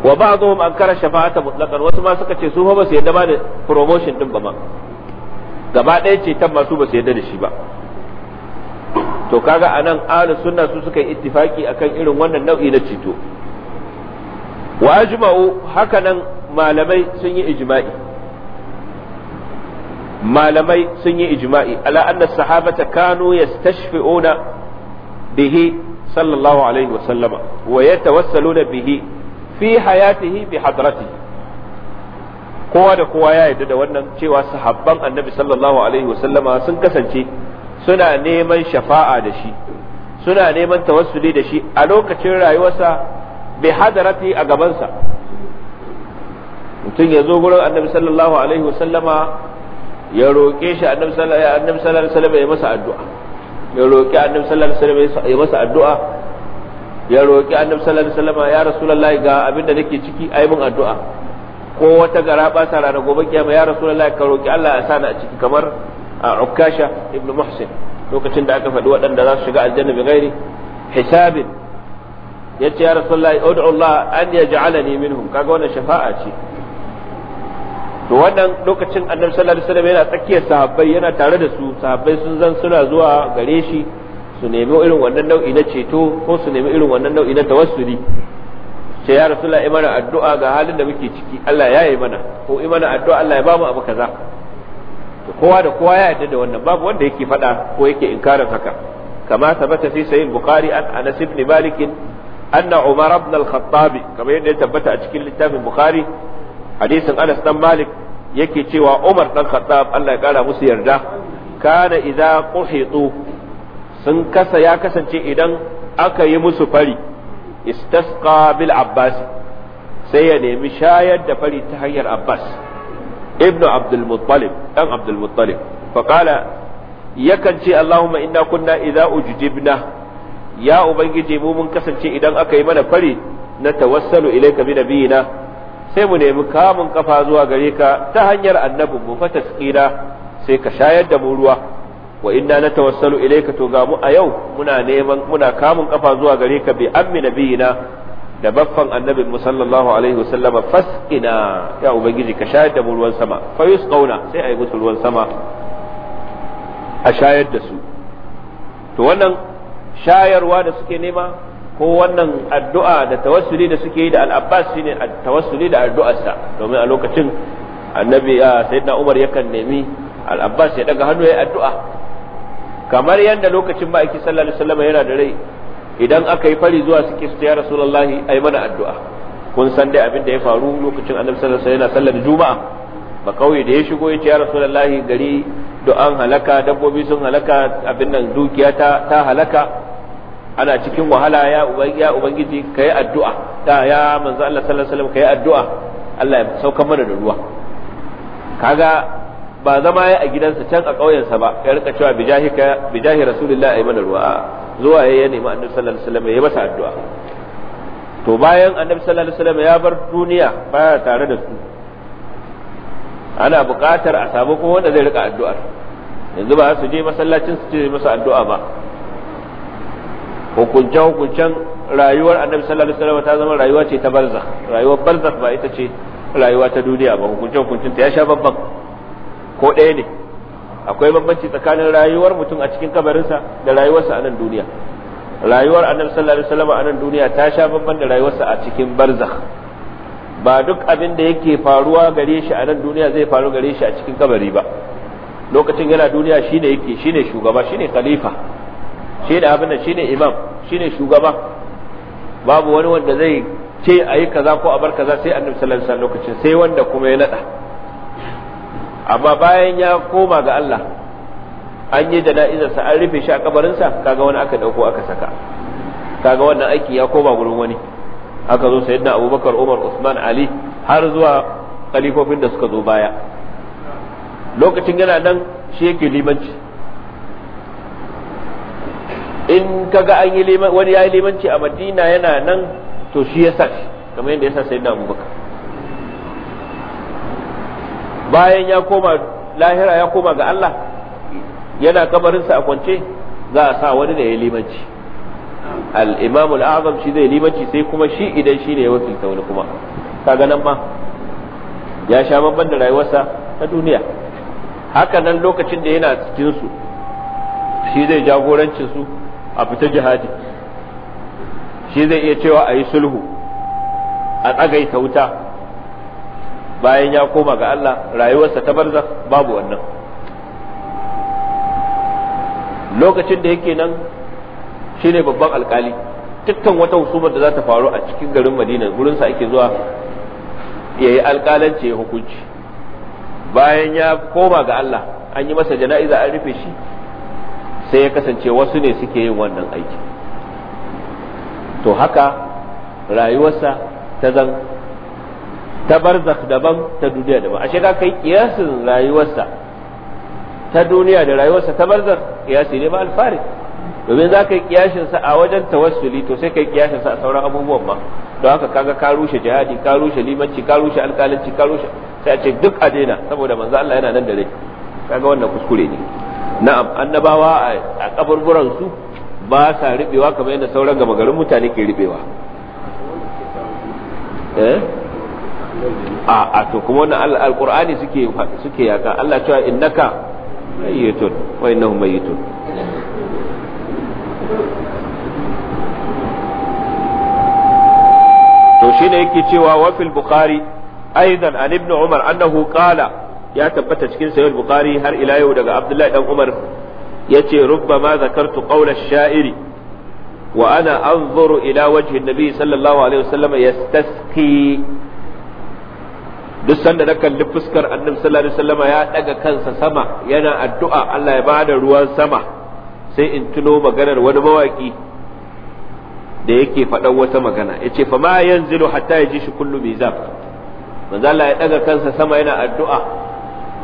wa ba'dhum ankara shafa'ata mutlaqan wasu ma suka ce su ba su yarda ba da promotion din ba ma gaba ɗaya ce tan masu ba su yarda da shi ba to kaga anan ahlus sunna su suka yi ittifaki akan irin wannan nau'i na cito wa ajma'u nan malamai sun yi ijma'i malamai sun yi ijma'i ala anna sahabata kanu yastashfi'una bihi sallallahu alaihi wa sallama wa yatawassaluna bihi fi hayatihi bi hadratihi kowa da kowa ya yarda da wannan cewa sahabban annabi sallallahu alaihi wa sallama sun kasance suna neman shafa'a da shi suna neman tawassuli da shi a lokacin rayuwarsa bi hadarati a gabansa mutum ya zo gurin annabi sallallahu alaihi wa sallama. ya roƙe shi annabi sallallahu ya masa addu'a ya roƙe annabi sallallahu alaihi ya masa addu'a ya roƙi annabi sallallahu ya rasulullahi ga abin nake ciki ai mun addu'a ko wata gara ba sa ranar gobe kiyama ya rasulullahi ka roƙe Allah ya sani a ciki kamar a Ukasha ibn Muhsin lokacin da aka faɗi waɗanda za su shiga aljanna bi ghairi hisabin yace ya rasulullahi ud'u Allah an ya yaj'alani minhum kaga wannan shafa'a ce to wannan lokacin annabi sallallahu alaihi wasallam yana tsakiyar sahabbai yana tare da su sahabbai sun zan suna zuwa gare shi su nemi irin wannan nau'i na ceto ko su nemi irin wannan nau'i na tawassuli sai ya rasula imana addu'a ga halin da muke ciki Allah ya yi mana ko imana addu'a Allah ya bamu abu kaza to kowa da kowa ya yarda da wannan babu wanda yake fada ko yake inkarin haka kama tabbata fi sahih bukhari an anas ibn malik anna umar ibn al-khattab kamar yadda ya tabbata a cikin littafin bukhari hadisin Anas dan Malik yake cewa Umar dan Khattab Allah ya kara musu yarda kana idza quhitu sun kasa ya kasance idan aka yi musu fari istasqa bil Abbas sai ya nemi shayar da fari ta hanyar Abbas ibnu Abdul Muttalib dan Abdul Muttalib fa kala yakan ce Allahumma inna kunna idza ujjibna ya ubangiji mu mun kasance idan aka yi mana fari na tawassalu ilayka bi nabiyina sai mu nemi kamun kafa zuwa gare ka ta hanyar annabin mu fata tsira sai ka shayar da mu ruwa wa inna natawassalu ilayka to ga mu a yau muna neman muna kamun kafa zuwa gare ka bi ammi nabiyina da baffan annabin mu sallallahu alaihi wasallama fasqina ya ubangiji ka shayar da mu ruwan sama fa yusqauna sai ayi musu ruwan sama a shayar da su to wannan shayarwa da suke nema ko wannan addu'a da tawassuli da suke yi da al-abbas shine tawassuli da addu'arsa domin a lokacin annabi ah, sayyidina umar yakan nemi al-abbas ya daga hannu ya addu'a kamar yadda lokacin ba aiki sallallahu alaihi wasallam yana da rai idan aka yi fari zuwa suke su ya rasulullahi ai mana addu'a kun san dai abin da ya faru lokacin annabi sallallahu alaihi wasallam yana sallar juma'a ba kauye da ya shigo ya ce ya rasulullahi gari do an halaka dabbobi sun halaka abin nan dukiya ta ta halaka ana cikin wahala ya ya ubangiji kai addu'a da ya manzo Allah sallallahu alaihi wasallam kai addu'a Allah ya saukan mana da ruwa kaga ba zama ya a gidansa can a ƙauyensa ba ya rika cewa bi bijahi rasulullahi ayi mana ruwa zuwa ya nemi annabi sallallahu alaihi wasallam ya masa addu'a to bayan annabi sallallahu alaihi wasallam ya bar duniya baya tare da su ana buƙatar a samu kuma wanda zai rika addu'ar yanzu ba su je masallacin su ce masa addu'a ba hukuncen hukuncen rayuwar annabi sallallahu alaihi wasallam ta zama rayuwa ce ta barzakh rayuwar barzakh ba ita ce rayuwa ta duniya ba hukuncen hukuncin ta ya sha babban ko ɗaya ne akwai bambanci tsakanin rayuwar mutum a cikin kabarinsa da rayuwarsa a nan duniya rayuwar annabi sallallahu alaihi wasallam a nan duniya ta sha babban da rayuwarsa a cikin barzakh ba duk abin da yake faruwa gare shi a nan duniya zai faru gare shi a cikin kabari ba lokacin yana duniya shine yake shine shugaba shine khalifa shi ne abin da shi ne imam shi ne shugaba babu wani wanda zai ce a yi kaza ko a bar kaza sai annabi sallallahu alaihi lokacin sai wanda kuma ya nada amma bayan ya koma ga Allah an yi jana'izarsa an rufe shi a kabarinsa kaga wani aka dauko aka saka kaga wannan aiki ya koma gurin wani aka zo yadda abubakar umar usman ali har zuwa kalifofin da suka zo baya lokacin yana nan shi yake limanci in kaga an yi wani yayi limanci a madina yana nan to shi yasa shi kamar yadda yasa sayyidina abubakar bayan ya koma lahira ya koma ga Allah yana kabarinsa a kwance za a sa wani da ya limanci al-imam al-azam shi zai limanci sai kuma shi idan shi ne ya wakilta wani kuma kaga nan ma ya sha babban da rayuwarsa ta duniya haka nan lokacin da yana cikin su shi zai jagorancin su a fita jihadi shi zai iya cewa a yi sulhu a tsagaita wuta bayan ya koma ga Allah rayuwarsa ta barza babu wannan lokacin da yake nan shi ne babban alkali dukkan wata husumar da za ta faru a cikin garin madina gurinsa ake zuwa ya yi alkalanci ya hukunci bayan ya koma ga Allah an yi masa jana'iza an rufe shi sai ya kasance wasu ne suke yin wannan aiki to haka rayuwarsa ta zan ta barzakh daban ta duniya daban ashe ka kai kiyasin rayuwarsa ta duniya da rayuwarsa ta barzakh kiyasi ne ba alfari domin za ka yi kiyashin sa a wajen tawassuli to sai ka yi kiyashin sa a sauran abubuwan ba don haka kaga ka rushe jihadi ka rushe limanci ka rushe alkalanci ka rushe sai a ce duk a daina saboda manzo Allah yana nan da rai kaga wannan kuskure ne na'am annabawa a kaburburan su ba sa ribewa kamar yadda sauran gama garin mutane ke ribewa eh a to kuma wannan alqur'ani suke suke yaka Allah cewa innaka mayyitun wa innahum mayyitun to shine yake cewa wa fil bukhari aidan an ibn umar annahu qala ya tabbata cikin sahih bukhari har ila yau daga abdullahi dan umar yace rubbama zakartu ƙaunar shairi wa ana anzuru ila wajhi nabi sallallahu alaihi wasallam yastasqi duk sanda na kalli fuskar annabi sallallahu alaihi wasallam ya daga kansa sama yana addu'a Allah ya bada ruwan sama sai in tuno maganar wani mawaki da yake faɗan wata magana yace fa ma yanzilu hatta yaji shi kullu mizab manzo Allah ya daga kansa sama yana addu'a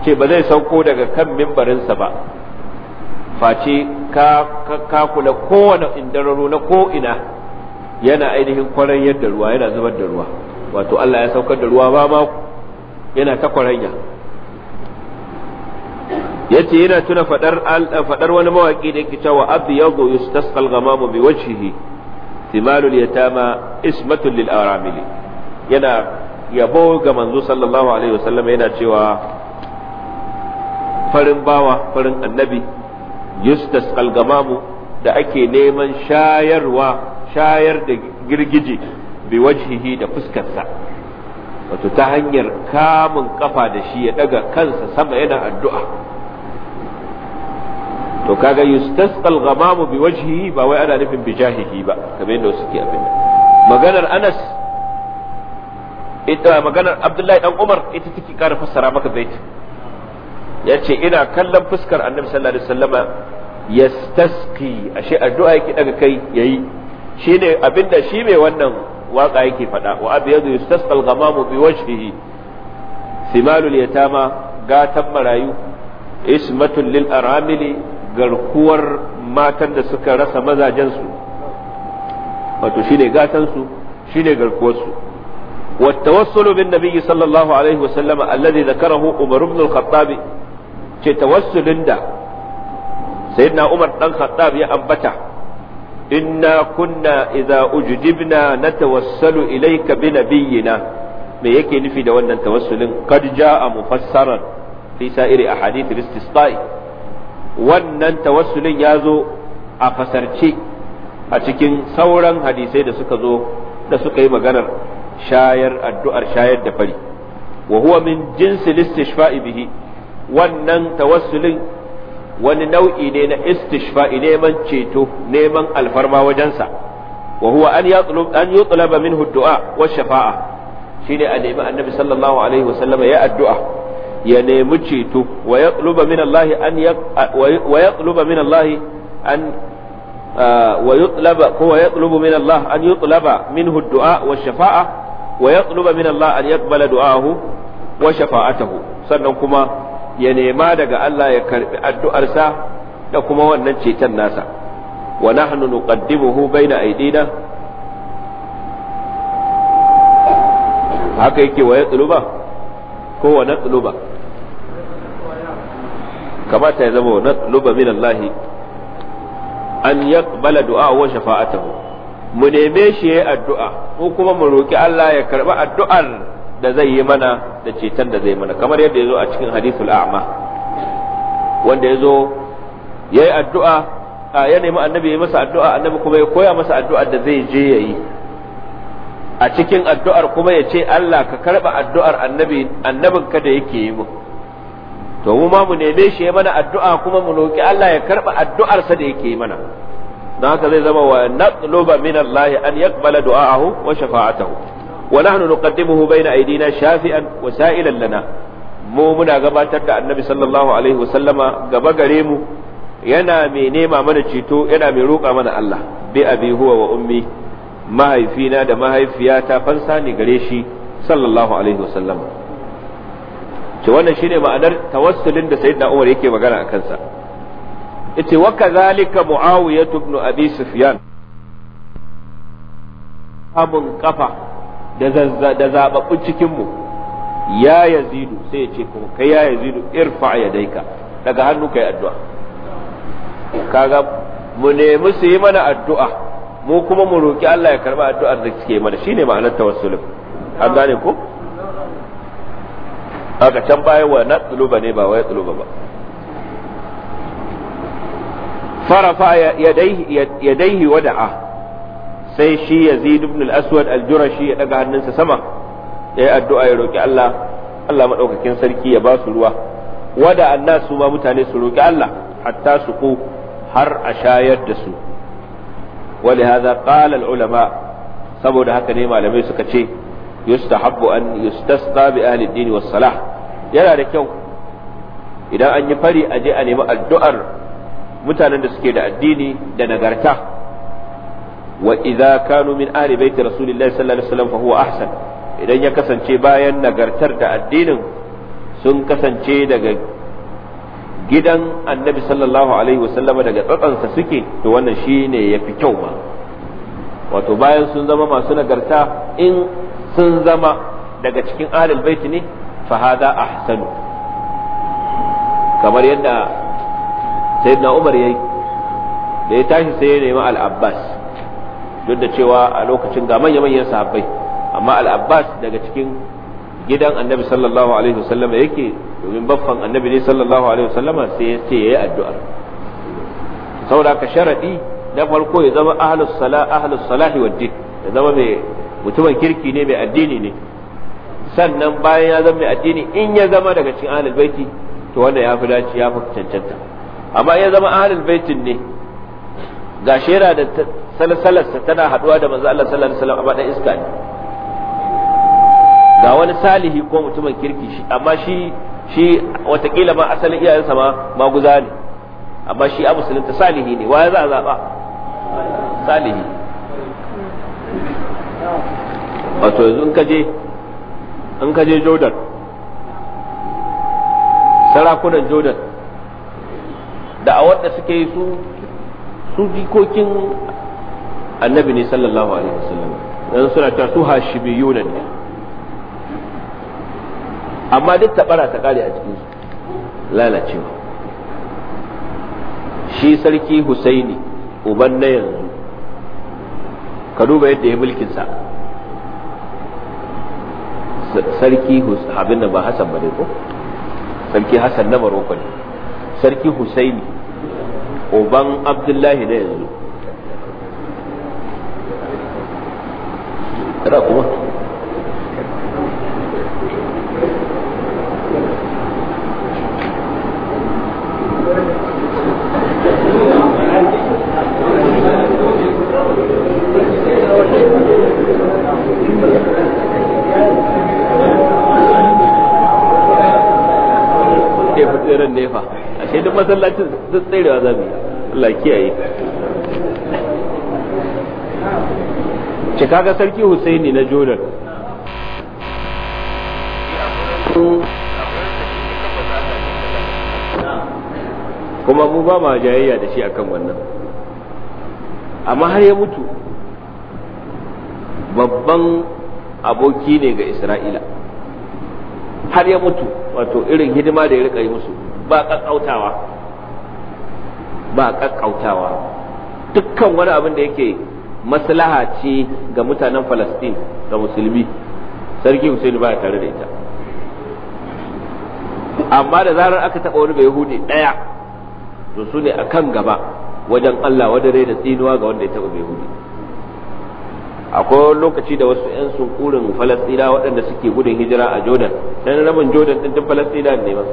ce ba zai sauko daga kan mimbarinsa ba face ka kula kowane indararo na ko'ina yana ainihin kwaran yadda ruwa yana zubar da ruwa wato Allah ya saukar da ruwa ba ma yana ta kwaranya yace yana tuna fadar fadar wani mawaki da yake cewa abyadu yustasqal ghamamu bi wajhihi thimalul yatama ismatun lil aramili yana yabo ga manzo sallallahu alaihi wasallam yana cewa farin bawa farin annabi yustas algamamu da ake neman shayarwa shayar da girgije bi wajhihi da fuskarsa wato ta hanyar kamun kafa da shi ya daga kansa sama yana addu'a to kaga yustas ghamamu bi wajhihi ba wai ana nufin bi jahihi ba kamar yadda suke abin maganar Anas ita maganar Abdullahi dan Umar ita take kara fassara maka baitin yace ina kallon fuskar annabi sallallahu alaihi wasallama yastasqi ashe addu'a yake daga kai yayi shine abinda shi mai wannan waka yake faɗa wa abyadu yastasqa al-ghamamu bi wajhihi simalul yatama gatan marayu ismatul lil aramili garkuwar matan da suka rasa mazajensu wato shine gatansu shine garkuwarsu والتوسل بالنبي صلى الله عليه وسلم الذي ذكره عمر بن الخطاب ce tawassulin da na Umar ɗan Khattab ya ambata inna kunna idza ujdibna ilai ka bi nabiyyina me yake nufi da wannan tawassulin kad jaa mufassaran fi sa'iri ahadith istisqa'i wannan tawassulin ya zo a fasarce a cikin sauran hadisai da suka zo da suka yi maganar shayar addu'ar shayar da fari wa huwa min jinsi listishfa'i bihi wannan tawassulin wani nau'i ne na istishfa'i neman ceto neman alfarma wajensa wa huwa an yatlub an yutlaba minhu du'a wa shafa'a shine a nemi annabi sallallahu alaihi wa wasallama ya addu'a ya nemi ceto wa yatluba min Allah an wa yatluba min Allah an wa yutlaba ko wa yatlubu min Allah an yutlaba minhu du'a wa shafa'a wa yatluba min Allah an yaqbala du'ahu wa shafa'atahu sannan kuma ya nema daga Allah ya karbi addu'arsa da kuma wannan ceton nasa wa nahnu nuqaddimuhu bayna aydina haka yake wa yatluba ko wa natluba kamata ya zama wa natluba min Allah an yaqbala du'a wa shafa'atuhu mu neme shi addu'a ko kuma mu roki Allah ya karba addu'ar da zai yi mana da ceton da zai mana kamar yadda ya zo a cikin hadithul a'ma wanda ya zo ya yi addu'a a ya nemi annabi ya masa addu'a annabi kuma ya koya masa addu'a da zai je ya yi a cikin addu'ar kuma ya ce Allah ka karɓa addu'ar annabi ka da yake yi mu to mu ma mu neme shi ya mana addu'a kuma mu roki Allah ya karɓa addu'arsa da yake yi mana don haka zai zama wa natluba minallahi an yaqbala du'a'ahu wa shafa'atahu wa nahnu nuqaddimuhu bayna aydina shafi'an wa sa'ilan lana mu muna gabatar da annabi sallallahu alaihi wasallama gaba gare mu yana mai nema mana ceto yana mai roƙa mana Allah bi abi wa ummi mahaifina da mahaifiyata fansa ne gare shi sallallahu alaihi wasallama ce wannan shine ma'anar tawassulin da sayyidina Umar yake magana a kansa yace wa kadhalika muawiyah ibn abi sufyan abun kafa da zaɓaɓɓun cikinmu ya yazidu sai ya ce kuma kai ya yazidu irfa ya daika daga hannu kai addu'a kaga mu nemi su yi mana addu'a mu kuma mu roki Allah ya karba addu'ar da suke mana shine ma'anar tawassulin an gane ko aka can baya wa na tsuluba ne ba wai tsuluba ba farafa yadaihi wada'a sai shi ya zi al-aswad al shi ya daga hannunsa sama ya yi addu'a ya roƙi Allah Allah maɗaukakin sarki ya ba su ruwa wada annas su ma mutane su roki Allah hatta su ku har a shayar da su ولهذا قال ulama saboda haka ne malamai suka ce yustahabbu an yustasqa bi ahli ad-din was salah yana da kyau idan an yi fari a je a nemi addu'ar mutanen da suke da addini da nagarta wa idza kanu min ahli baiti rasulillahi sallallahu alaihi wasallam fa huwa ahsan idan ya kasance bayan nagartar da addinin sun kasance daga gidan annabi sallallahu alaihi wasallama daga tsatsansa suke to wannan shine yafi kyau ma wato bayan sun zama masu nagarta in sun zama daga cikin ahlul bait ne fa hada ahsanu kamar yadda sayyidina umar yayi da ya tashi sai ya nemi al'abbas. duk da cewa a lokacin ga manya-manyan sahabbai amma al-abbas daga cikin gidan annabi sallallahu alaihi wasallam yake domin baffan annabi ne sallallahu alaihi wasallama sai ya ce yayi addu'a saboda ka sharadi na farko ya zama ahlus sala ahlus salahi wad din ya zama mai mutumin kirki ne mai addini ne sannan bayan ya zama mai addini in ya zama daga cikin ahlul baiti to wanda ya fi dace ya fi cancanta amma ya zama ahlul baitin ne ga shera da salsalarsa tana haduwa da manzo Allah sallallahu alaihi wasallam a bada iska ne ga wani salihi ko mutumin kirki shi amma shi shi watakila ma asalin iyayensa ma maguza ne amma shi a musulunta salihi ne waye za a zaɓa salihi wato yanzu in kaje in kaje jordan sarakunan jordan da a wadda suke yi su su jikokin annabi ne sallallahu alaihi wasallam dan suna ta su hashimiyuna ne amma duk tabara ta kare a cikin su lalacewa shi sarki husaini uban na yanzu ka duba yadda ya mulkin sa sarki abin da ba hasan ba ne ko sarki hasan na maroko ne sarki husaini uban abdullahi na yanzu tara nefa ashe duk masallacin zai tserewa Allah kiyaye ce kaga sarki husaini na jordan kuma mu ba ma jayayya da shi akan wannan amma har ya mutu babban aboki ne ga isra'ila har ya mutu wato irin hidima da ya rika yi musu ba kakkautawa ba kakkautawa dukkan wani abin da yake maslaha ce ga mutanen Falastin da musulmi sarki Hussein ba tare da ita amma da zarar aka taɓa wani Yahudi ɗaya to su ne a kan gaba wajen Allah rai da tsinuwa ga wanda ya taɓa Yahudi akwai wani lokaci da wasu 'yan sunkurin falastina waɗanda suke gudun hijira a jordan dan rabin jordan ɗin falastina ne ba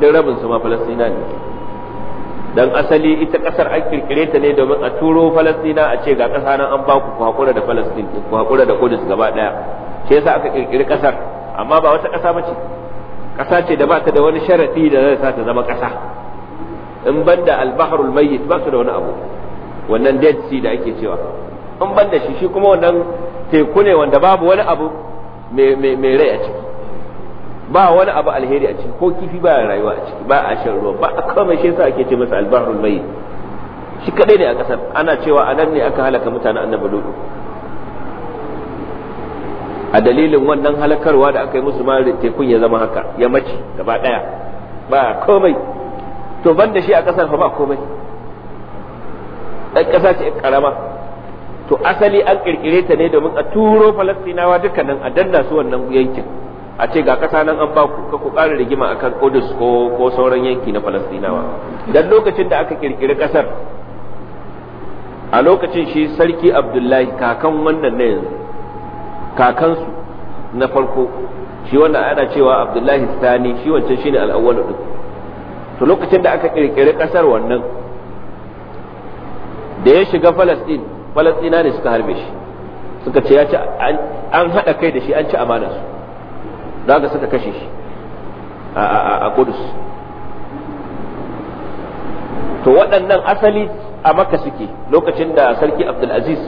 dan rabin su ma falastina ne dan asali ita kasar an kirkire ta ne domin a turo falastina a ce ga kasa nan an ba ku hakura da falastin ku hakura da kudus gaba daya shi yasa aka kirkiri kasar amma ba wata kasa bace kasa ce da ba ta da wani sharadi da zai sa ta zama kasa in banda al-bahrul mayyit ba su da wani abu wannan dead sea da ake cewa in banda shi shi kuma wannan teku ne wanda babu wani abu mai rai a ciki ba wani abu alheri a ciki ko kifi ba rayuwa a ciki ba a shan ruwa ba a kama shi yasa ake ce masa albahrul mai shi kadai ne a kasar ana cewa anan ne aka halaka mutanen annabi a dalilin wannan halakarwa da aka yi musu ma tekun ya zama haka ya mace gaba daya ba komai to ban da shi a kasar fa ba komai ɗan ƙasa ce karama to asali an ƙirƙire ta ne domin a turo falastinawa dukkanin a danna su wannan yankin a ce ga ƙasa nan an ba ku ka ku ƙara rigima akan Qudus ko ko sauran yanki na Falastinawa dan lokacin da aka kirkiri ƙasar a lokacin shi sarki Abdullahi kakan wannan ne yanzu kakansu na farko shi wanda ana cewa Abdullahi Sani shi wancan shine al-awwal din to lokacin da aka kirkiri ƙasar wannan da ya shiga Falastin Falastina ne suka harbe shi suka ce ya ci an haɗa kai da shi an ci amanarsu da haka suka kashe shi a kudus to waɗannan asali a Makka suke lokacin da sarki abdulaziz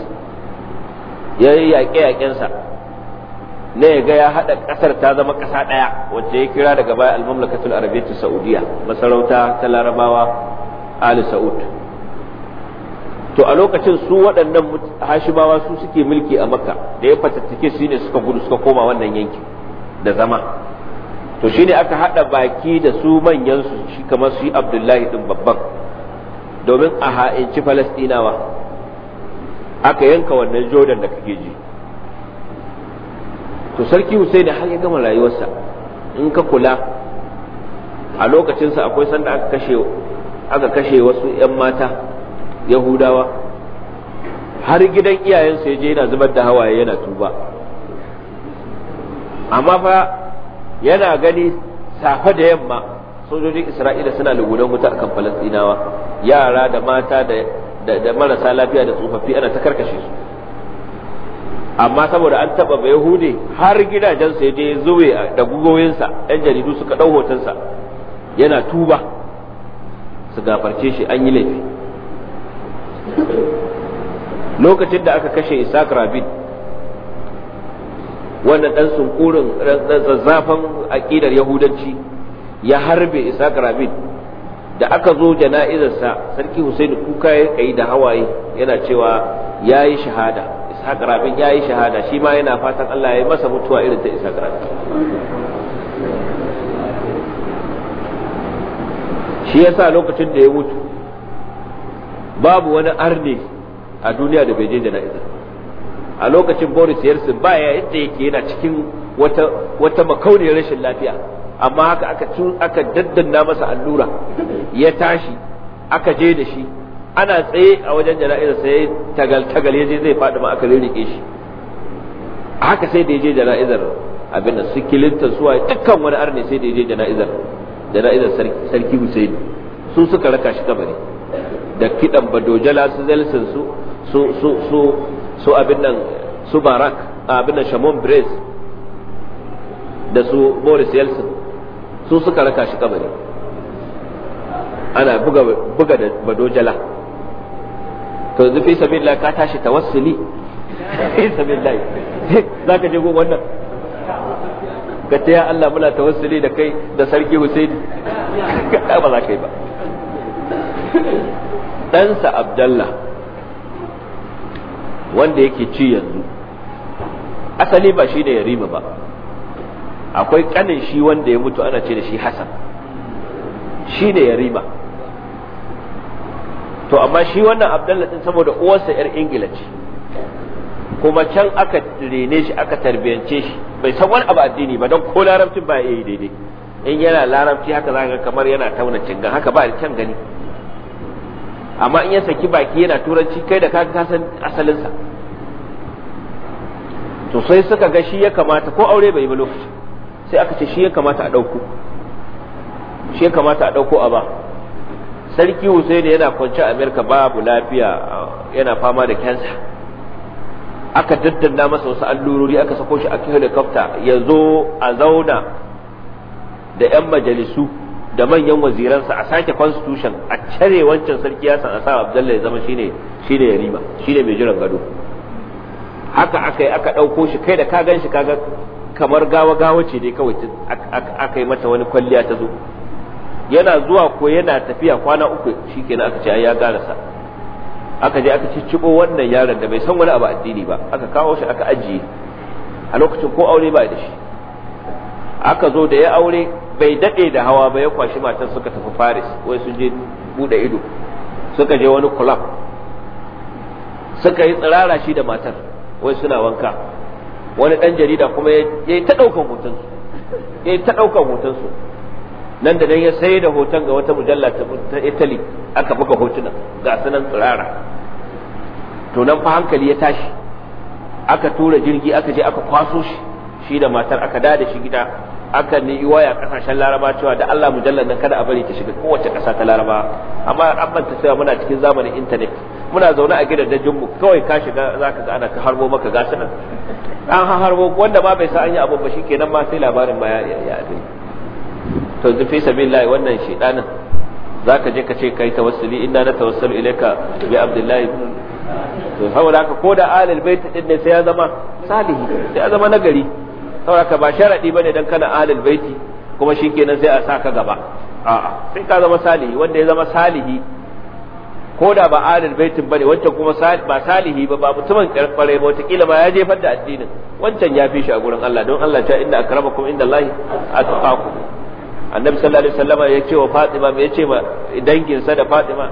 ya yi yaƙe-yaƙensa na ya ga ya haɗa ƙasar ta zama ƙasa ɗaya wacce ya kira daga baya al-mamlakatul arabiyyatus saudiya masarauta ta larabawa ali saud to a lokacin su waɗannan hashimawa su suke mulki a makka da ya fatattake su ne suka gudu suka koma wannan yankin da zama to shi ne aka haɗa baki da su manyan su shi kamar su Abdullahi din babban domin a ha'inci Falastinawa aka yanka wannan Jordan da kake ji to sarki Hussein har ya gama rayuwarsa in ka kula a lokacinsa akwai sanda aka kashe aka kashe wasu 'yan mata yahudawa har gidan iyayensa ya je yana zubar da hawaye yana tuba amma fa yana gani safa da yamma sojojin isra'ila suna lugudan wuta kan falastinawa yara da mata da marasa lafiya da tsofaffi ana ta karkashe su amma saboda an taba bai hude har gidajen ya je zuwe da gugoyinsa yan jaridu suka dau hotonsa yana tuba su gafarce shi an yi laifi lokacin da aka kashe isaac rabin wannan dan sunkurin zazzafan aqidar yahudanci ya harbe isa karabin da aka zo jana'izarsa sarki husaini kuka ya kai da hawaye yana cewa ya yi shahada isa karabin ya yi shahada shi ma yana fatan allah ya yi masa mutuwa irin ta isa karabin shi ya sa lokacin da ya mutu babu wani arne a duniya da bai je jana'izar a lokacin boris yeltsin ba ya yadda yake yana cikin wata wata makauniyar rashin lafiya amma haka aka aka daddanna masa allura ya tashi aka je da shi ana tsaye a wajen jana'izar sai tagal tagal ya je zai faɗi ma aka rirrike shi haka sai da ya je jana'izar abin da su kilinta suwa dukkan wani arne sai da ya je jana'izar jana'izar sarki Hussein su suka raka shi kabari da kidan badojala su zalsin su su su su abin nan su barak abin nan shamon brace da su boris yeltsin su suka raka shi kamari ana buga da badojala to yanzu sabi da ka tashi tawassuli fi sabilillah za ka je go wannan ka ta Allah muna tawassuli da kai da sarki Husaini ka ba za ka yi ba ɗansa Abdallah wanda yake ci yanzu asali ba shi ne yarima ba akwai kanin shi wanda ya mutu ana ce da shi hasan shi ne yarima to amma shi wannan abdallah din saboda uwarsa yar ingila ce kuma can aka rene shi aka tarbiyance shi bai san wani abu addini ba don ko larabcin ba ya yi daidai in yana larabci haka za ga kamar yana tauna cingan haka ba da can gani amma in ya saki baki yana turanci kai da ka san asalinsa to sai suka ga shi ya kamata ko aure bai ba lokaci sai aka ce shi ya kamata a ɗauko shi ya kamata a ɗauko a ba sarki Hussein yana kwance a Amerika babu lafiya yana fama da cancer aka daddanda masa wasu allurori aka sako shi a helicopter ya zo a zauna da 'yan majalisu da manyan waziransa a sake constitution a cire wancan sarki ya a sa Abdullahi ya zama shine shine yarima shine mai jiran gado haka aka yi aka ɗauko shi kai da ka gan shi kaga kamar gawa gawa ce dai kawai aka yi mata wani kwalliya ta zo yana zuwa ko yana tafiya kwana uku shikenan aka ce ya garasa aka je aka ciccibo wannan yaron da bai san wani abu addini ba aka kawo shi aka ajiye a lokacin ko aure ba da shi aka zo da ya aure bai daɗe da hawa ba ya kwashi matar suka tafi Paris wai sun je buɗe ido suka je wani club suka yi tsirara shi da matar wai suna wanka wani ɗan jarida kuma ya yi ta ɗaukan hotonsu ya yi ta ɗaukan hotonsu nan da nan ya sai da hoton ga wata mujalla ta Italy aka buga hotuna ga sanan tsirara to nan fa hankali ya tashi aka tura jirgi aka je aka kwaso shi shi da matar aka da da shi gida aka ni waya kasashen laraba cewa da Allah mujallar nan kada a bari ta shiga kowace ƙasa ta laraba amma an manta cewa muna cikin zamanin intanet muna zaune a gidajen mu kawai ka shiga za ka ga ana harbo maka gasu nan an harbo wanda ma bai sa an yi abu ba shikenan ma sai labarin ma ya ya abin to fi sabilillah wannan shedanin zaka je ka ce kai tawassuli inna na tawassalu ilayka bi abdullahi to saboda haka ko da alil bait din ne sai ya zama salihi sai ya zama nagari saboda ba sharadi bane dan kana ahlul baiti kuma shikenan sai a sa ka gaba a'a sai ka zama salihi wanda ya zama salihi ko da ba ahlul baitin ne wancan kuma ba salihi ba ba mutumin karkare ba wataƙila ba ya jefar da addinin wancan ya fi shi a gurin Allah don Allah ta inda kuma inda Allah atqakum annabi sallallahu alaihi wasallam ya ce wa Fatima ya ce ma danginsa da Fatima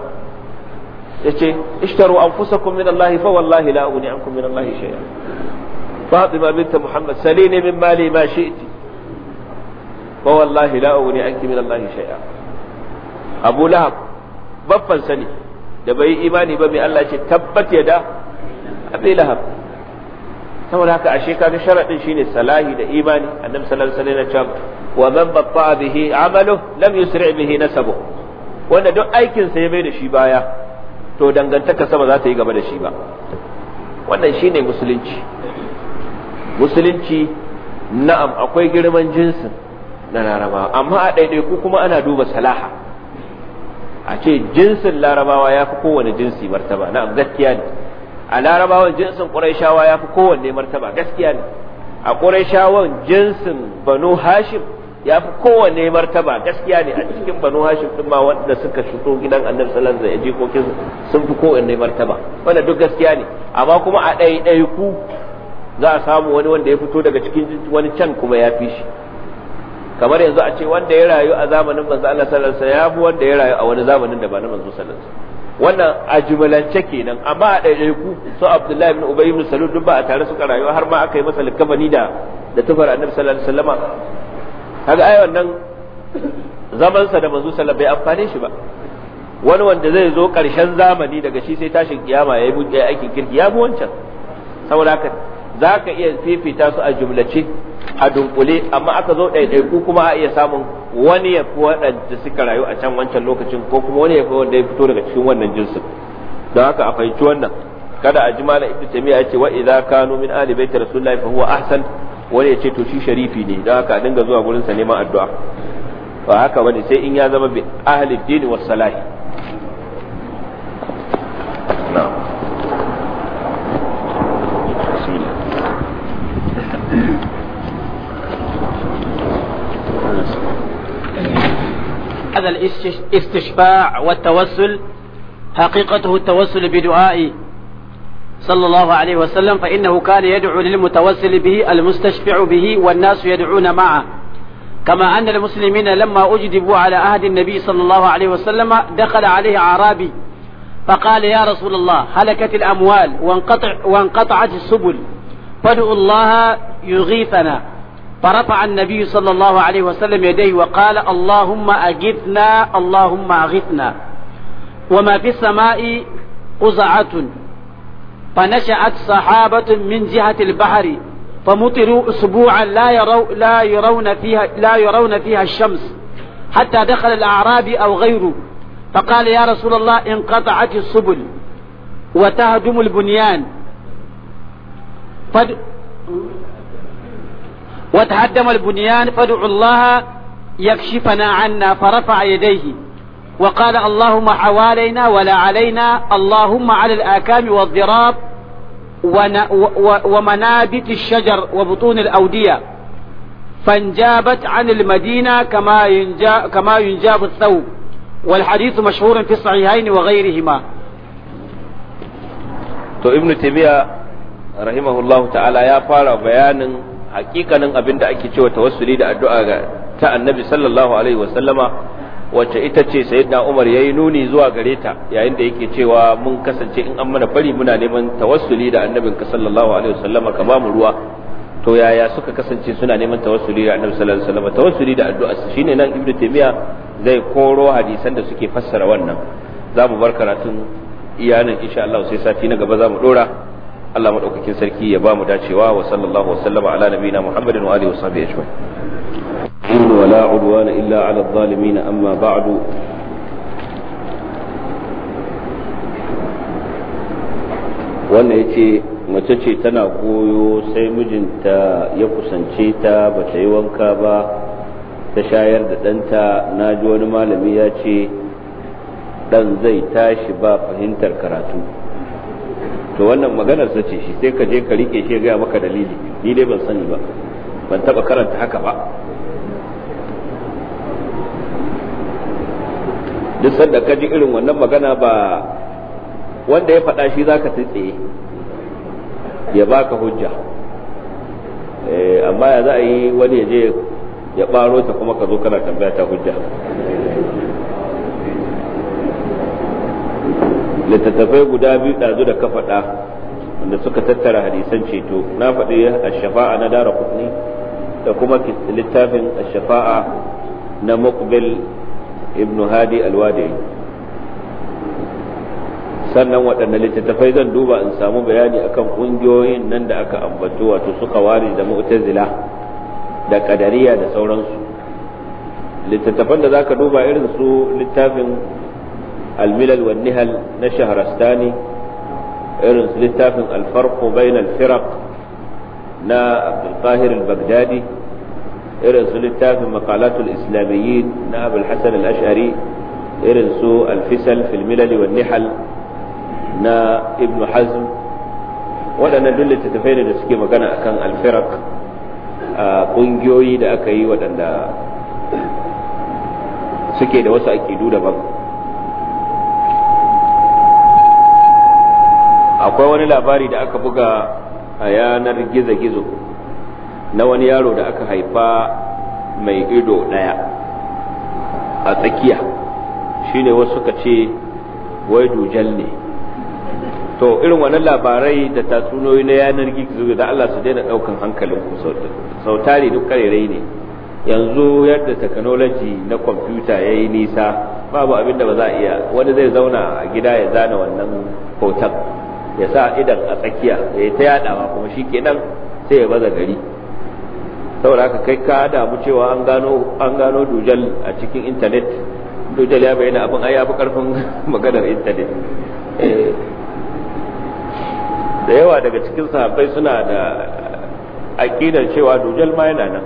ya ce ishtaru anfusakum min Allah fa wallahi la ugni ankum min Allah shay'a fatima binta muhammad salini min mali ma shi'ti fa wallahi la ugni anki min allahi shay'a abu lahab baffan da bai yi imani ba mai Allah ce tabbat ya da abu lahab saboda haka ashe kaga sharaɗin shine salahi da imani annabi sallallahu alaihi wasallam wa man a bihi amalu lam yusri bihi nasabu wanda duk aikin sa ya bai da shi baya to dangantaka sama za ta yi gaba da shi ba wannan shine musulunci musulunci na'am akwai girman jinsin na larabawa amma a ɗaiɗaiku kuma ana duba salaha a ce jinsin larabawa ya fi kowane jinsi martaba na'am gaskiya ne a larabawan jinsin ƙuraishawa ya fi kowanne martaba gaskiya ne a ƙuraishawan jinsin banu hashim ya fi kowanne martaba gaskiya ne a cikin banu hashim din ma wanda suka shigo gidan annabi sallallahu alaihi wasallam jikokin sun fi kowanne martaba wanda duk gaskiya ne amma kuma a ɗaiɗaiku za a samu wani wanda ya fito daga cikin wani can kuma ya fi shi kamar yanzu a ce wanda ya rayu a zamanin manzo Allah sallallahu alaihi wasallam ya fi wanda ya rayu a wani zamanin da ba na manzo sallallahu alaihi wasallam wannan a jumalance kenan amma a ɗaiɗaiku su Abdullahi ibn Ubay ibn Salul duk ba a tare suka rayuwa har ma aka yi masa likabani da da tufar Annabi sallallahu alaihi wasallam kaga ai wannan zaman sa da manzo sallallahu bai amfane shi ba wani wanda zai zo ƙarshen zamani daga shi sai tashin kiyama yayi aikin kirki ya bi wancan saboda haka za ka iya fifita su a jumlace a dunkule amma aka zo ɗaiɗaiku kuma a iya samun wani ya fi waɗanda suka rayu a can wancan lokacin ko kuma wani ya fi wanda ya fito daga cikin wannan jinsin don haka a fahimci wannan kada a ji malam ibnu taymiya a ce wa idza kanu min ali baiti rasulullahi fa huwa ahsan wani ya ce to shi sharifi ne don haka dinga zuwa gurin sa neman addu'a ba haka bane sai in ya zama bi ahli dini was salahi na'am هذا الاستشفاع والتوسل حقيقته التوسل بدعاء صلى الله عليه وسلم فإنه كان يدعو للمتوسل به المستشفع به والناس يدعون معه كما أن المسلمين لما أجدبوا على عهد النبي صلى الله عليه وسلم دخل عليه أعرابي فقال يا رسول الله هلكت الأموال وانقطع وانقطعت السبل فادعوا الله يغيثنا فرفع النبي صلى الله عليه وسلم يديه وقال اللهم أغثنا اللهم أغثنا وما في السماء قزعة فنشأت صحابة من جهة البحر فمطروا أسبوعا لا, يرو لا يرون فيها لا يرون فيها الشمس حتى دخل الأعرابي أو غيره فقال يا رسول الله انقطعت السبل وتهدم البنيان فد... وتهدم البنيان فادعوا الله يكشفنا عنا فرفع يديه وقال اللهم حوالينا ولا علينا اللهم على الآكام والضراب ومنابت الشجر وبطون الأودية فانجابت عن المدينة كما ينجاب, كما ينجاب الثوب والحديث مشهور في الصحيحين وغيرهما تو ابن تيمية رحمه الله تعالى يا فارا بيان hakikanin abin da ake cewa tawassuli da addu'a ga ta annabi sallallahu alaihi wa sallama wacce ita ce sayyidina Umar yayi nuni zuwa gare ta yayin da yake cewa mun kasance in an mana fari muna neman tawassuli da annabin ka sallallahu alaihi wa sallama ka ba mu ruwa to yaya suka kasance suna neman tawassuli da annabi sallallahu alaihi wa sallama tawassuli da addu'a shine nan ibnu taymiya zai koro hadisan da suke fassara wannan za mu bar karatun iyanan insha Allah sai sati na gaba za mu dora Allah madaukakin sarki ya ba mu dacewa wa sallallahu wa sallama ala nabiyina Muhammadin wa alihi wa sahbihi ajma'in wala udwana illa ala adh-dhalimin amma ba'du wannan yace mace ce tana koyo sai mijinta ya kusance ta bata yi wanka ba ta shayar da danta na ji wani malami ya ce ɗan zai tashi ba fahimtar karatu to wannan maganar sa ce shi sai ka je ka rike shi gaya maka dalili ni dai ban sani ba ban taba karanta haka ba duk sanda ka ji irin wannan magana ba wanda ya faɗa shi zaka tsitse ya baka hujja eh, amma ya za a yi wani ya je ya ɓaro ta kuma ka zo kana tambaya ta hujja littattafai guda biyu ɗazu da kafaɗa da suka tattara hadisan ceto na faɗi a shafa'a na dara kutni da kuma littafin a shafa'a na muqbil ibn hadi alwadi sannan waɗanne littattafai zan duba in samu bayani akan ƙungiyoyin nan da aka ambato wato suka wari da mu'tazila da ƙadariya da sauransu littattafan da zaka duba irin su littafin الملل والنهل نشهر استاني إرنس للتافن الفرق بين الفرق نا عبد القاهر البغدادي إرنس للتافن مقالات الإسلاميين نا أبو الحسن الأشعري إرنس الفسل في الملل والنحل نا ابن حزم waɗannan duk littattafai ne da suke magana akan alfirak a ƙungiyoyi da aka yi waɗanda suke da wasu aƙidu daban akwai wani labari da aka buga a yanar gizo-gizo na wani yaro da aka haifa mai ido daya a tsakiya shine wasu suka ce wai dujal ne to irin wannan labarai da tatsuniyoyi na yanar gizo da Allah su daina daukan hankalin ku sautari duk karerai ne yanzu yadda technology na kwamfuta ya yi nisa babu abin da ba za a iya wani zai zauna a gida ya zana wannan hoton ya sa idan a tsakiya ya ta yadawa kuma shi kenan sai ya baza gari saboda haka kai ka damu cewa an gano an gano dujal a cikin intanet dujal ya bayyana abin ai yafi karfin maganar intanet eh, da yawa daga cikin sahabbai suna da aqidar cewa dujal ma yana nan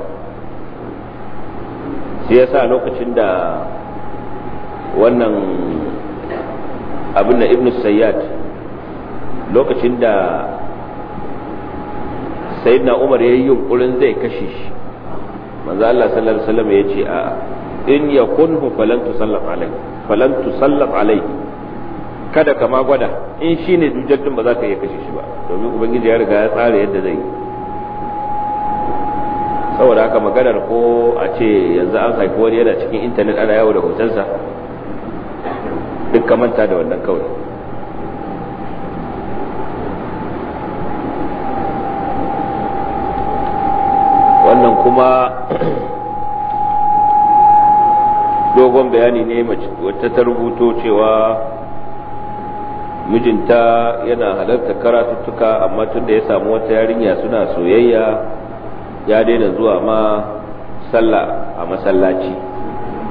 sai yasa lokacin da wannan abin da ibnu sayyad lokacin da na umar ya yi yunkurin zai kashe shi manzo Allah sallallahu alaihi ya ce a in ya kunhu falan tusallaf alaihi falan tusallaf alaihi kada ka ma gwada in shine dujaddin ba za ka iya kashe shi ba domin ubangiji ya riga ya tsara yadda zai saboda haka maganar ko a ce yanzu an haifi wani yana cikin intanet ana yawo da hotonsa duk ka manta da wannan kawai kuma dogon bayani ne wata ta rubuto cewa mijinta yana halarta karatuttuka amma tun da ya samu wata yarinya suna soyayya ya daina zuwa ma sallah a masallaci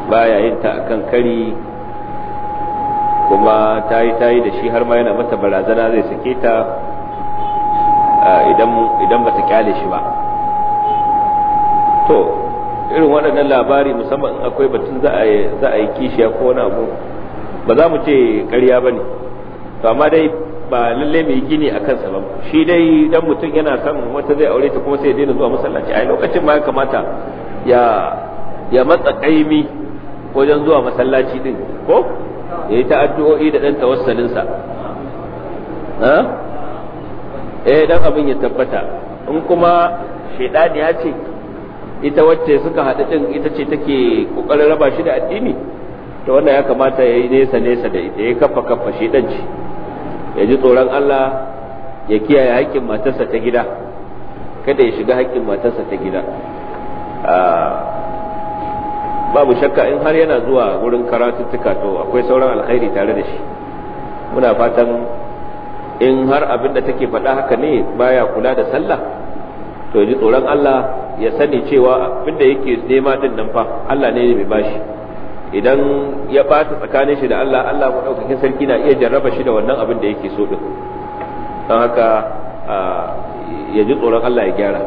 baya yin ta akan kari kuma ta yi ta yi da shi har ma yana mata barazana zai sake ta idan ba ta kyale shi ba to irin waɗannan labari musamman akwai batun za a yi kishiya ko wani abu ba za mu ce ƙarya ba ne to amma dai ba lalle mai gini a kansa ba shi dai dan mutum yana son wata zai aure ta kuma sai ya daina zuwa masallaci a lokacin ma ya kamata ya matsa kaimi wajen zuwa masallaci din ko ya yi ta addu'o'i da dan tawassalin sa eh dan abin ya tabbata in kuma shedani ya ce ita wacce suka haɗu ɗin ita ce take ƙoƙarin raba shi da addini to wannan ya kamata ya yi nesa nesa da ita ya kafa kafa shi ɗan ci ya ji tsoron Allah ya kiyaye haƙƙin matarsa ta gida kada ya shiga haƙƙin matarsa ta gida ah, babu shakka in har yana zuwa wurin karatuttuka to akwai sauran alkhairi tare da shi muna fatan in har abin da take faɗa haka ne baya kula da sallah to ji tsoron Allah ya sani cewa abin da yake nema din nan fa Allah ne mai bashi idan ya bata tsakanin shi da Allah Allah madaukakin sarki na iya jarraba shi da wannan abin da yake so din don haka ya ji tsoron Allah ya gyara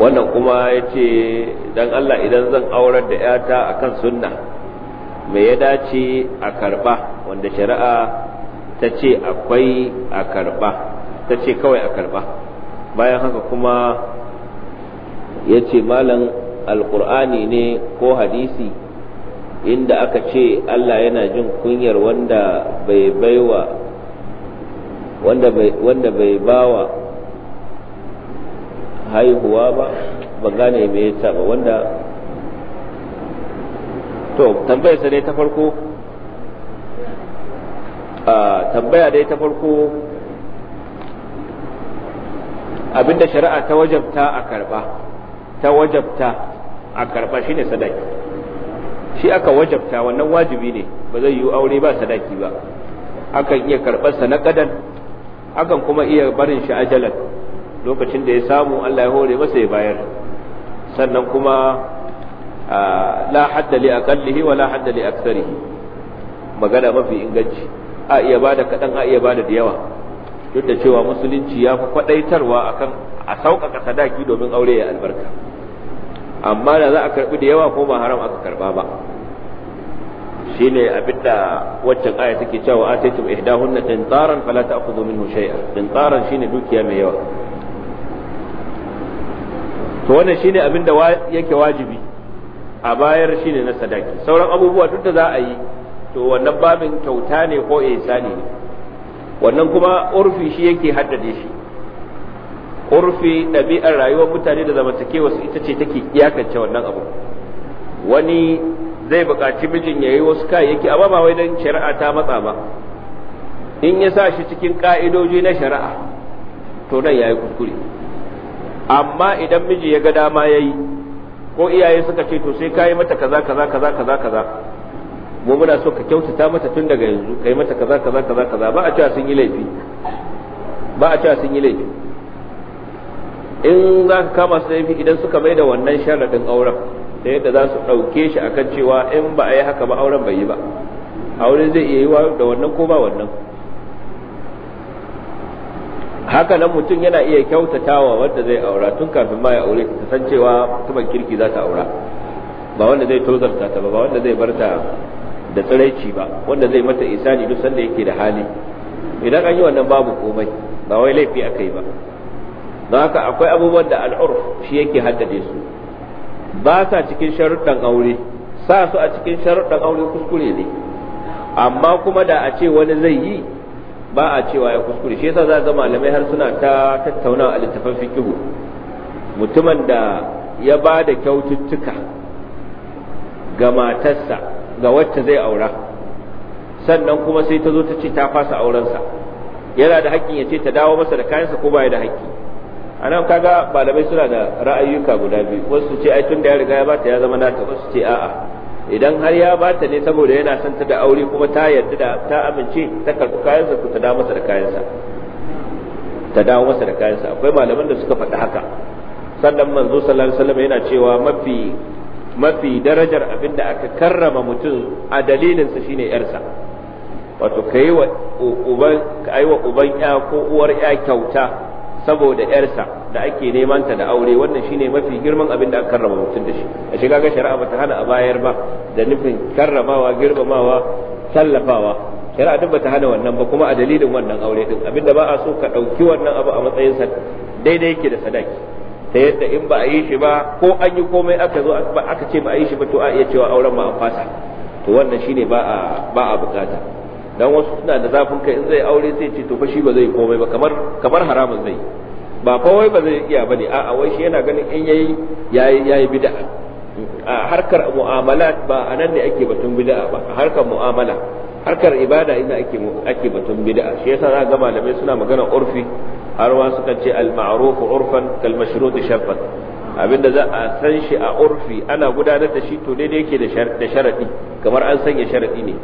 wannan kuma ya ce don Allah idan zan aurar da ‘yata a kan sunna mai ya dace a karba wanda shari'a ta ce akwai a karba ta ce kawai a karba bayan haka kuma ya ce malam alkur'ani ne ko hadisi inda aka ce Allah yana jin kunyar wanda bai baiwa wanda bai wanda bai bawa haihuwa ba ban gane me yasa ba wanda to tambayar sa ta farko a tambaya dai ta farko abinda shari'a ta wajabta a karba ta wajabta a karba shine sadaki shi aka wajabta wannan wajibi ne ba zai yi aure ba sadaki ba akan iya karɓarsa na kadan akan kuma iya barin shi ajalan lokacin da ya samu Allah ya hore masa ya bayar sannan kuma la hadda li aqallihi wa la hadda li aktharihi magana mafi inganci a iya bada kadan a iya bada da yawa duk da cewa musulunci ya fi kwadaitarwa akan a sauƙaƙa sadaki domin aure ya albarka amma da za a karɓi da yawa ko ba haram aka karɓa ba shine abinda waccan aya take cewa ataytum ihdahunna tintaran fala ta'khudhu minhu shay'a tintaran shine dukiya mai yawa to wannan shine abinda yake wajibi a bayar shine na sadaki sauran abubuwa duk da za a yi to wannan babin kyauta ne ko ihsani ne wannan kuma urfi shi yake haddade shi urfi ɗabi'ar rayuwar mutane da zamantakewa su ita ce take iyakance wannan abu wani zai buƙaci mijin ya yi wasu kayayyaki amma ba wai don shari'a ta matsa ba in ya sa shi cikin ƙa'idoji na shari'a to nan ya yi kuskure amma idan miji ya ga dama ya yi ko iyaye suka ce to sai ka yi mata kaza kaza kaza kaza kaza mu muna so ka kyautata mata tun daga yanzu kai mata kaza kaza kaza kaza ba a cewa sun yi laifi ba a cewa sun yi laifi in za ka kama su laifi idan suka mai da wannan sharadin auren da yadda za su ɗauke shi akan cewa in ba a yi haka ba auren bai yi ba auren zai iya yi da wannan ko ba wannan haka nan mutum yana iya kyautatawa wanda zai aura tun kafin ma ya aure ta san cewa mutumin kirki za ta aura ba wanda zai tozarta ta ba ba wanda zai barta da tsiraici ba wanda zai mata isa isani duk sanda yake da hali idan an yi wannan babu komai ba wai laifi aka yi ba don haka akwai abubuwan da al'urf shi yake haddade su ba sa cikin sharuɗan aure sa su a cikin sharuɗan aure kuskure ne amma kuma da a ce wani zai yi ba a cewa ya kuskure shi yasa za zama malamai har suna ta tattaunawa a littafan fikihu mutumin da ya ba da kyaututtuka ga matarsa ga wacce zai aura sannan kuma sai ta zo ta ce ta fasa aurensa yana da haƙƙin ya ce ta dawo masa da kayansa ko baya da haƙƙi a nan kaga malamai suna da ra'ayyuka guda biyu wasu ce ai tun da ya riga ya bata ya zama nata wasu ce a'a idan har ya bata ne saboda yana son ta da aure kuma ta yarda da ta amince ta karɓi kayansa ko ta dawo masa da kayansa ta dawo masa da kayansa akwai malaman da suka faɗi haka sannan manzo sallallahu alaihi wasallam yana cewa mafi mafi darajar abin da aka karrama mutum a dalilinsa shine yarsa wato ka yi wa uban ya ko uwar ya kyauta saboda yarsa da ake neman ta da aure wannan shine mafi girman abin da aka karrama mutum da shi a shiga ga shari'a bata hana a bayar ba da nufin karramawa girmamawa tallafawa shari'a duk bata hana wannan ba kuma a dalilin wannan aure din abinda ba a so ka ɗauki wannan abu a matsayin sa daidai yake da sadaki ta yadda in ba a yi shi ba ko an yi komai aka zo aka ce ba a yi shi ba to a iya cewa auren ma a fasa to wannan shine ba a ba a bukata dan wasu suna da zafin kai in zai aure sai ce to fa shi ba zai komai ba kamar kamar haramun zai ba fa wai ba zai iya bane a'a wai shi yana ganin in yayi yayi yayi bid'a a harkar mu'amalat ba anan ne ake batun bid'a ba harkar mu'amala harkar ibada ina ake ake batun bid'a shi yasa za ga malamai suna magana urfi har wa suka ce al-ma'ruf urfan kal mashrut shabbat abinda za a san shi a urfi ana gudanar da shi to dai yake da sharadi kamar an sanya sharadi ne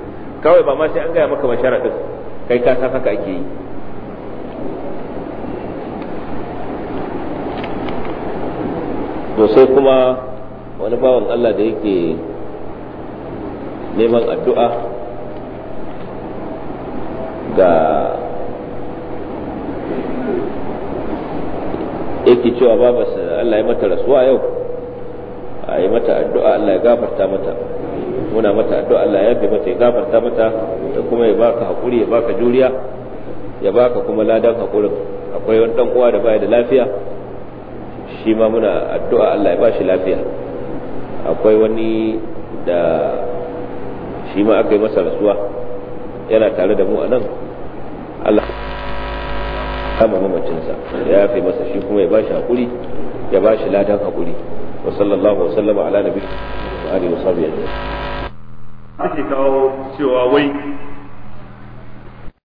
kawai ba ma sai an gaya maka ba sharadin kai ka san haka ake yi to sai kuma wani bawan Allah da yake neman addu'a ga yake cewa babarsa Allah ya mata rasuwa yau a yi mata addu'a Allah ya gafarta mata muna mata addu'a Allah ya mata ya gafarta mata da kuma ya baka haƙuri ya baka juriya ya baka kuma ladan haƙurin akwai wani ɗan uwa da baya da lafiya shi ma muna addu'a Allah ya ba shi lafiya akwai wani da shi ma aka yi masa rasuwa yana tare da mu a nan Allah kama mamacinsa ya yafe masa shi kuma ya ba shi hakuri ya ba shi ladan hakuri wa sallallahu wasallam ala nabi wa alihi wa sahbihi ake kawo cewa wai